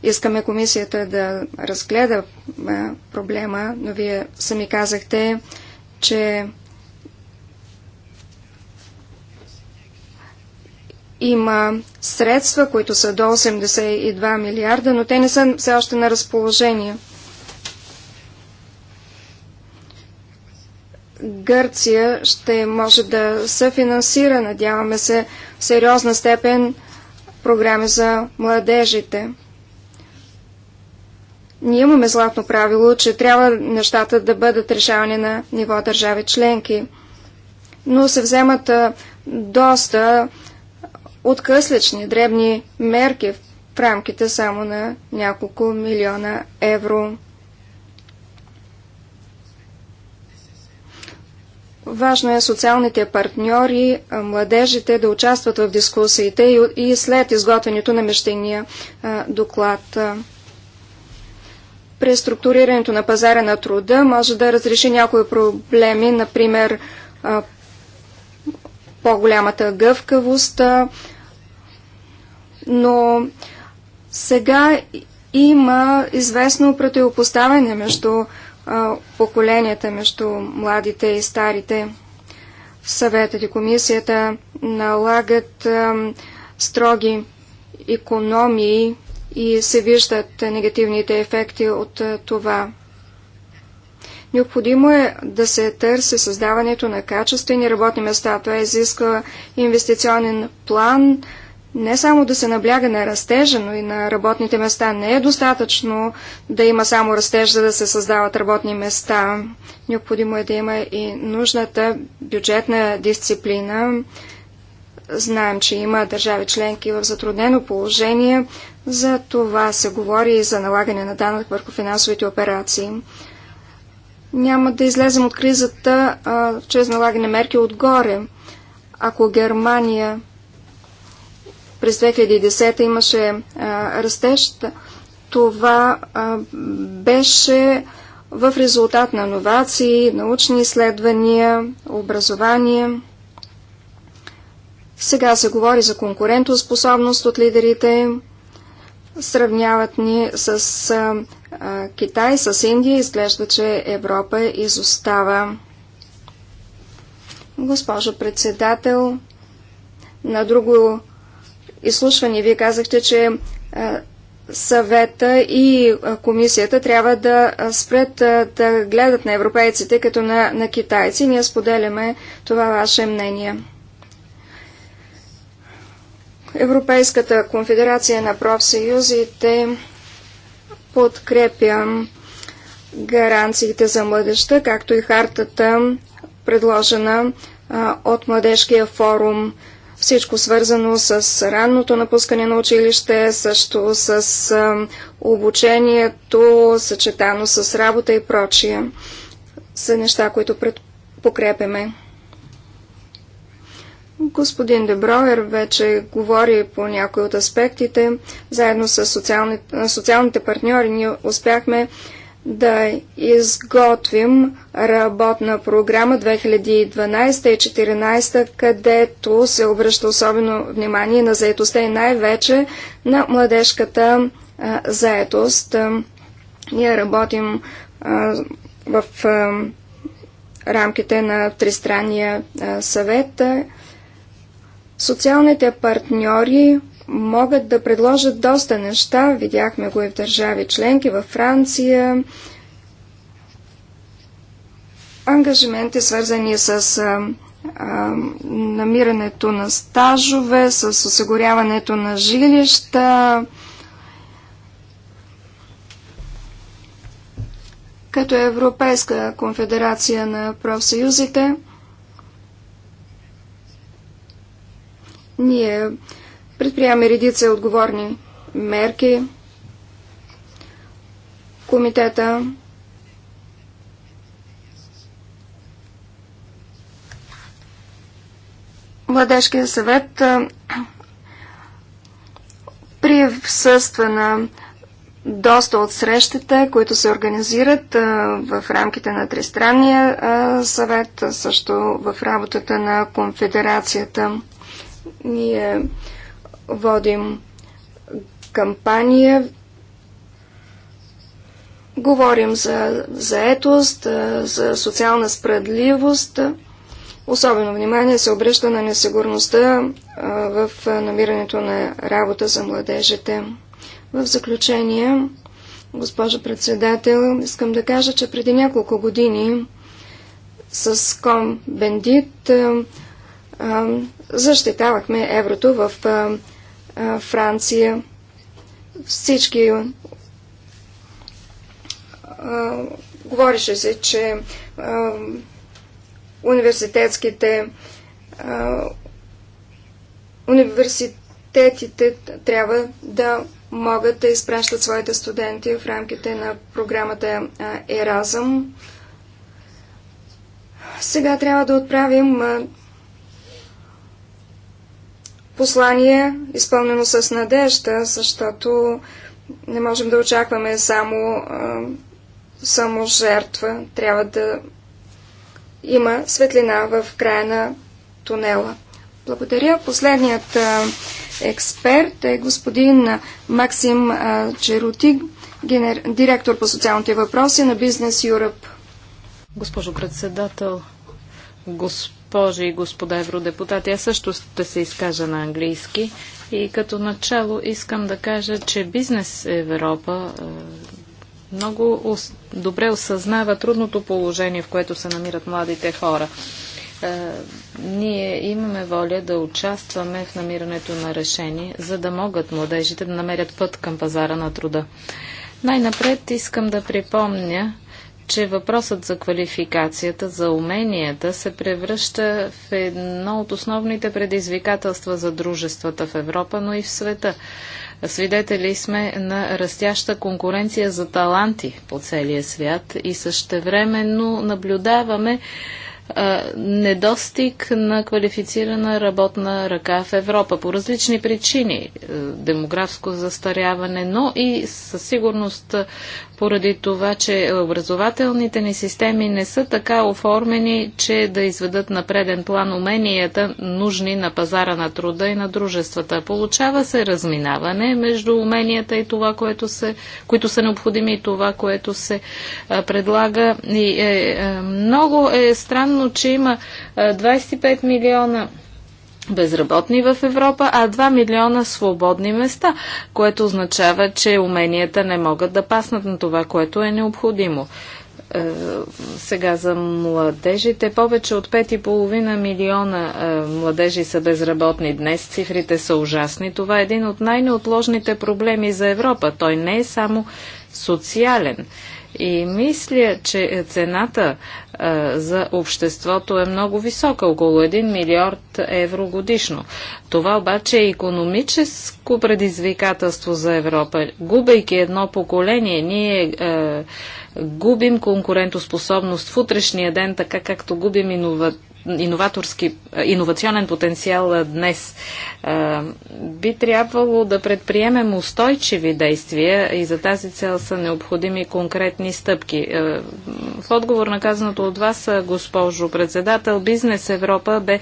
Искаме комисията да разгледа проблема, но вие сами казахте, че има средства, които са до 82 милиарда, но те не са все още на разположение. Гърция ще може да съфинансира, надяваме се, в сериозна степен програми за младежите. Ние имаме златно правило, че трябва нещата да бъдат решавани на ниво държави членки, но се вземат доста откъслични, дребни мерки в рамките само на няколко милиона евро. Важно е социалните партньори, младежите да участват в дискусиите и след изготвянето на мещения доклад. Преструктурирането на пазара на труда може да разреши някои проблеми, например по-голямата гъвкавост, но сега има известно противопоставяне между поколенията между младите и старите. Съветът и комисията налагат строги економии и се виждат негативните ефекти от това. Необходимо е да се търси създаването на качествени работни места. Това изисква инвестиционен план, не само да се набляга на растежа, но и на работните места. Не е достатъчно да има само растеж, за да се създават работни места. Необходимо е да има и нужната бюджетна дисциплина. Знаем, че има държави членки в затруднено положение. За това се говори и за налагане на данък върху финансовите операции. Няма да излезем от кризата а, чрез налагане мерки отгоре. Ако Германия през 2010 имаше а, растеж. Това а, беше в резултат на новации, научни изследвания, образование. Сега се говори за конкурентоспособност от лидерите. Сравняват ни с а, а, Китай, с Индия. Изглежда, че Европа изостава. Госпожо председател, на друго изслушване вие казахте, че съвета и комисията трябва да спрят да гледат на европейците като на, на китайци. Ние споделяме това ваше мнение. Европейската конфедерация на профсъюзите подкрепя гаранциите за младеща, както и хартата, предложена от Младежкия форум. Всичко свързано с ранното напускане на училище, също с обучението, съчетано с работа и прочие, са неща, които пред... покрепяме. Господин Деброер вече говори по някои от аспектите. Заедно с социалните, социалните партньори ние успяхме да изготвим работна програма 2012 и 2014, където се обръща особено внимание на заетостта и най-вече на младежката заетост. Ние работим в рамките на Тристранния съвет. Социалните партньори могат да предложат доста неща. Видяхме го и в държави членки, във Франция. Ангажименти, свързани с а, а, намирането на стажове, с осигуряването на жилища. Като Европейска конфедерация на профсъюзите, ние Предприеме редица отговорни мерки. Комитета Младежкия съвет присъства на доста от срещите, които се организират в рамките на Тристранния съвет, също в работата на конфедерацията. Ние водим кампания, говорим за заетост, за социална справедливост. Особено внимание се обръща на несигурността в намирането на работа за младежите. В заключение, госпожо председател, искам да кажа, че преди няколко години с Ком Бендит защитавахме еврото в Франция. Всички говореше се, че университетските университетите трябва да могат да изпращат своите студенти в рамките на програмата Еразъм. Сега трябва да отправим послание, изпълнено с надежда, защото не можем да очакваме само, само жертва. Трябва да има светлина в края на тунела. Благодаря. Последният експерт е господин Максим Черутиг, генер... директор по социалните въпроси на Бизнес Юръп. Госпожо председател, госпожо госпожи и господа евродепутати, аз също ще се изкажа на английски и като начало искам да кажа, че бизнес Европа е, много добре осъзнава трудното положение, в което се намират младите хора. Е, ние имаме воля да участваме в намирането на решение, за да могат младежите да намерят път към пазара на труда. Най-напред искам да припомня, че въпросът за квалификацията, за уменията се превръща в едно от основните предизвикателства за дружествата в Европа, но и в света. Свидетели сме на растяща конкуренция за таланти по целия свят и същевременно наблюдаваме недостиг на квалифицирана работна ръка в Европа по различни причини. Демографско застаряване, но и със сигурност поради това, че образователните ни системи не са така оформени, че да изведат на преден план уменията, нужни на пазара на труда и на дружествата. Получава се разминаване между уменията и това, което се, които са необходими и това, което се предлага. И, е, е, много е странно, че има 25 милиона безработни в Европа, а 2 милиона свободни места, което означава, че уменията не могат да паснат на това, което е необходимо. Е, сега за младежите. Повече от 5,5 милиона е, младежи са безработни днес. Цифрите са ужасни. Това е един от най-неотложните проблеми за Европа. Той не е само социален. Е, и мисля, че цената а, за обществото е много висока, около 1 милиард евро годишно. Това обаче е економическо предизвикателство за Европа. Губейки едно поколение, ние а, губим конкурентоспособност в утрешния ден, така както губим инова... иноваторски, иновационен потенциал днес. Би трябвало да предприемем устойчиви действия и за тази цел са необходими конкретни стъпки. В отговор на казаното от вас, госпожо председател, Бизнес Европа бе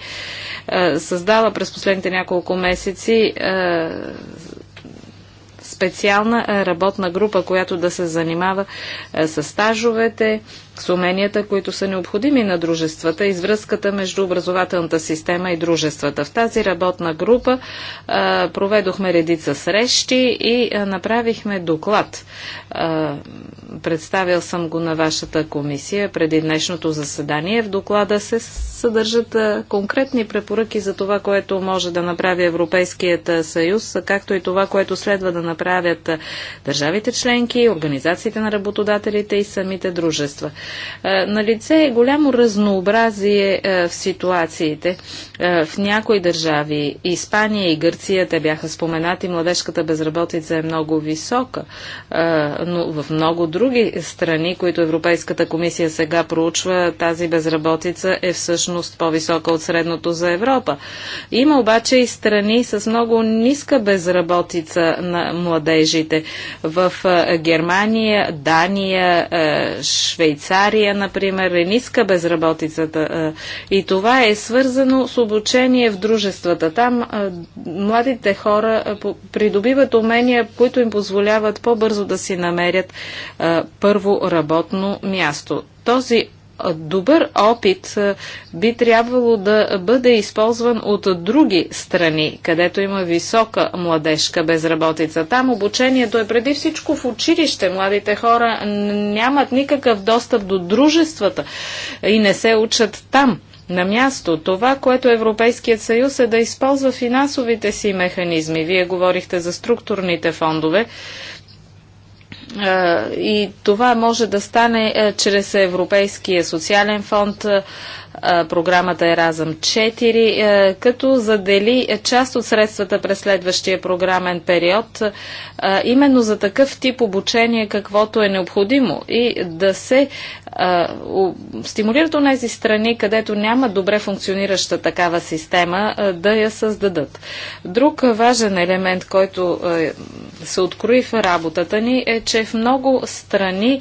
създала през последните няколко месеци специална работна група, която да се занимава е, с стажовете, с уменията, които са необходими на дружествата и връзката между образователната система и дружествата. В тази работна група а, проведохме редица срещи и а, направихме доклад. А, представил съм го на вашата комисия преди днешното заседание. В доклада се съдържат конкретни препоръки за това, което може да направи Европейският съюз, както и това, което следва да направят държавите членки, организациите на работодателите и самите дружества. Е, на лице е голямо разнообразие е, в ситуациите. Е, в някои държави, Испания и Гърция, те бяха споменати, младежката безработица е много висока, но в много други страни, които Европейската комисия сега проучва, тази безработица е всъщност по-висока от средното за Европа. Има обаче и страни с много ниска безработица на младежите. В Германия, Дания, Швейцария, Унгария, например, е ниска безработицата. И това е свързано с обучение в дружествата. Там младите хора придобиват умения, които им позволяват по-бързо да си намерят първо работно място. Този добър опит би трябвало да бъде използван от други страни, където има висока младежка безработица. Там обучението е преди всичко в училище. Младите хора нямат никакъв достъп до дружествата и не се учат там. На място това, което Европейският съюз е да използва финансовите си механизми. Вие говорихте за структурните фондове. И това може да стане чрез Европейския социален фонд, програмата Еразъм 4, като задели част от средствата през следващия програмен период именно за такъв тип обучение, каквото е необходимо и да се стимулират у тези страни, където няма добре функционираща такава система, да я създадат. Друг важен елемент, който се открои в работата ни е, че в много страни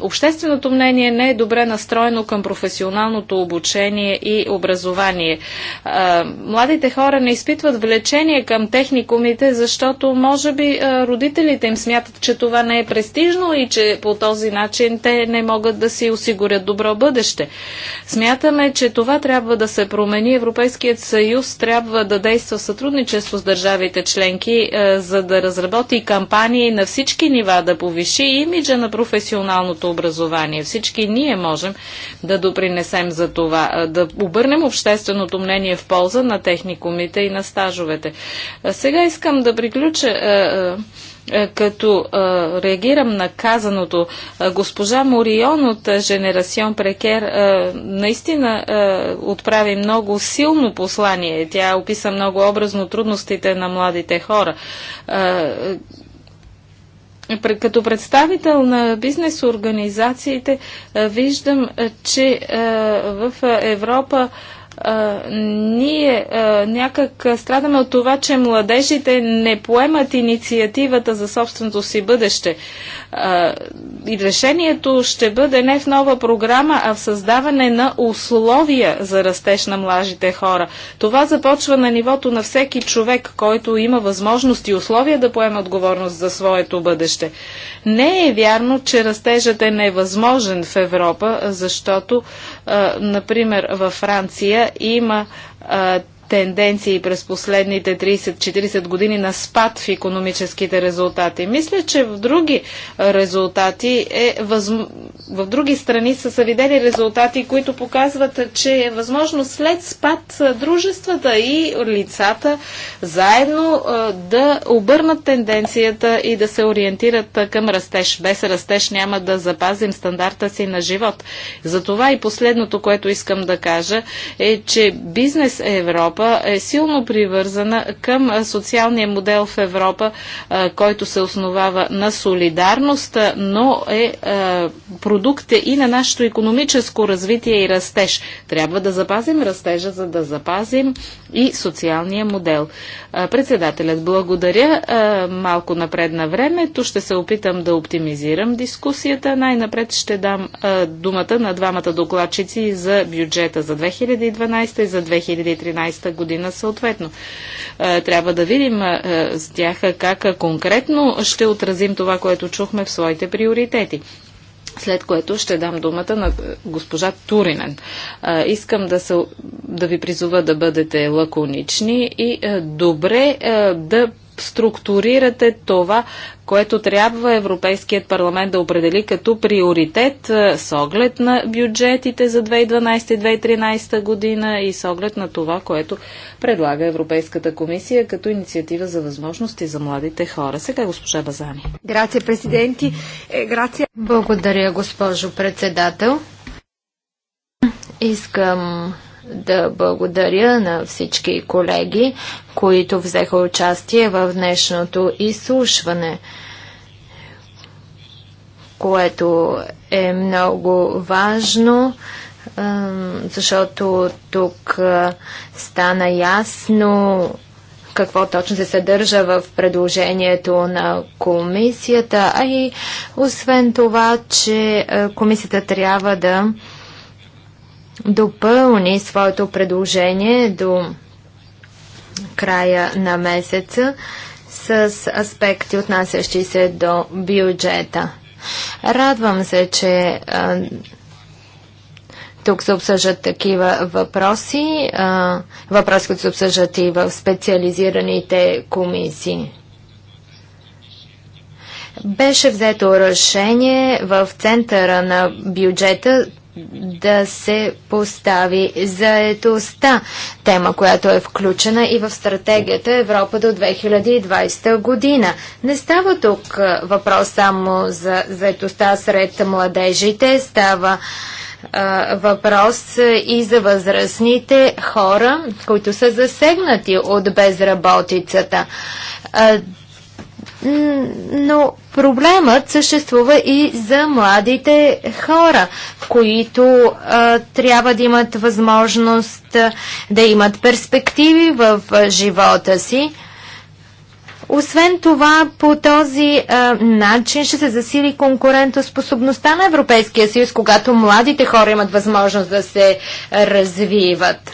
общественото мнение не е добре настроено към професионалното обучение и образование. Младите хора не изпитват влечение към техникумите, защото може би родителите им смятат, че това не е престижно и че по този начин те не могат могат да си осигурят добро бъдеще. Смятаме, че това трябва да се промени. Европейският съюз трябва да действа в сътрудничество с държавите членки, е, за да разработи кампании на всички нива, да повиши имиджа на професионалното образование. Всички ние можем да допринесем за това, е, да обърнем общественото мнение в полза на техникумите и на стажовете. Е, сега искам да приключа. Е, като е, реагирам на казаното, е, госпожа Морион от Женерасион Прекер наистина отправи много силно послание. Тя описа много образно трудностите на младите хора като представител на бизнес организациите виждам, че в Европа а, ние а, някак страдаме от това, че младежите не поемат инициативата за собственото си бъдеще. А, и решението ще бъде не в нова програма, а в създаване на условия за растеж на младите хора. Това започва на нивото на всеки човек, който има възможност и условия да поема отговорност за своето бъдеще. Не е вярно, че растежът е невъзможен в Европа, защото Например, във Франция има тенденции през последните 30-40 години на спад в економическите резултати. Мисля, че в други резултати е възм... в други страни са се видели резултати, които показват, че е възможно след спад дружествата и лицата заедно да обърнат тенденцията и да се ориентират към растеж. Без растеж няма да запазим стандарта си на живот. Затова и последното, което искам да кажа е, че бизнес Европа Европа е силно привързана към социалния модел в Европа, който се основава на солидарност, но е продукт и на нашето економическо развитие и растеж. Трябва да запазим растежа, за да запазим и социалния модел. Председателят, благодаря. Малко напред на времето ще се опитам да оптимизирам дискусията. Най-напред ще дам думата на двамата докладчици за бюджета за 2012 и за 2013 година съответно. Е, трябва да видим е, с тях как конкретно ще отразим това, което чухме в своите приоритети след което ще дам думата на е, госпожа Туринен. искам да, се, да ви призова да бъдете лаконични и добре да структурирате това, което трябва Европейският парламент да определи като приоритет е, с оглед на бюджетите за 2012 2013 година и с оглед на това, което предлага Европейската комисия като инициатива за възможности за младите хора. Сега госпожа Базани. Грация, президенти. Е, грация. Благодаря, госпожо председател. Искам да благодаря на всички колеги, които взеха участие в днешното изслушване, което е много важно, защото тук стана ясно какво точно се съдържа в предложението на комисията, а и освен това, че комисията трябва да допълни своето предложение до края на месеца с аспекти, отнасящи се до бюджета. Радвам се, че а, тук се обсъждат такива въпроси, а, въпроси, които се обсъждат и в специализираните комисии. Беше взето решение в центъра на бюджета да се постави заетостта, тема, която е включена и в стратегията Европа до 2020 година. Не става тук въпрос само за заетостта сред младежите, става а, въпрос и за възрастните хора, които са засегнати от безработицата. А, но проблемът съществува и за младите хора, които а, трябва да имат възможност а, да имат перспективи в а, живота си. Освен това, по този а, начин ще се засили конкурентоспособността на Европейския съюз, когато младите хора имат възможност да се развиват.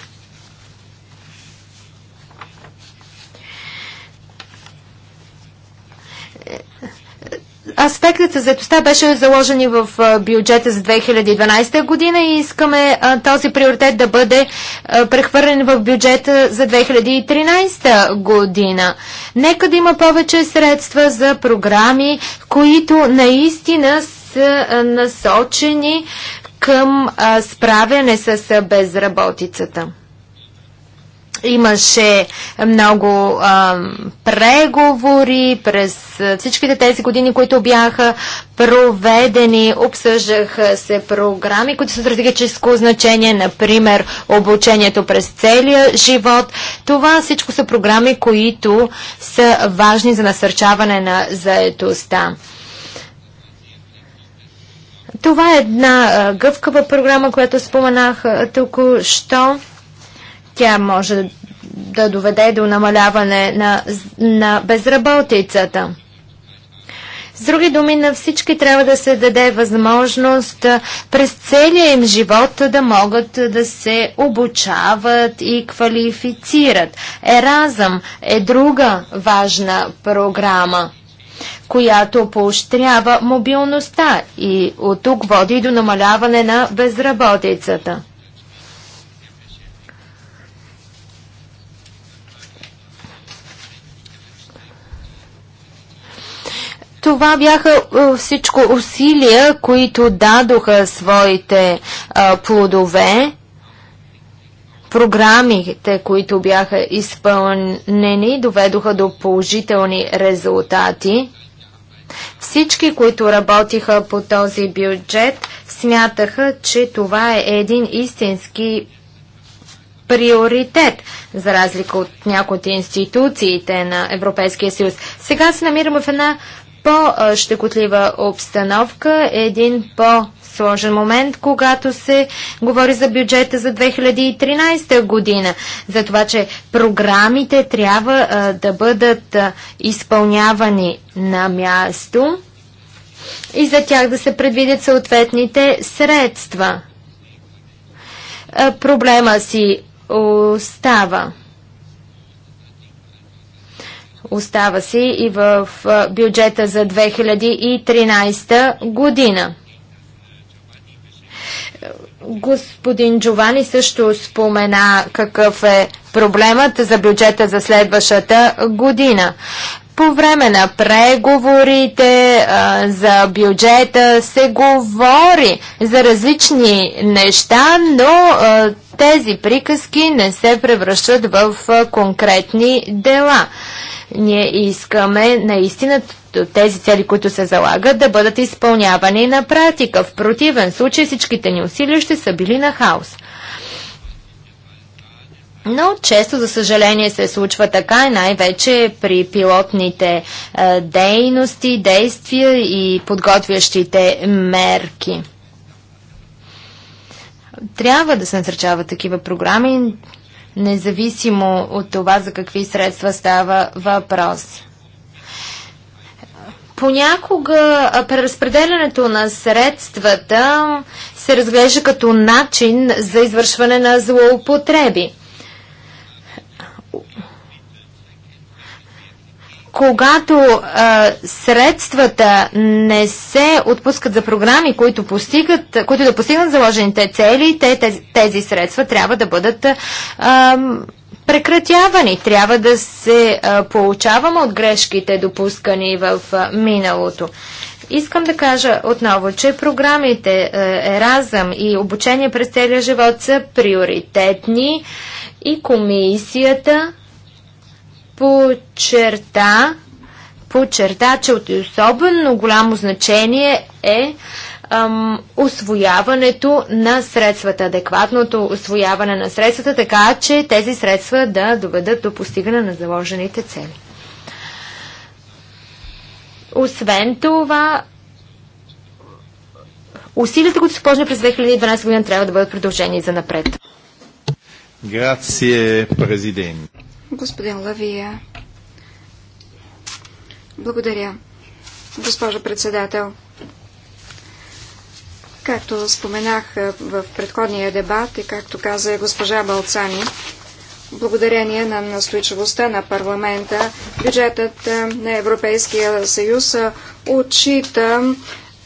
Аспектът за заедостта беше заложен и в бюджета за 2012 година и искаме този приоритет да бъде прехвърлен в бюджета за 2013 година. Нека да има повече средства за програми, които наистина са насочени към справяне с безработицата. Имаше много а, преговори през всичките тези години, които бяха проведени. Обсъждаха се програми, които са стратегическо значение, например обучението през целия живот. Това всичко са програми, които са важни за насърчаване на заетостта. Това е една гъвкава програма, която споменах току-що. Тя може да доведе до намаляване на, на безработицата. С други думи, на всички трябва да се даде възможност през целия им живот да могат да се обучават и квалифицират. Еразъм е друга важна програма която поощрява мобилността и от тук води до намаляване на безработицата. Това бяха е, всичко усилия, които дадоха своите а, е, плодове. Програмите, които бяха изпълнени, доведоха до положителни резултати. Всички, които работиха по този бюджет, смятаха, че това е един истински приоритет, за разлика от някои от институциите на Европейския съюз. Сега се намираме в една по-щекотлива обстановка, един по-сложен момент, когато се говори за бюджета за 2013 година. За това, че програмите трябва а, да бъдат а, изпълнявани на място и за тях да се предвидят съответните средства. А, проблема си остава. Остава си и в бюджета за 2013 година. Господин Джовани също спомена какъв е проблемът за бюджета за следващата година. По време на преговорите а, за бюджета се говори за различни неща, но а, тези приказки не се превръщат в а, конкретни дела. Ние искаме наистина тези цели, които се залагат, да бъдат изпълнявани на практика. В противен случай всичките ни усилия ще са били на хаос. Но често, за съжаление, се случва така и най-вече при пилотните е, дейности, действия и подготвящите мерки. Трябва да се насърчават такива програми, независимо от това за какви средства става въпрос. Понякога преразпределянето на средствата се разглежда като начин за извършване на злоупотреби когато а, средствата не се отпускат за програми, които, постигат, които да постигнат заложените цели, те, тези, тези средства трябва да бъдат а, прекратявани. Трябва да се а, получаваме от грешките, допускани в а, миналото. Искам да кажа отново, че програмите е, Еразъм и обучение през целия живот са приоритетни и комисията подчерта, подчерта че от особено голямо значение е ам, освояването на средствата, адекватното освояване на средствата, така че тези средства да доведат до постигане на заложените цели. Освен това, усилията, които се положени през 2012 година, трябва да бъдат продължени за напред. Грация, президент. Господин Лавия. Благодаря. Госпожо председател, както споменах в предходния дебат и както каза госпожа Балцани, благодарение на настойчивостта на парламента, бюджетът е, на Европейския съюз е, отчита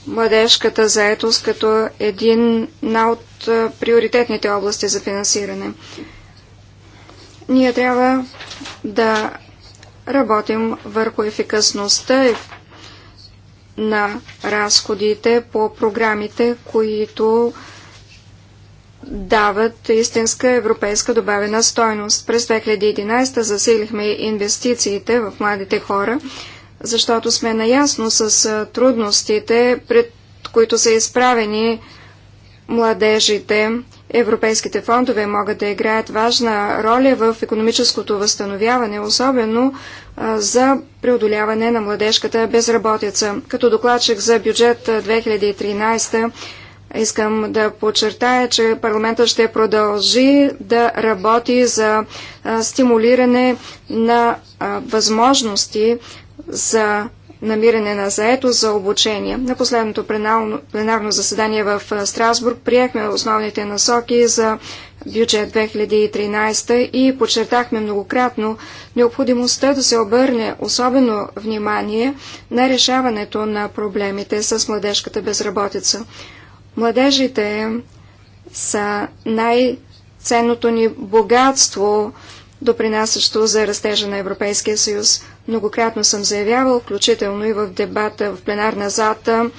младежката заетост като един от е, приоритетните области за финансиране. Ние трябва да работим върху ефикасността на разходите по програмите, които дават истинска европейска добавена стойност. През 2011 засилихме инвестициите в младите хора, защото сме наясно с трудностите, пред които са изправени младежите. Европейските фондове могат да играят важна роля в економическото възстановяване, особено за преодоляване на младежката безработица. Като докладчик за бюджет 2013 Искам да подчертая, че парламентът ще продължи да работи за стимулиране на възможности за намиране на заето за обучение. На последното пленарно, пленарно заседание в Страсбург приехме основните насоки за бюджет 2013 и подчертахме многократно необходимостта да се обърне особено внимание на решаването на проблемите с младежката безработица. Младежите са най-ценното ни богатство, допринасящо за растежа на Европейския съюз. Многократно съм заявявал, включително и в дебата в пленарна зата,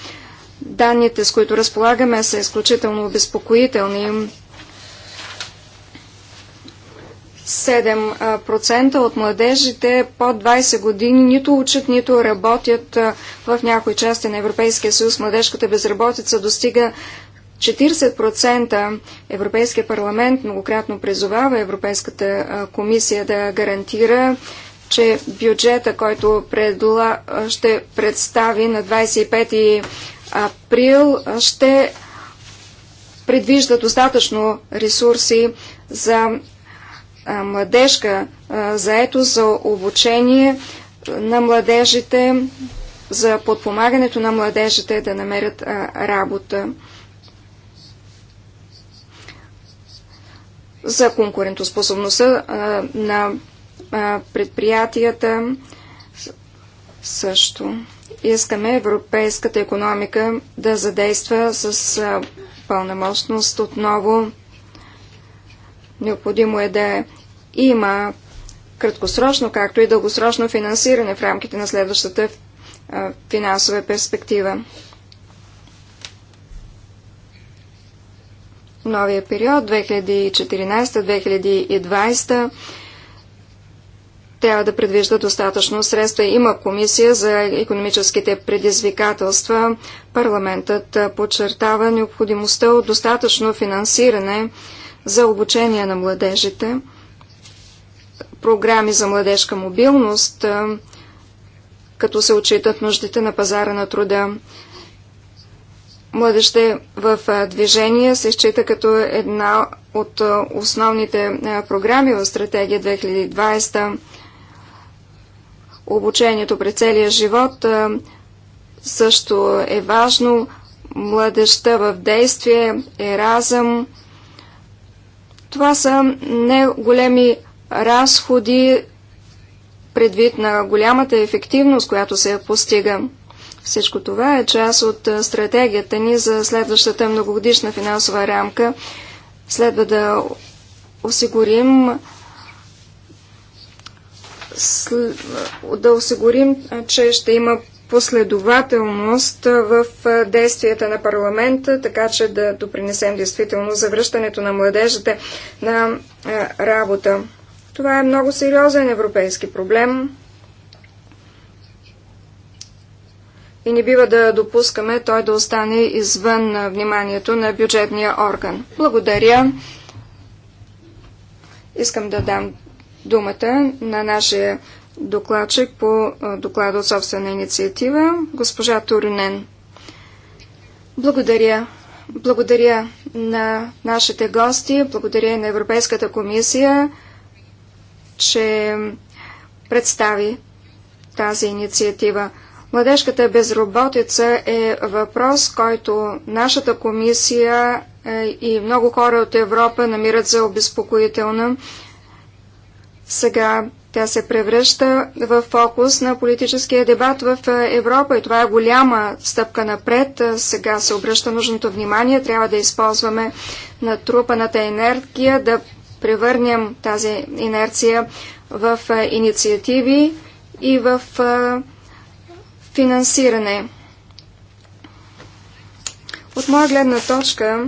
данните, с които разполагаме, са изключително обезпокоителни. 7% от младежите под 20 години нито учат, нито работят в някои части на Европейския съюз. Младежката безработица достига 40%. Европейския парламент многократно призовава Европейската комисия да гарантира че бюджета, който предла... ще представи на 25 април, ще предвижда достатъчно ресурси за младежка заето за обучение на младежите, за подпомагането на младежите да намерят работа, за конкурентоспособността а, на а, предприятията също. Искаме европейската економика да задейства с пълномощност отново Необходимо е да има краткосрочно, както и дългосрочно финансиране в рамките на следващата финансова перспектива. Новия период 2014-2020 трябва да предвижда достатъчно средства. Има комисия за економическите предизвикателства. Парламентът подчертава необходимостта от достатъчно финансиране за обучение на младежите, програми за младежка мобилност, като се отчитат нуждите на пазара на труда. Младеще в движение се счита като една от основните програми в стратегия 2020. Обучението при целия живот също е важно. Младеща в действие, разъм. Това са не големи разходи предвид на голямата ефективност, която се постига. Всичко това е част от стратегията ни за следващата многогодишна финансова рамка. Следва да осигурим да осигурим, че ще има последователност в действията на парламента, така че да допринесем действително за връщането на младежите на работа. Това е много сериозен европейски проблем и не бива да допускаме той да остане извън вниманието на бюджетния орган. Благодаря. Искам да дам думата на нашия докладчик по доклада от собствена инициатива, госпожа Туринен. Благодаря. Благодаря на нашите гости, благодаря на Европейската комисия, че представи тази инициатива. Младежката безработица е въпрос, който нашата комисия е, и много хора от Европа намират за обезпокоителна. Сега тя се превръща в фокус на политическия дебат в Европа и това е голяма стъпка напред. Сега се обръща нужното внимание. Трябва да използваме натрупаната енергия, да превърнем тази инерция в инициативи и в финансиране. От моя гледна точка,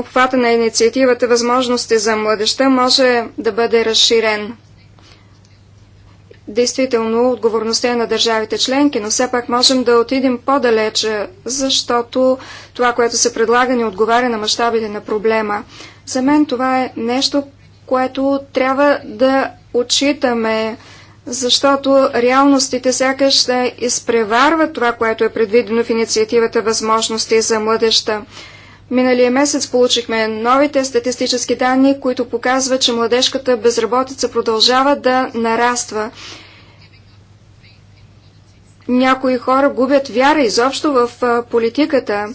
обхвата на инициативата възможности за младеща може да бъде разширен. Действително, отговорността е на държавите членки, но все пак можем да отидем по-далече, защото това, което се предлага, не отговаря на мащабите на проблема. За мен това е нещо, което трябва да отчитаме, защото реалностите сякаш ще изпреварват това, което е предвидено в инициативата Възможности за младеща. Миналия месец получихме новите статистически данни, които показват, че младежката безработица продължава да нараства. Някои хора губят вяра изобщо в политиката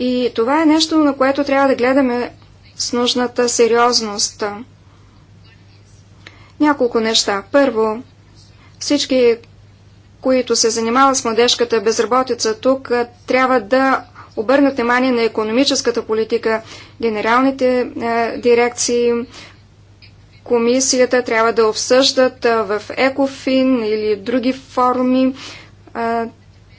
и това е нещо, на което трябва да гледаме с нужната сериозност. Няколко неща. Първо, всички, които се занимават с младежката безработица тук, трябва да обърнат внимание на економическата политика. Генералните е, дирекции, комисията трябва да обсъждат е, в ЕКОФИН или други форуми е,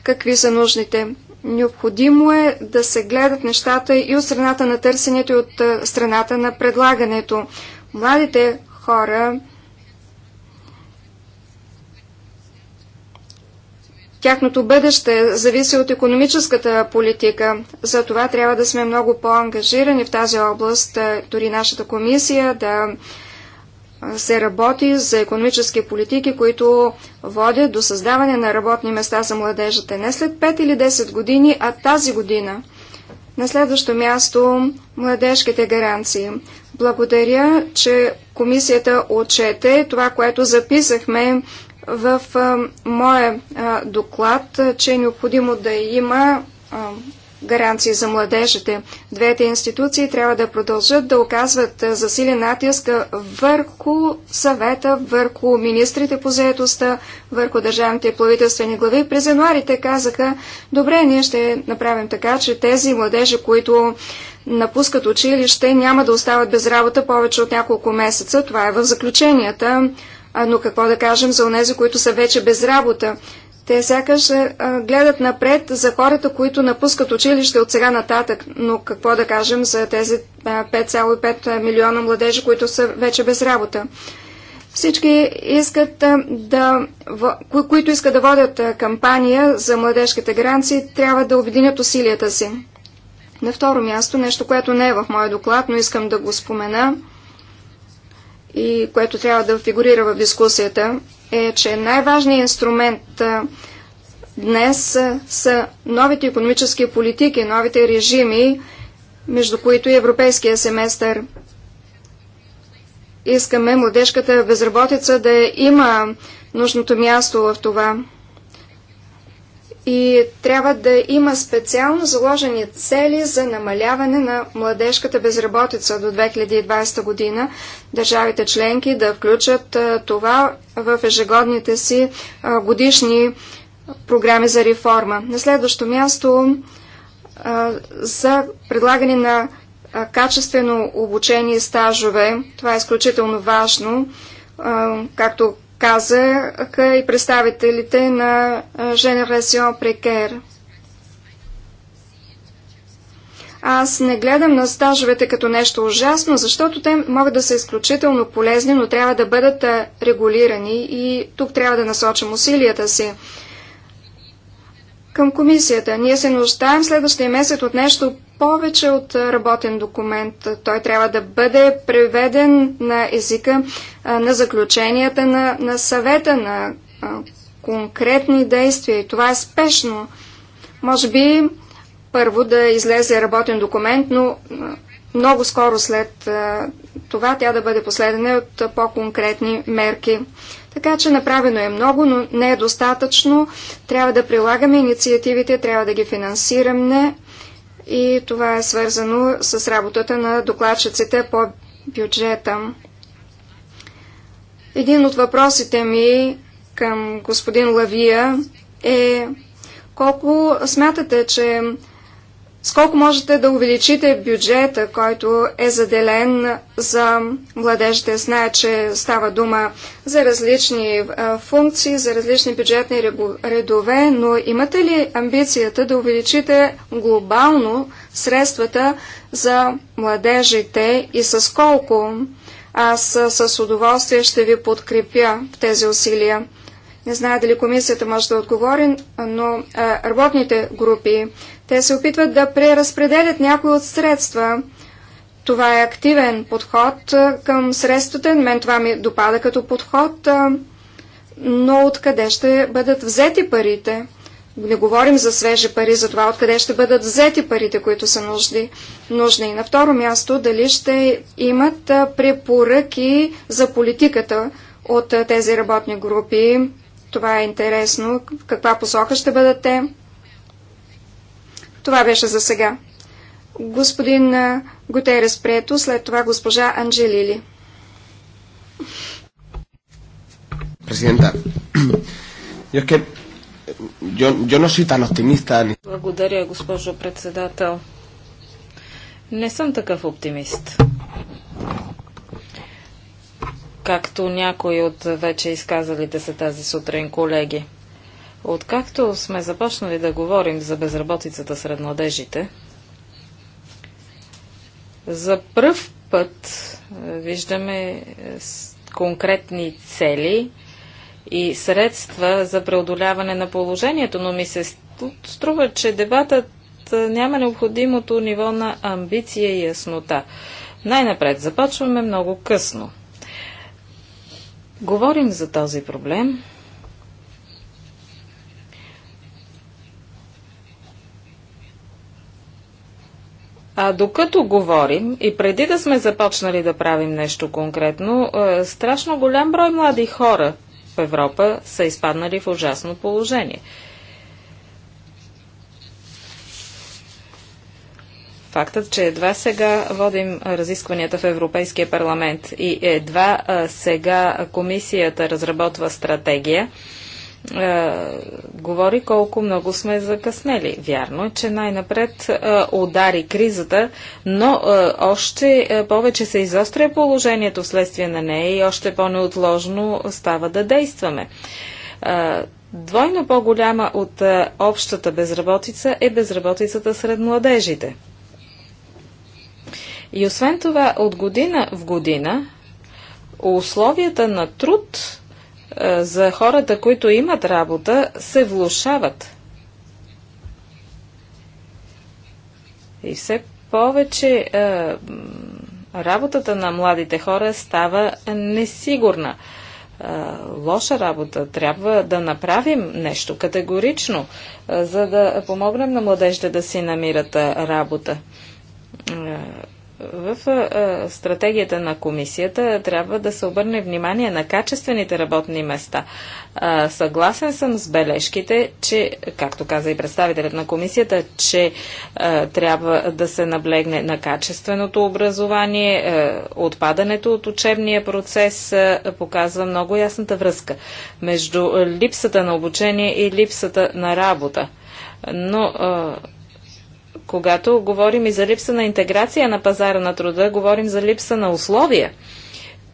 какви са нужните. Необходимо е да се гледат нещата и от страната на търсенето, и от страната на предлагането. Младите хора Тяхното бъдеще зависи от економическата политика. За това трябва да сме много по-ангажирани в тази област, е, дори нашата комисия да е, се работи за економически политики, които водят до създаване на работни места за младежите не след 5 или 10 години, а тази година. На следващо място младежките гаранции. Благодаря, че комисията отчете това, което записахме в моя доклад, че е необходимо да има гаранции за младежите. Двете институции трябва да продължат да оказват засилен натиск върху съвета, върху министрите по заедостта, върху държавните плавителствени правителствени глави. През януари те казаха, добре, ние ще направим така, че тези младежи, които напускат училище, няма да остават без работа повече от няколко месеца. Това е в заключенията а, но какво да кажем за онези, които са вече без работа? Те сякаш гледат напред за хората, които напускат училище от сега нататък. Но какво да кажем за тези 5,5 милиона младежи, които са вече без работа? Всички искат да, които искат да водят кампания за младежките гаранции, трябва да обединят усилията си. На второ място, нещо, което не е в моя доклад, но искам да го спомена – и което трябва да фигурира в дискусията, е, че най-важният инструмент днес са новите економически политики, новите режими, между които и европейския семестър. Искаме младежката безработица да има нужното място в това и трябва да има специално заложени цели за намаляване на младежката безработица до 2020 година. Държавите членки да включат това в ежегодните си годишни програми за реформа. На следващо място за предлагане на качествено обучение и стажове. Това е изключително важно. Както казаха и представителите на Generation Прекер. Аз не гледам на стажовете като нещо ужасно, защото те могат да са изключително полезни, но трябва да бъдат регулирани и тук трябва да насочим усилията си към комисията. Ние се нуждаем следващия месец от нещо повече от работен документ. Той трябва да бъде преведен на езика на заключенията на, на съвета, на конкретни действия. И това е спешно. Може би първо да излезе работен документ, но много скоро след това тя да бъде последена от по-конкретни мерки. Така че направено е много, но не е достатъчно. Трябва да прилагаме инициативите, трябва да ги финансираме и това е свързано с работата на докладчиците по бюджета. Един от въпросите ми към господин Лавия е колко смятате, че Сколко можете да увеличите бюджета, който е заделен за младежите? Знаят, че става дума за различни функции, за различни бюджетни редове, но имате ли амбицията да увеличите глобално средствата за младежите и с колко? Аз с удоволствие ще ви подкрепя в тези усилия. Не знае дали комисията може да отговори, но работните групи те се опитват да преразпределят някои от средства. Това е активен подход към средствата. Мен това ми допада като подход, но откъде ще бъдат взети парите? Не говорим за свежи пари, за това откъде ще бъдат взети парите, които са нужди, нужни. И на второ място, дали ще имат препоръки за политиката от тези работни групи. Това е интересно. В каква посока ще бъдат те? Това беше за сега. Господин Гутерес Прето, след това госпожа Анджелили. Президента, Благодаря, госпожо председател. Не съм такъв оптимист. Както някои от вече изказалите се тази сутрин колеги. Откакто сме започнали да говорим за безработицата сред младежите, за пръв път е, виждаме е, конкретни цели и средства за преодоляване на положението, но ми се струва, че дебатът е, няма необходимото ниво на амбиция и яснота. Най-напред започваме много късно. Говорим за този проблем А докато говорим и преди да сме започнали да правим нещо конкретно, е, страшно голям брой млади хора в Европа са изпаднали в ужасно положение. Фактът, че едва сега водим разискванията в Европейския парламент и едва сега комисията разработва стратегия, е, говори колко много сме закъснели. Вярно е, че най-напред удари кризата, но още повече се изостря положението вследствие на нея и още по-неотложно става да действаме. Двойно по-голяма от общата безработица е безработицата сред младежите. И освен това, от година в година условията на труд е, за хората, които имат работа, се влушават. И все повече е, работата на младите хора става несигурна. Е, лоша работа. Трябва да направим нещо категорично, за да помогнем на младежите да си намират работа в стратегията на комисията трябва да се обърне внимание на качествените работни места. Съгласен съм с бележките, че, както каза и представителят на комисията, че трябва да се наблегне на качественото образование, отпадането от учебния процес показва много ясната връзка между липсата на обучение и липсата на работа. Но когато говорим и за липса на интеграция на пазара на труда, говорим за липса на условия.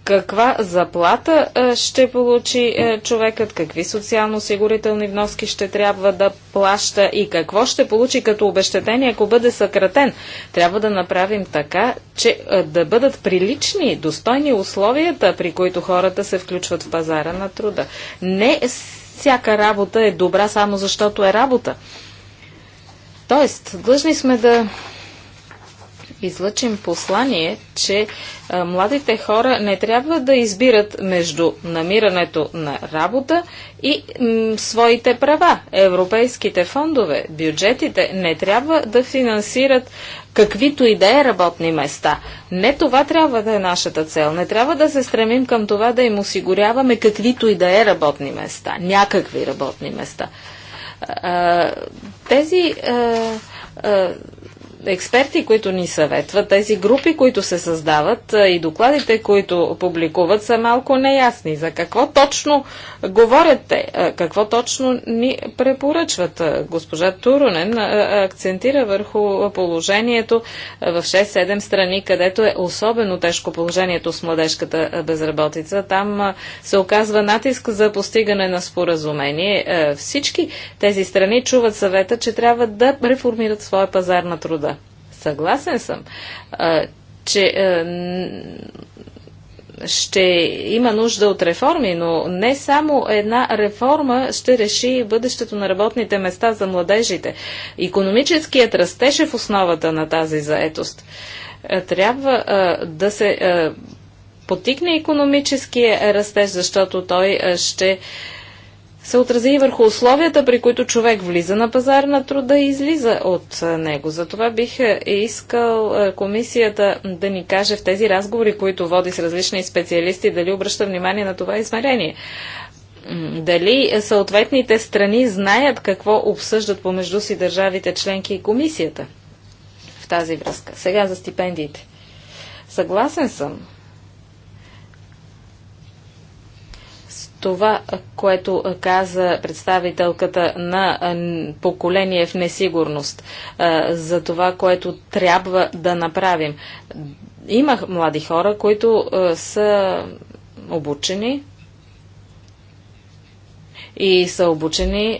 Каква заплата е, ще получи е, човекът, какви социално-осигурителни вноски ще трябва да плаща и какво ще получи като обещетение, ако бъде съкратен. Трябва да направим така, че е, да бъдат прилични, достойни условията, при които хората се включват в пазара на труда. Не всяка работа е добра само защото е работа. Тоест, длъжни сме да излъчим послание, че а, младите хора не трябва да избират между намирането на работа и м, своите права. Европейските фондове, бюджетите не трябва да финансират каквито и да е работни места. Не това трябва да е нашата цел. Не трябва да се стремим към това да им осигуряваме каквито и да е работни места. Някакви работни места. Тези експерти, които ни съветват, тези групи, които се създават и докладите, които публикуват, са малко неясни. За какво точно говорят те, какво точно ни препоръчват. Госпожа Турунен акцентира върху положението в 6-7 страни, където е особено тежко положението с младежката безработица. Там се оказва натиск за постигане на споразумение. Всички тези страни чуват съвета, че трябва да реформират своя пазар на труда. Съгласен съм, че ще има нужда от реформи, но не само една реформа ще реши бъдещето на работните места за младежите. Економическият растеж е в основата на тази заетост. Трябва да се потикне економическия растеж, защото той ще се отрази и върху условията, при които човек влиза на пазар на труда и излиза от него. Затова бих искал комисията да ни каже в тези разговори, които води с различни специалисти, дали обръща внимание на това измерение. Дали съответните страни знаят какво обсъждат помежду си държавите членки и комисията в тази връзка. Сега за стипендиите. Съгласен съм това, което каза представителката на поколение в несигурност, за това, което трябва да направим. Има млади хора, които са обучени и са обучени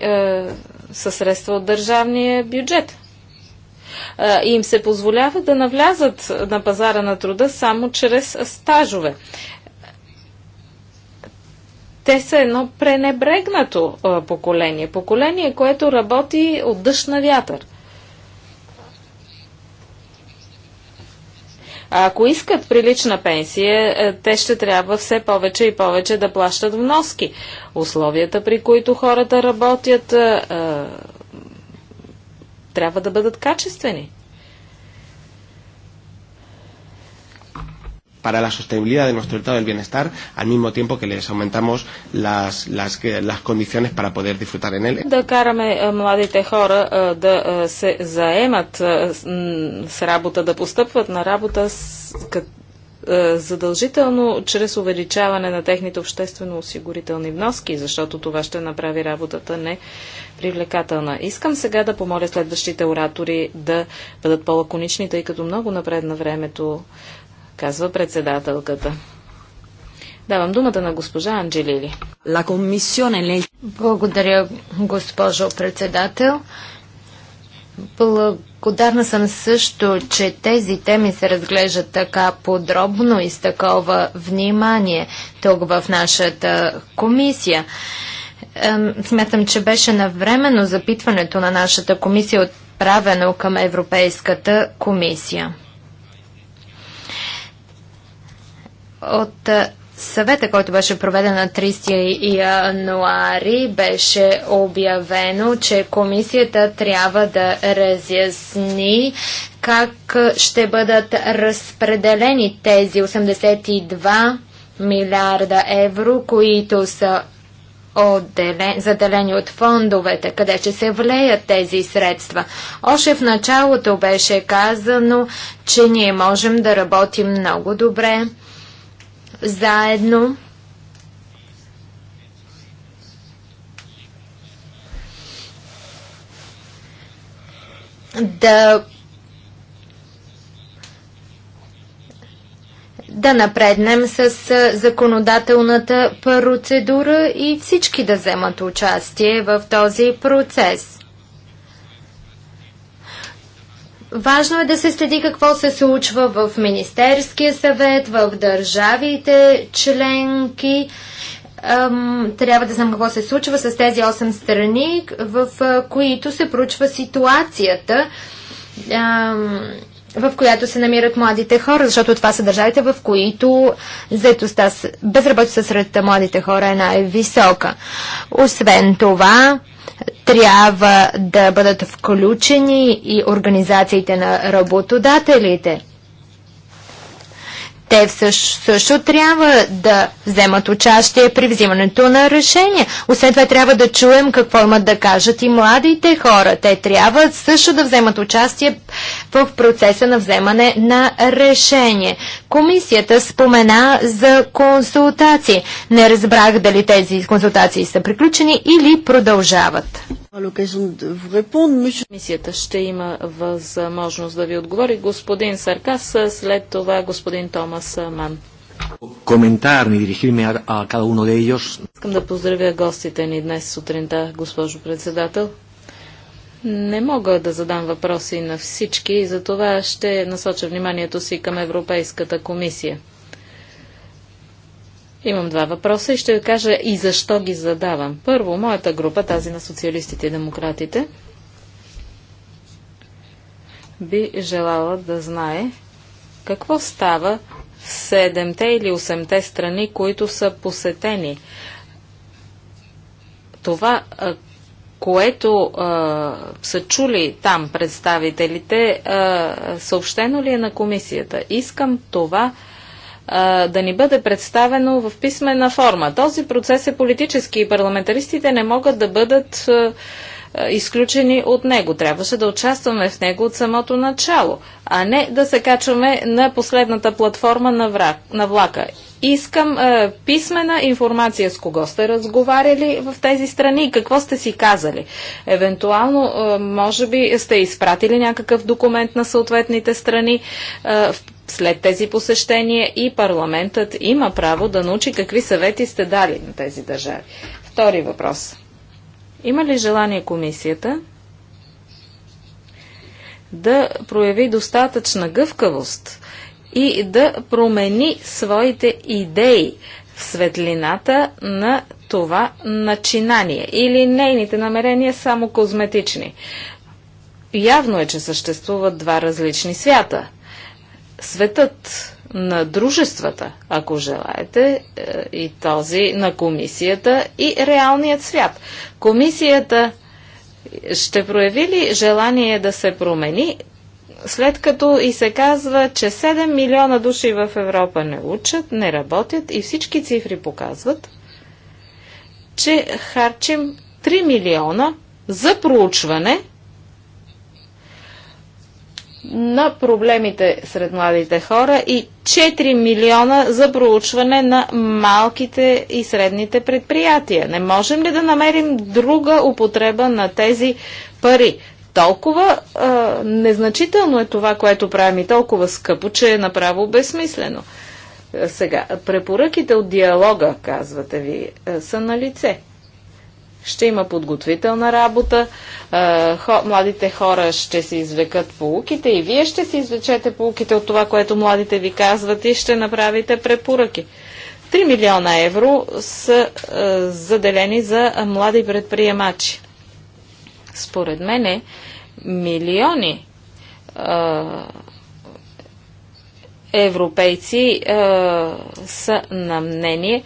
със средства от държавния бюджет и им се позволява да навлязат на пазара на труда само чрез стажове те са едно пренебрегнато а, поколение. Поколение, което работи от дъжд на вятър. А ако искат прилична пенсия, е, те ще трябва все повече и повече да плащат вноски. Условията, при които хората работят, а, е, е, трябва да бъдат качествени. para la sostenibilidad de nuestro estado del bienestar, al mismo tiempo que les aumentamos las, las, las condiciones para poder disfrutar en él. Да караме младите хора да се заемат с работа, да постъпват на работа с, задължително чрез увеличаване на техните обществено-осигурителни вноски, защото това ще направи работата не привлекателна. Искам сега да помоля следващите оратори да бъдат по-лаконични, тъй като много напред на времето казва председателката. Давам думата на госпожа Анджелили. Благодаря, госпожо председател. Благодарна съм също, че тези теми се разглеждат така подробно и с такова внимание тук в нашата комисия. Смятам, че беше навременно запитването на нашата комисия отправено към Европейската комисия. От е, съвета, който беше проведен на 30 януари, беше обявено, че комисията трябва да разясни как ще бъдат разпределени тези 82 милиарда евро, които са отделен, заделени от фондовете, къде ще се влеят тези средства. Още в началото беше казано, че ние можем да работим много добре заедно. Да да напреднем с законодателната процедура и всички да вземат участие в този процес. Важно е да се следи какво се случва в Министерския съвет, в държавите членки. Трябва да знам какво се случва с тези 8 страни, в които се проучва ситуацията в която се намират младите хора, защото това са държавите, в които заетостта, безработица сред младите хора е най-висока. Освен това, трябва да бъдат включени и организациите на работодателите. Те също, също трябва да вземат участие при взимането на решения. Освен това трябва да чуем какво имат да кажат и младите хора. Те трябва също да вземат участие в процеса на вземане на решение. Комисията спомена за консултации. Не разбрах дали тези консултации са приключени или продължават. Комисията ще има възможност да ви отговори господин Саркас, след това господин Томас. Томас Ман. Коментарни, а cada uno de ellos. Искам да поздравя гостите ни днес сутринта, госпожо председател. Не мога да задам въпроси на всички и за това ще насоча вниманието си към Европейската комисия. Имам два въпроса и ще ви кажа и защо ги задавам. Първо, моята група, тази на социалистите и демократите, би желала да знае какво става седемте или осемте страни, които са посетени. Това, което а, са чули там представителите, а, съобщено ли е на комисията? Искам това да ни бъде представено в писмена форма. Този процес е политически и парламентаристите не могат да бъдат. А, е, изключени от него. Трябваше да участваме в него от самото начало, а не да се качваме на последната платформа на, враг, на влака. Искам е, писмена информация с кого сте разговаряли в тези страни и какво сте си казали. Евентуално, е, може би, сте изпратили някакъв документ на съответните страни. Е, след тези посещения и парламентът има право да научи какви съвети сте дали на тези държави. Втори въпрос. Има ли желание комисията да прояви достатъчна гъвкавост и да промени своите идеи в светлината на това начинание или нейните намерения само козметични? Явно е, че съществуват два различни свята. Светът на дружествата, ако желаете, е, и този на комисията и реалният свят. Комисията ще прояви ли желание да се промени, след като и се казва, че 7 милиона души в Европа не учат, не работят и всички цифри показват, че харчим 3 милиона за проучване – на проблемите сред младите хора и 4 милиона за проучване на малките и средните предприятия. Не можем ли да намерим друга употреба на тези пари? Толкова а, незначително е това, което правим и толкова скъпо, че е направо безсмислено. Е, сега, препоръките от диалога, казвате ви, е, са на лице ще има подготвителна работа, младите хора ще се извлекат полуките и вие ще си извлечете полуките от това, което младите ви казват и ще направите препоръки. 3 милиона евро са заделени за млади предприемачи. Според е милиони европейци са на мнение,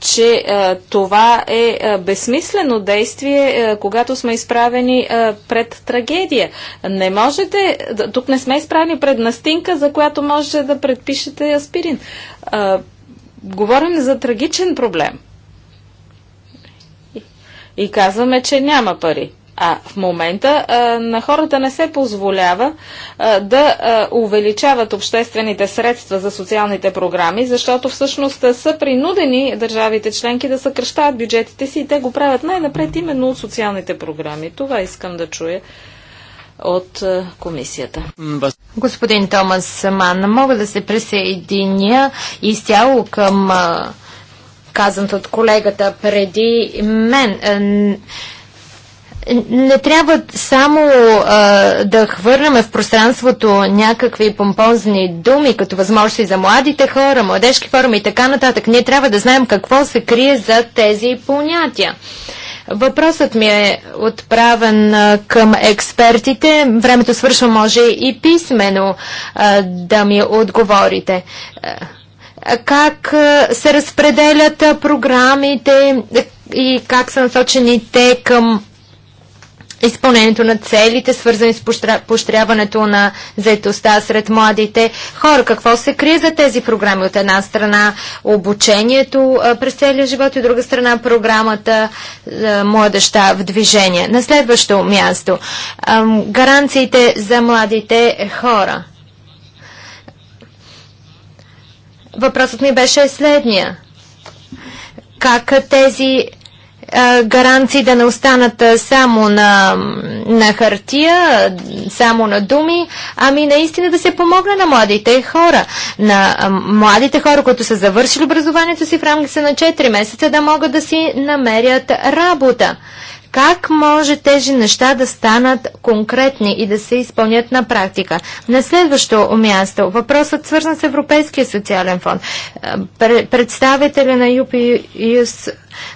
че това е безсмислено действие, когато сме изправени пред трагедия. Не можете, тук не сме изправени пред настинка, за която можете да предпишете аспирин. Говорим за трагичен проблем. И казваме, че няма пари. А в момента а, на хората не се позволява а, да а, увеличават обществените средства за социалните програми, защото всъщност са принудени държавите членки да съкръщават бюджетите си и те го правят най-напред именно от социалните програми. Това искам да чуя от комисията. Господин Томас Саман, мога да се присъединя изцяло към казаното от колегата преди мен е, не трябва само а, да хвърляме в пространството някакви помпозни думи, като възможности за младите хора, младежки форуми и така нататък. Ние трябва да знаем какво се крие за тези понятия. Въпросът ми е отправен а, към експертите. Времето свършва, може и писменно а, да ми отговорите. А, как се разпределят програмите и как са насочени те към изпълнението на целите, свързани с поощряването на заетостта сред младите хора. Какво се крие за тези програми? От една страна обучението през целия живот и от друга страна програмата Младеща в движение. На следващо място гаранциите за младите хора. Въпросът ми беше следния. Как тези гаранции да не останат само на, на хартия, само на думи, ами наистина да се помогне на младите хора. На младите хора, които са завършили образованието си в рамките на 4 месеца, да могат да си намерят работа. Как може тези неща да станат конкретни и да се изпълнят на практика? На следващо място, въпросът свързан с Европейския социален фонд. Представителя на UPUS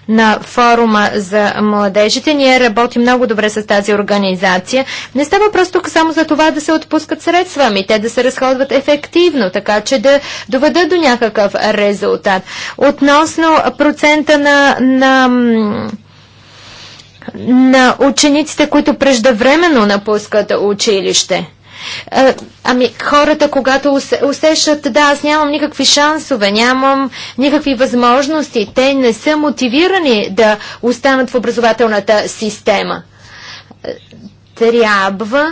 на форума за младежите. Ние работим много добре с тази организация. Не става просто тук само за това да се отпускат средства, ами те да се разходват ефективно, така че да доведат до някакъв резултат. Относно процента на, на на учениците, които преждевременно напускат училище. Ами, хората, когато усещат, да, аз нямам никакви шансове, нямам никакви възможности, те не са мотивирани да останат в образователната система. Трябва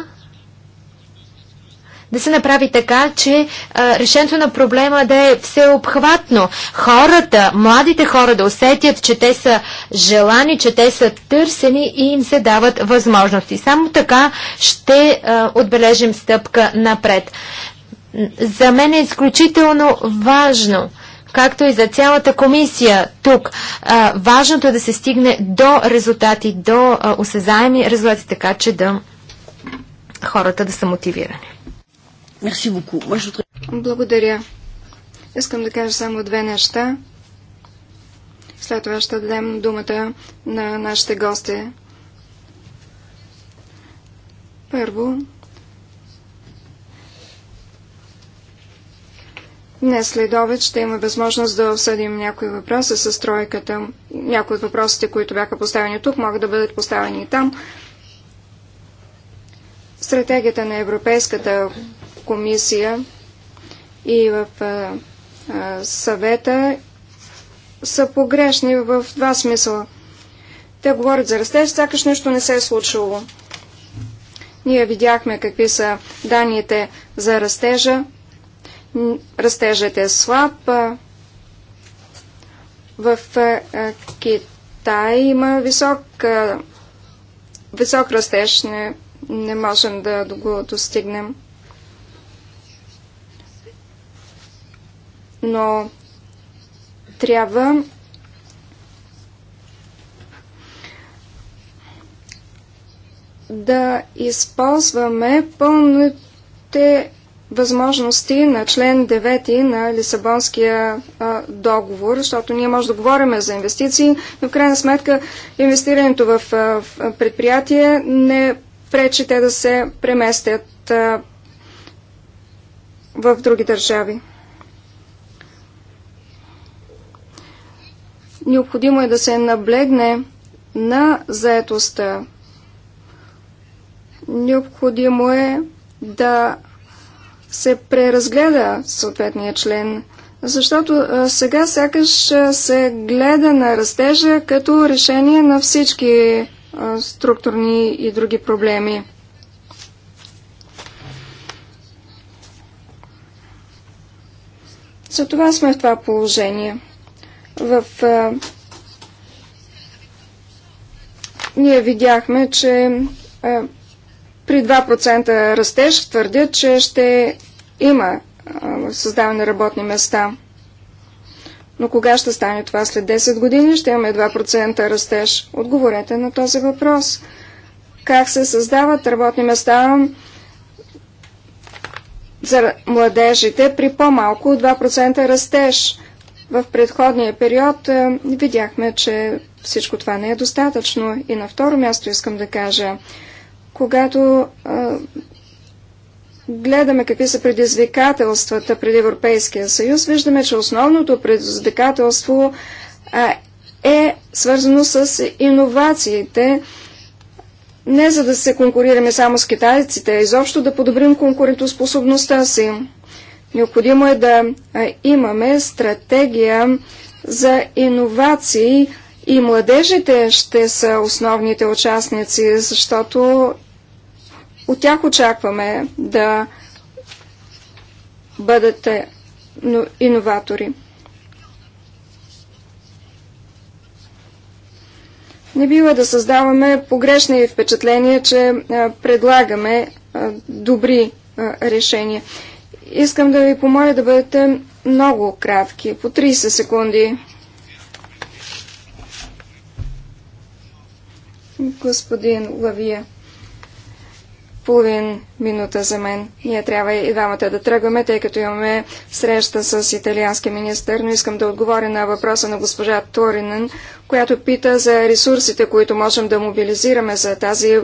да се направи така, че а, решението на проблема да е всеобхватно. Хората, младите хора да усетят, че те са желани, че те са търсени и им се дават възможности. Само така ще а, отбележим стъпка напред. За мен е изключително важно както и за цялата комисия тук. А, важното е да се стигне до резултати, до а, осезаеми резултати, така че да хората да са мотивирани. Благодаря. Искам да кажа само две неща. След това ще дадем думата на нашите гости. Първо, Днес след обед ще има възможност да обсъдим някои въпроси с тройката. Някои от въпросите, които бяха поставени тук, могат да бъдат поставени и там. Стратегията на Европейската комисия и в съвета са погрешни в два смисъла. Те говорят за растеж, сякаш нищо не се е случило. Ние видяхме какви са данните за растежа. Растежът е слаб. В Китай има висок, висок растеж. Не, не можем да го достигнем. но трябва да използваме пълните възможности на член 9 на Лисабонския а, договор, защото ние може да говорим за инвестиции, но в крайна сметка инвестирането в, а, в предприятие не пречи те да се преместят а, в други държави. Необходимо е да се наблегне на заетостта. Необходимо е да се преразгледа съответния член, защото сега сякаш се гледа на растежа като решение на всички структурни и други проблеми. За това сме в това положение. В... Ние видяхме, че при 2% растеж твърдят, че ще има създаване работни места. Но кога ще стане това? След 10 години ще имаме 2% растеж. Отговорете на този въпрос. Как се създават работни места за младежите при по-малко от 2% растеж? В предходния период е, видяхме, че всичко това не е достатъчно. И на второ място искам да кажа, когато а, е, гледаме какви са предизвикателствата пред Европейския съюз, виждаме, че основното предизвикателство а, е свързано с иновациите, не за да се конкурираме само с китайците, а изобщо да подобрим конкурентоспособността си. Необходимо е да е, имаме стратегия за иновации и младежите ще са основните участници, защото от тях очакваме да бъдат е, иноватори. Не бива да създаваме погрешни впечатления, че е, предлагаме добри решения. Искам да ви помоля да бъдете много кратки, по 30 секунди. Господин Лавия, половин минута за мен. Ние трябва и двамата да тръгваме, тъй като имаме среща с италиански министр, но искам да отговоря на въпроса на госпожа Торинен, която пита за ресурсите, които можем да мобилизираме за тази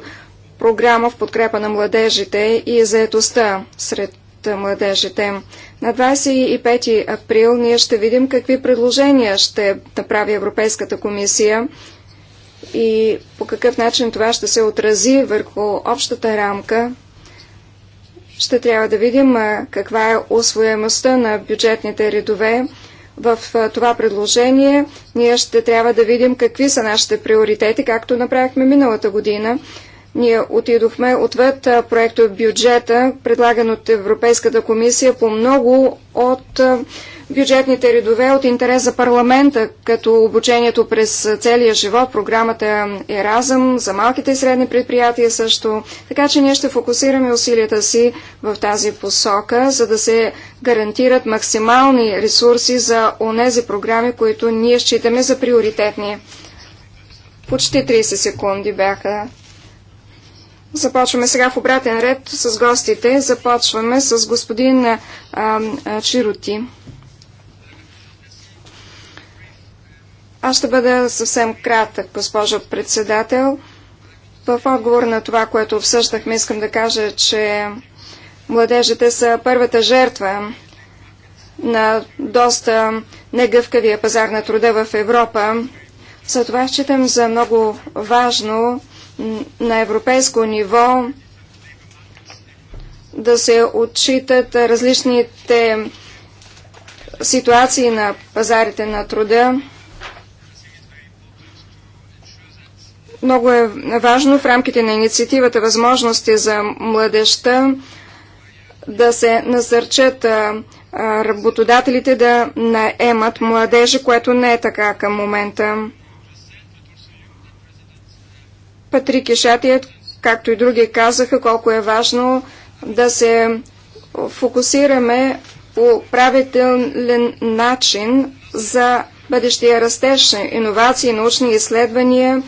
програма в подкрепа на младежите и заетостта сред младежите. На 25 април ние ще видим какви предложения ще направи Европейската комисия и по какъв начин това ще се отрази върху общата рамка. Ще трябва да видим каква е освоемостта на бюджетните редове. В това предложение ние ще трябва да видим какви са нашите приоритети, както направихме миналата година. Ние отидохме отвъд проекто бюджета, предлаган от Европейската комисия по много от бюджетните редове от интерес за парламента, като обучението през целия живот, програмата Еразъм, за малките и средни предприятия също. Така че ние ще фокусираме усилията си в тази посока, за да се гарантират максимални ресурси за онези програми, които ние считаме за приоритетни. Почти 30 секунди бяха Започваме сега в обратен ред с гостите. Започваме с господин а, а, Чироти. Аз ще бъда съвсем кратък, госпожо председател. В отговор на това, което обсъждахме, искам да кажа, че младежите са първата жертва на доста негъвкавия пазар на труда в Европа. За това считам за много важно на европейско ниво да се отчитат различните ситуации на пазарите на труда. Много е важно в рамките на инициативата възможности за младеща да се насърчат работодателите да наемат младежи, което не е така към момента. Патрик и Шатият, както и други казаха, колко е важно да се фокусираме по правителен начин за бъдещия растеж, иновации, научни изследвания.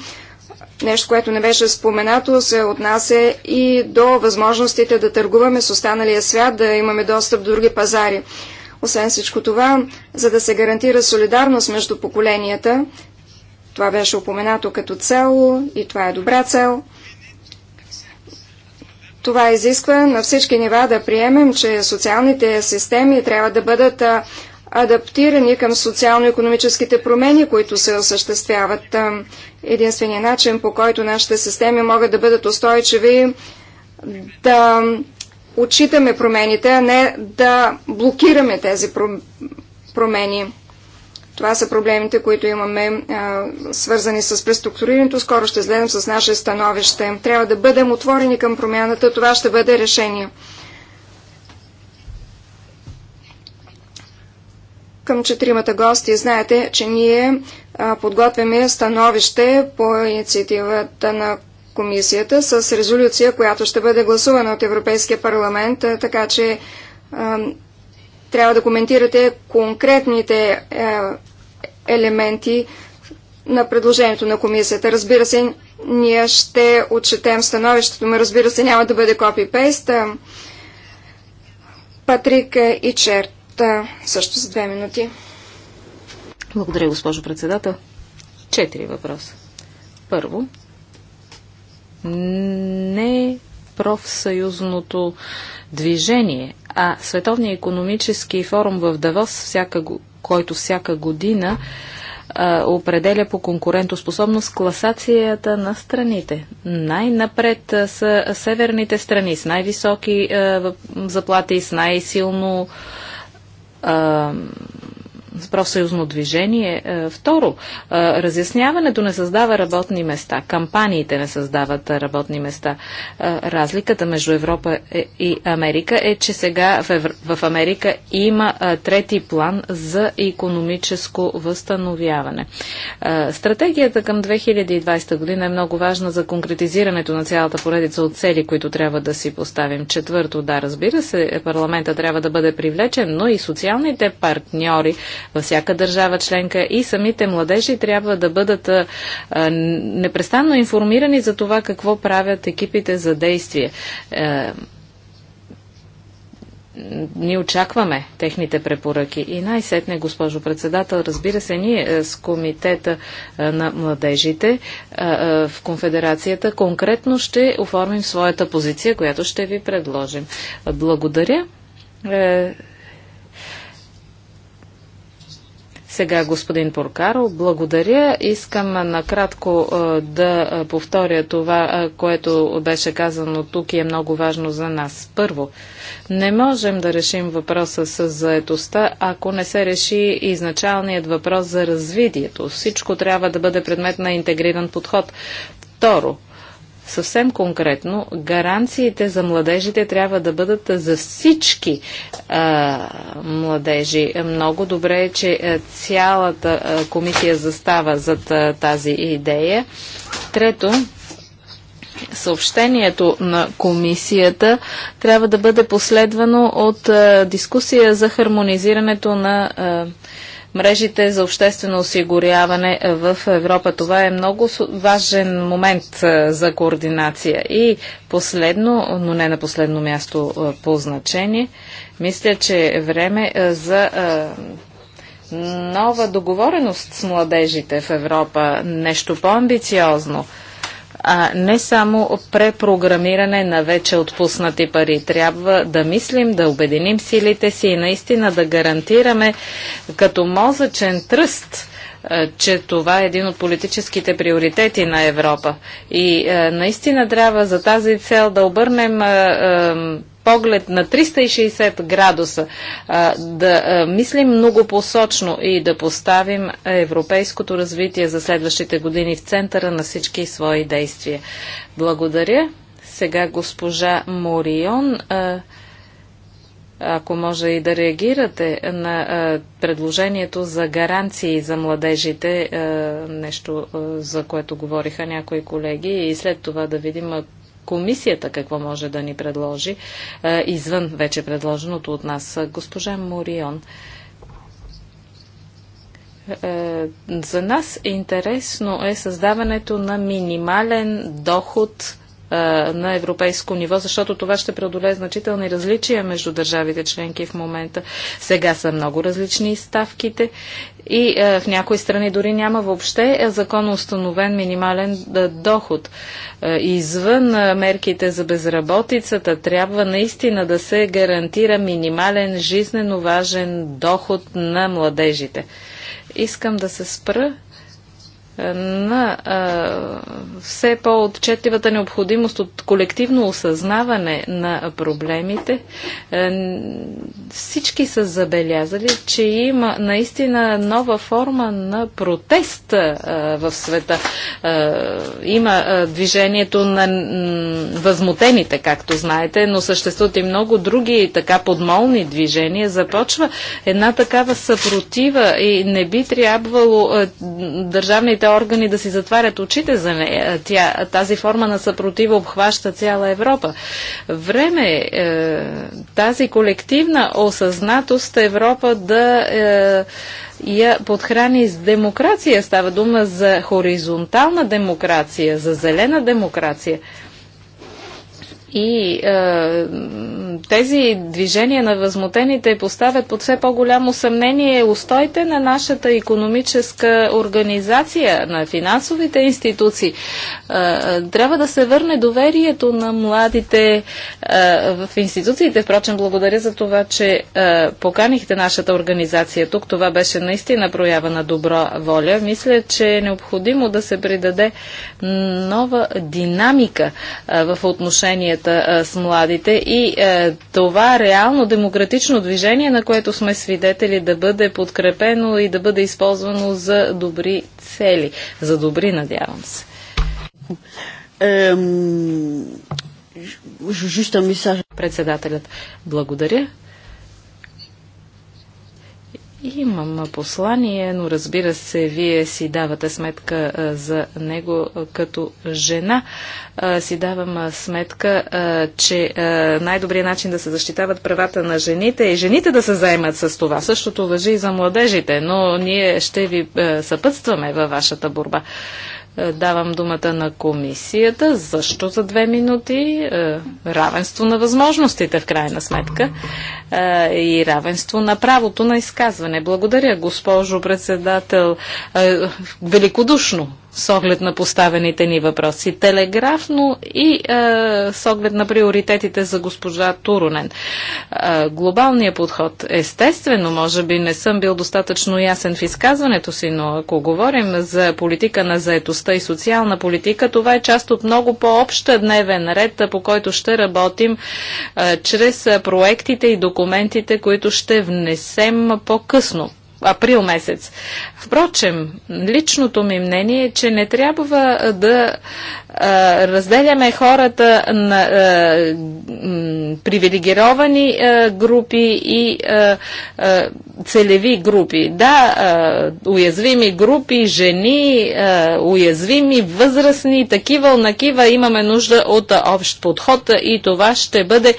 Нещо, което не беше споменато, се отнася и до възможностите да търгуваме с останалия свят, да имаме достъп до други пазари. Освен всичко това, за да се гарантира солидарност между поколенията, това беше упоменато като цел и това е добра цел. Това изисква на всички нива да приемем, че социалните системи трябва да бъдат адаптирани към социално-економическите промени, които се осъществяват. Единственият начин, по който нашите системи могат да бъдат устойчиви, да отчитаме промените, а не да блокираме тези промени. Това са проблемите, които имаме а, свързани с преструктурирането. Скоро ще излезем с наше становище. Трябва да бъдем отворени към промяната. Това ще бъде решение. Към четиримата гости знаете, че ние а, подготвяме становище по инициативата на комисията с резолюция, която ще бъде гласувана от Европейския парламент, а, така че трябва да коментирате конкретните е, елементи на предложението на комисията. Разбира се, ние ще отчетем становището, но разбира се, няма да бъде копипейст. Патрик и Черт също за две минути. Благодаря, госпожо председател. Четири въпроса. Първо, не профсъюзното движение, а Световния економически форум в Давос всяка който всяка година а, определя по конкурентоспособност класацията на страните. Най-напред са северните страни с най-високи заплати, с най-силно просъюзно движение. Е, второ, е, разясняването не създава работни места, кампаниите не създават работни места. Е, разликата между Европа и Америка е, че сега в Америка има трети план за економическо възстановяване. Стратегията към 2020 година е много важна за конкретизирането на цялата поредица от цели, които трябва да си поставим. Четвърто, да, разбира се, парламента трябва да бъде привлечен, но и социалните партньори във всяка държава членка и самите младежи трябва да бъдат непрестанно информирани за това какво правят екипите за действие е, ние очакваме техните препоръки. И най-сетне, госпожо председател, разбира се, ние е, с комитета е, на младежите в конфедерацията конкретно ще оформим своята позиция, която ще ви предложим. Благодаря. Сега, господин Поркаро, благодаря. Искам накратко да повторя това, което беше казано тук и е много важно за нас. Първо, не можем да решим въпроса с заетостта, ако не се реши изначалният въпрос за развитието. Всичко трябва да бъде предмет на интегриран подход. Второ, Съвсем конкретно, гаранциите за младежите трябва да бъдат за всички а, младежи. Много добре е, че цялата комисия застава зад а, тази идея. Трето, съобщението на комисията трябва да бъде последвано от а, дискусия за хармонизирането на а, мрежите за обществено осигуряване в Европа. Това е много важен момент е, за координация. И последно, но не на последно място е, по значение, мисля, че е време е, за нова договореност с младежите в Европа, нещо по-амбициозно – а не само препрограмиране на вече отпуснати пари. Трябва да мислим, да обединим силите си и наистина да гарантираме като мозъчен тръст е, че това е един от политическите приоритети на Европа. И е, наистина трябва за тази цел да обърнем е, поглед на 360 градуса, да мислим многопосочно и да поставим европейското развитие за следващите години в центъра на всички свои действия. Благодаря. Сега госпожа Морион ако може и да реагирате на предложението за гаранции за младежите, нещо за което говориха някои колеги, и след това да видим комисията какво може да ни предложи, извън вече предложеното от нас. Госпожа Морион, за нас интересно е създаването на минимален доход е, на европейско ниво, защото това ще преодолее значителни различия между държавите членки в момента. Сега са много различни ставките и е, в някои страни дори няма въобще законно установен минимален е, доход. Извън мерките за безработицата трябва наистина да се гарантира минимален жизненно важен доход на младежите. Искам да се спра е, на е, все по-отчетливата необходимост от колективно осъзнаване на проблемите, е, всички са забелязали, че има наистина нова форма на протест в света. Има движението на възмутените, както знаете, но съществуват и много други така подмолни движения. Започва една такава съпротива и не би трябвало държавните органи да си затварят очите за нея. Тя, тази форма на съпротива обхваща цяла Европа. Време е, е тази колективна осъзнатост Европа да е, я подхрани с демокрация. Става дума за хоризонтална демокрация, за зелена демокрация. И е, тези движения на възмутените поставят под все по-голямо съмнение Устойте на нашата економическа организация, на финансовите институции. е, трябва да се върне доверието на младите е, в институциите. Впрочем, благодаря за това, че е, поканихте нашата организация тук. Това беше наистина проява на добра воля. Мисля, че е необходимо да се придаде нова динамика е, в отношението историята а, с младите и а, това реално демократично движение, на което сме свидетели да бъде подкрепено и да бъде използвано за добри цели. За добри, надявам се. Председателят. Благодаря. Имам послание, но разбира се, вие си давате сметка за него като жена. си давам сметка, че най-добрият начин да се защитават правата на жените е жените да се заемат с това. Същото въжи и за младежите, но ние ще ви съпътстваме във вашата борба. Е, давам думата на комисията. Защо за две минути? Е, равенство на възможностите, в крайна сметка. Е, и равенство на правото на изказване. Благодаря, госпожо председател. Великодушно с оглед на поставените ни въпроси. Телеграфно и е, с оглед на приоритетите за госпожа Турунен. Е, глобалният подход. Естествено, може би не съм бил достатъчно ясен в изказването си, но ако говорим за политика на заетостта и социална политика, това е част от много по-обща дневен ред, по който ще работим е, чрез проектите и документите, които ще внесем по-късно април месец. Впрочем, личното ми мнение е, че не трябва да а, разделяме хората на а, привилегировани а, групи и а, а, целеви групи. Да, а, уязвими групи, жени, а, уязвими, възрастни, такива, накива имаме нужда от а, общ подход и това ще бъде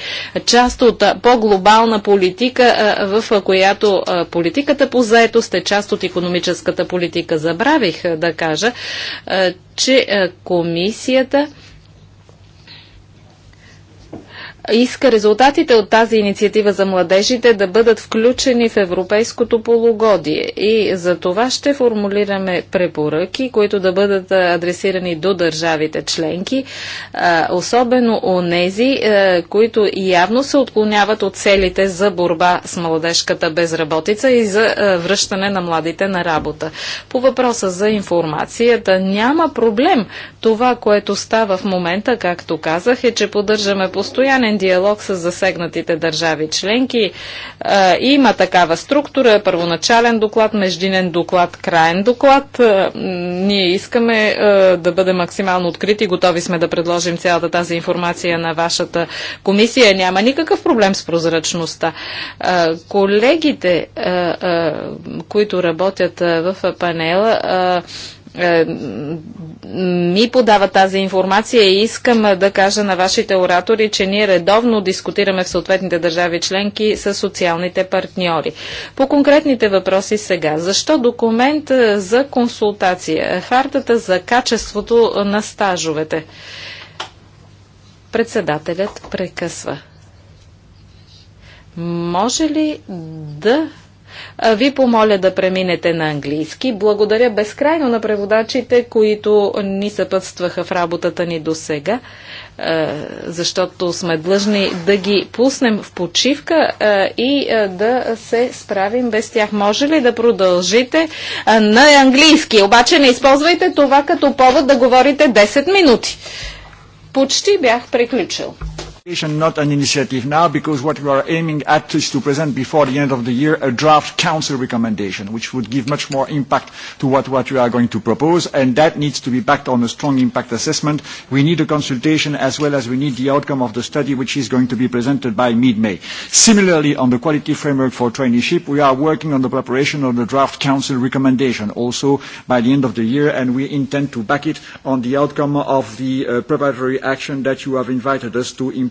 част от по-глобална политика, а, в а, която а, политиката по заетост е част от економическата политика. Забравих да кажа, че комисията иска резултатите от тази инициатива за младежите да бъдат включени в европейското полугодие. И за това ще формулираме препоръки, които да бъдат адресирани до държавите членки, особено у нези, които явно се отклоняват от целите за борба с младежката безработица и за връщане на младите на работа. По въпроса за информацията няма проблем. Това, което става в момента, както казах, е, че поддържаме постоянен диалог с засегнатите държави членки. Е, има такава структура, първоначален доклад, междинен доклад, краен доклад. Е, ние искаме е, да бъдем максимално открити, готови сме да предложим цялата тази информация на вашата комисия. Няма никакъв проблем с прозрачността. колегите, които работят в панела, е, ми подава тази информация и искам е, да кажа на вашите оратори, че ние редовно дискутираме в съответните държави членки с социалните партньори. По конкретните въпроси сега. Защо документ е, за консултация? Хартата за качеството на стажовете. Председателят прекъсва. Може ли да ви помоля да преминете на английски. Благодаря безкрайно на преводачите, които ни съпътстваха в работата ни до сега, защото сме длъжни да ги пуснем в почивка и да се справим без тях. Може ли да продължите на английски? Обаче не използвайте това като повод да говорите 10 минути. Почти бях приключил not an initiative now because what we are aiming at is to present before the end of the year a draft council recommendation which would give much more impact to what, what we are going to propose and that needs to be backed on a strong impact assessment. We need a consultation as well as we need the outcome of the study which is going to be presented by mid-May. Similarly on the quality framework for traineeship we are working on the preparation of the draft council recommendation also by the end of the year and we intend to back it on the outcome of the preparatory action that you have invited us to implement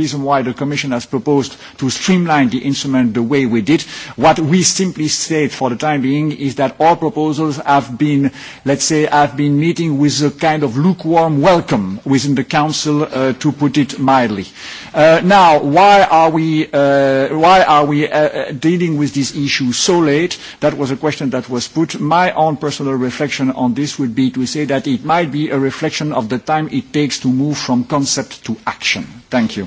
reason why the Commission has proposed to streamline the instrument the way we did. What we simply said for the time being is that our proposals have been, let's say, have been meeting with a kind of lukewarm welcome within the Council, uh, to put it mildly. Uh, now, why are we, uh, why are we uh, dealing with this issue so late? That was a question that was put. My own personal reflection on this would be to say that it might be a reflection of the time it takes to move from concept to action. Thank you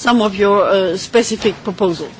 some of your uh, specific proposals.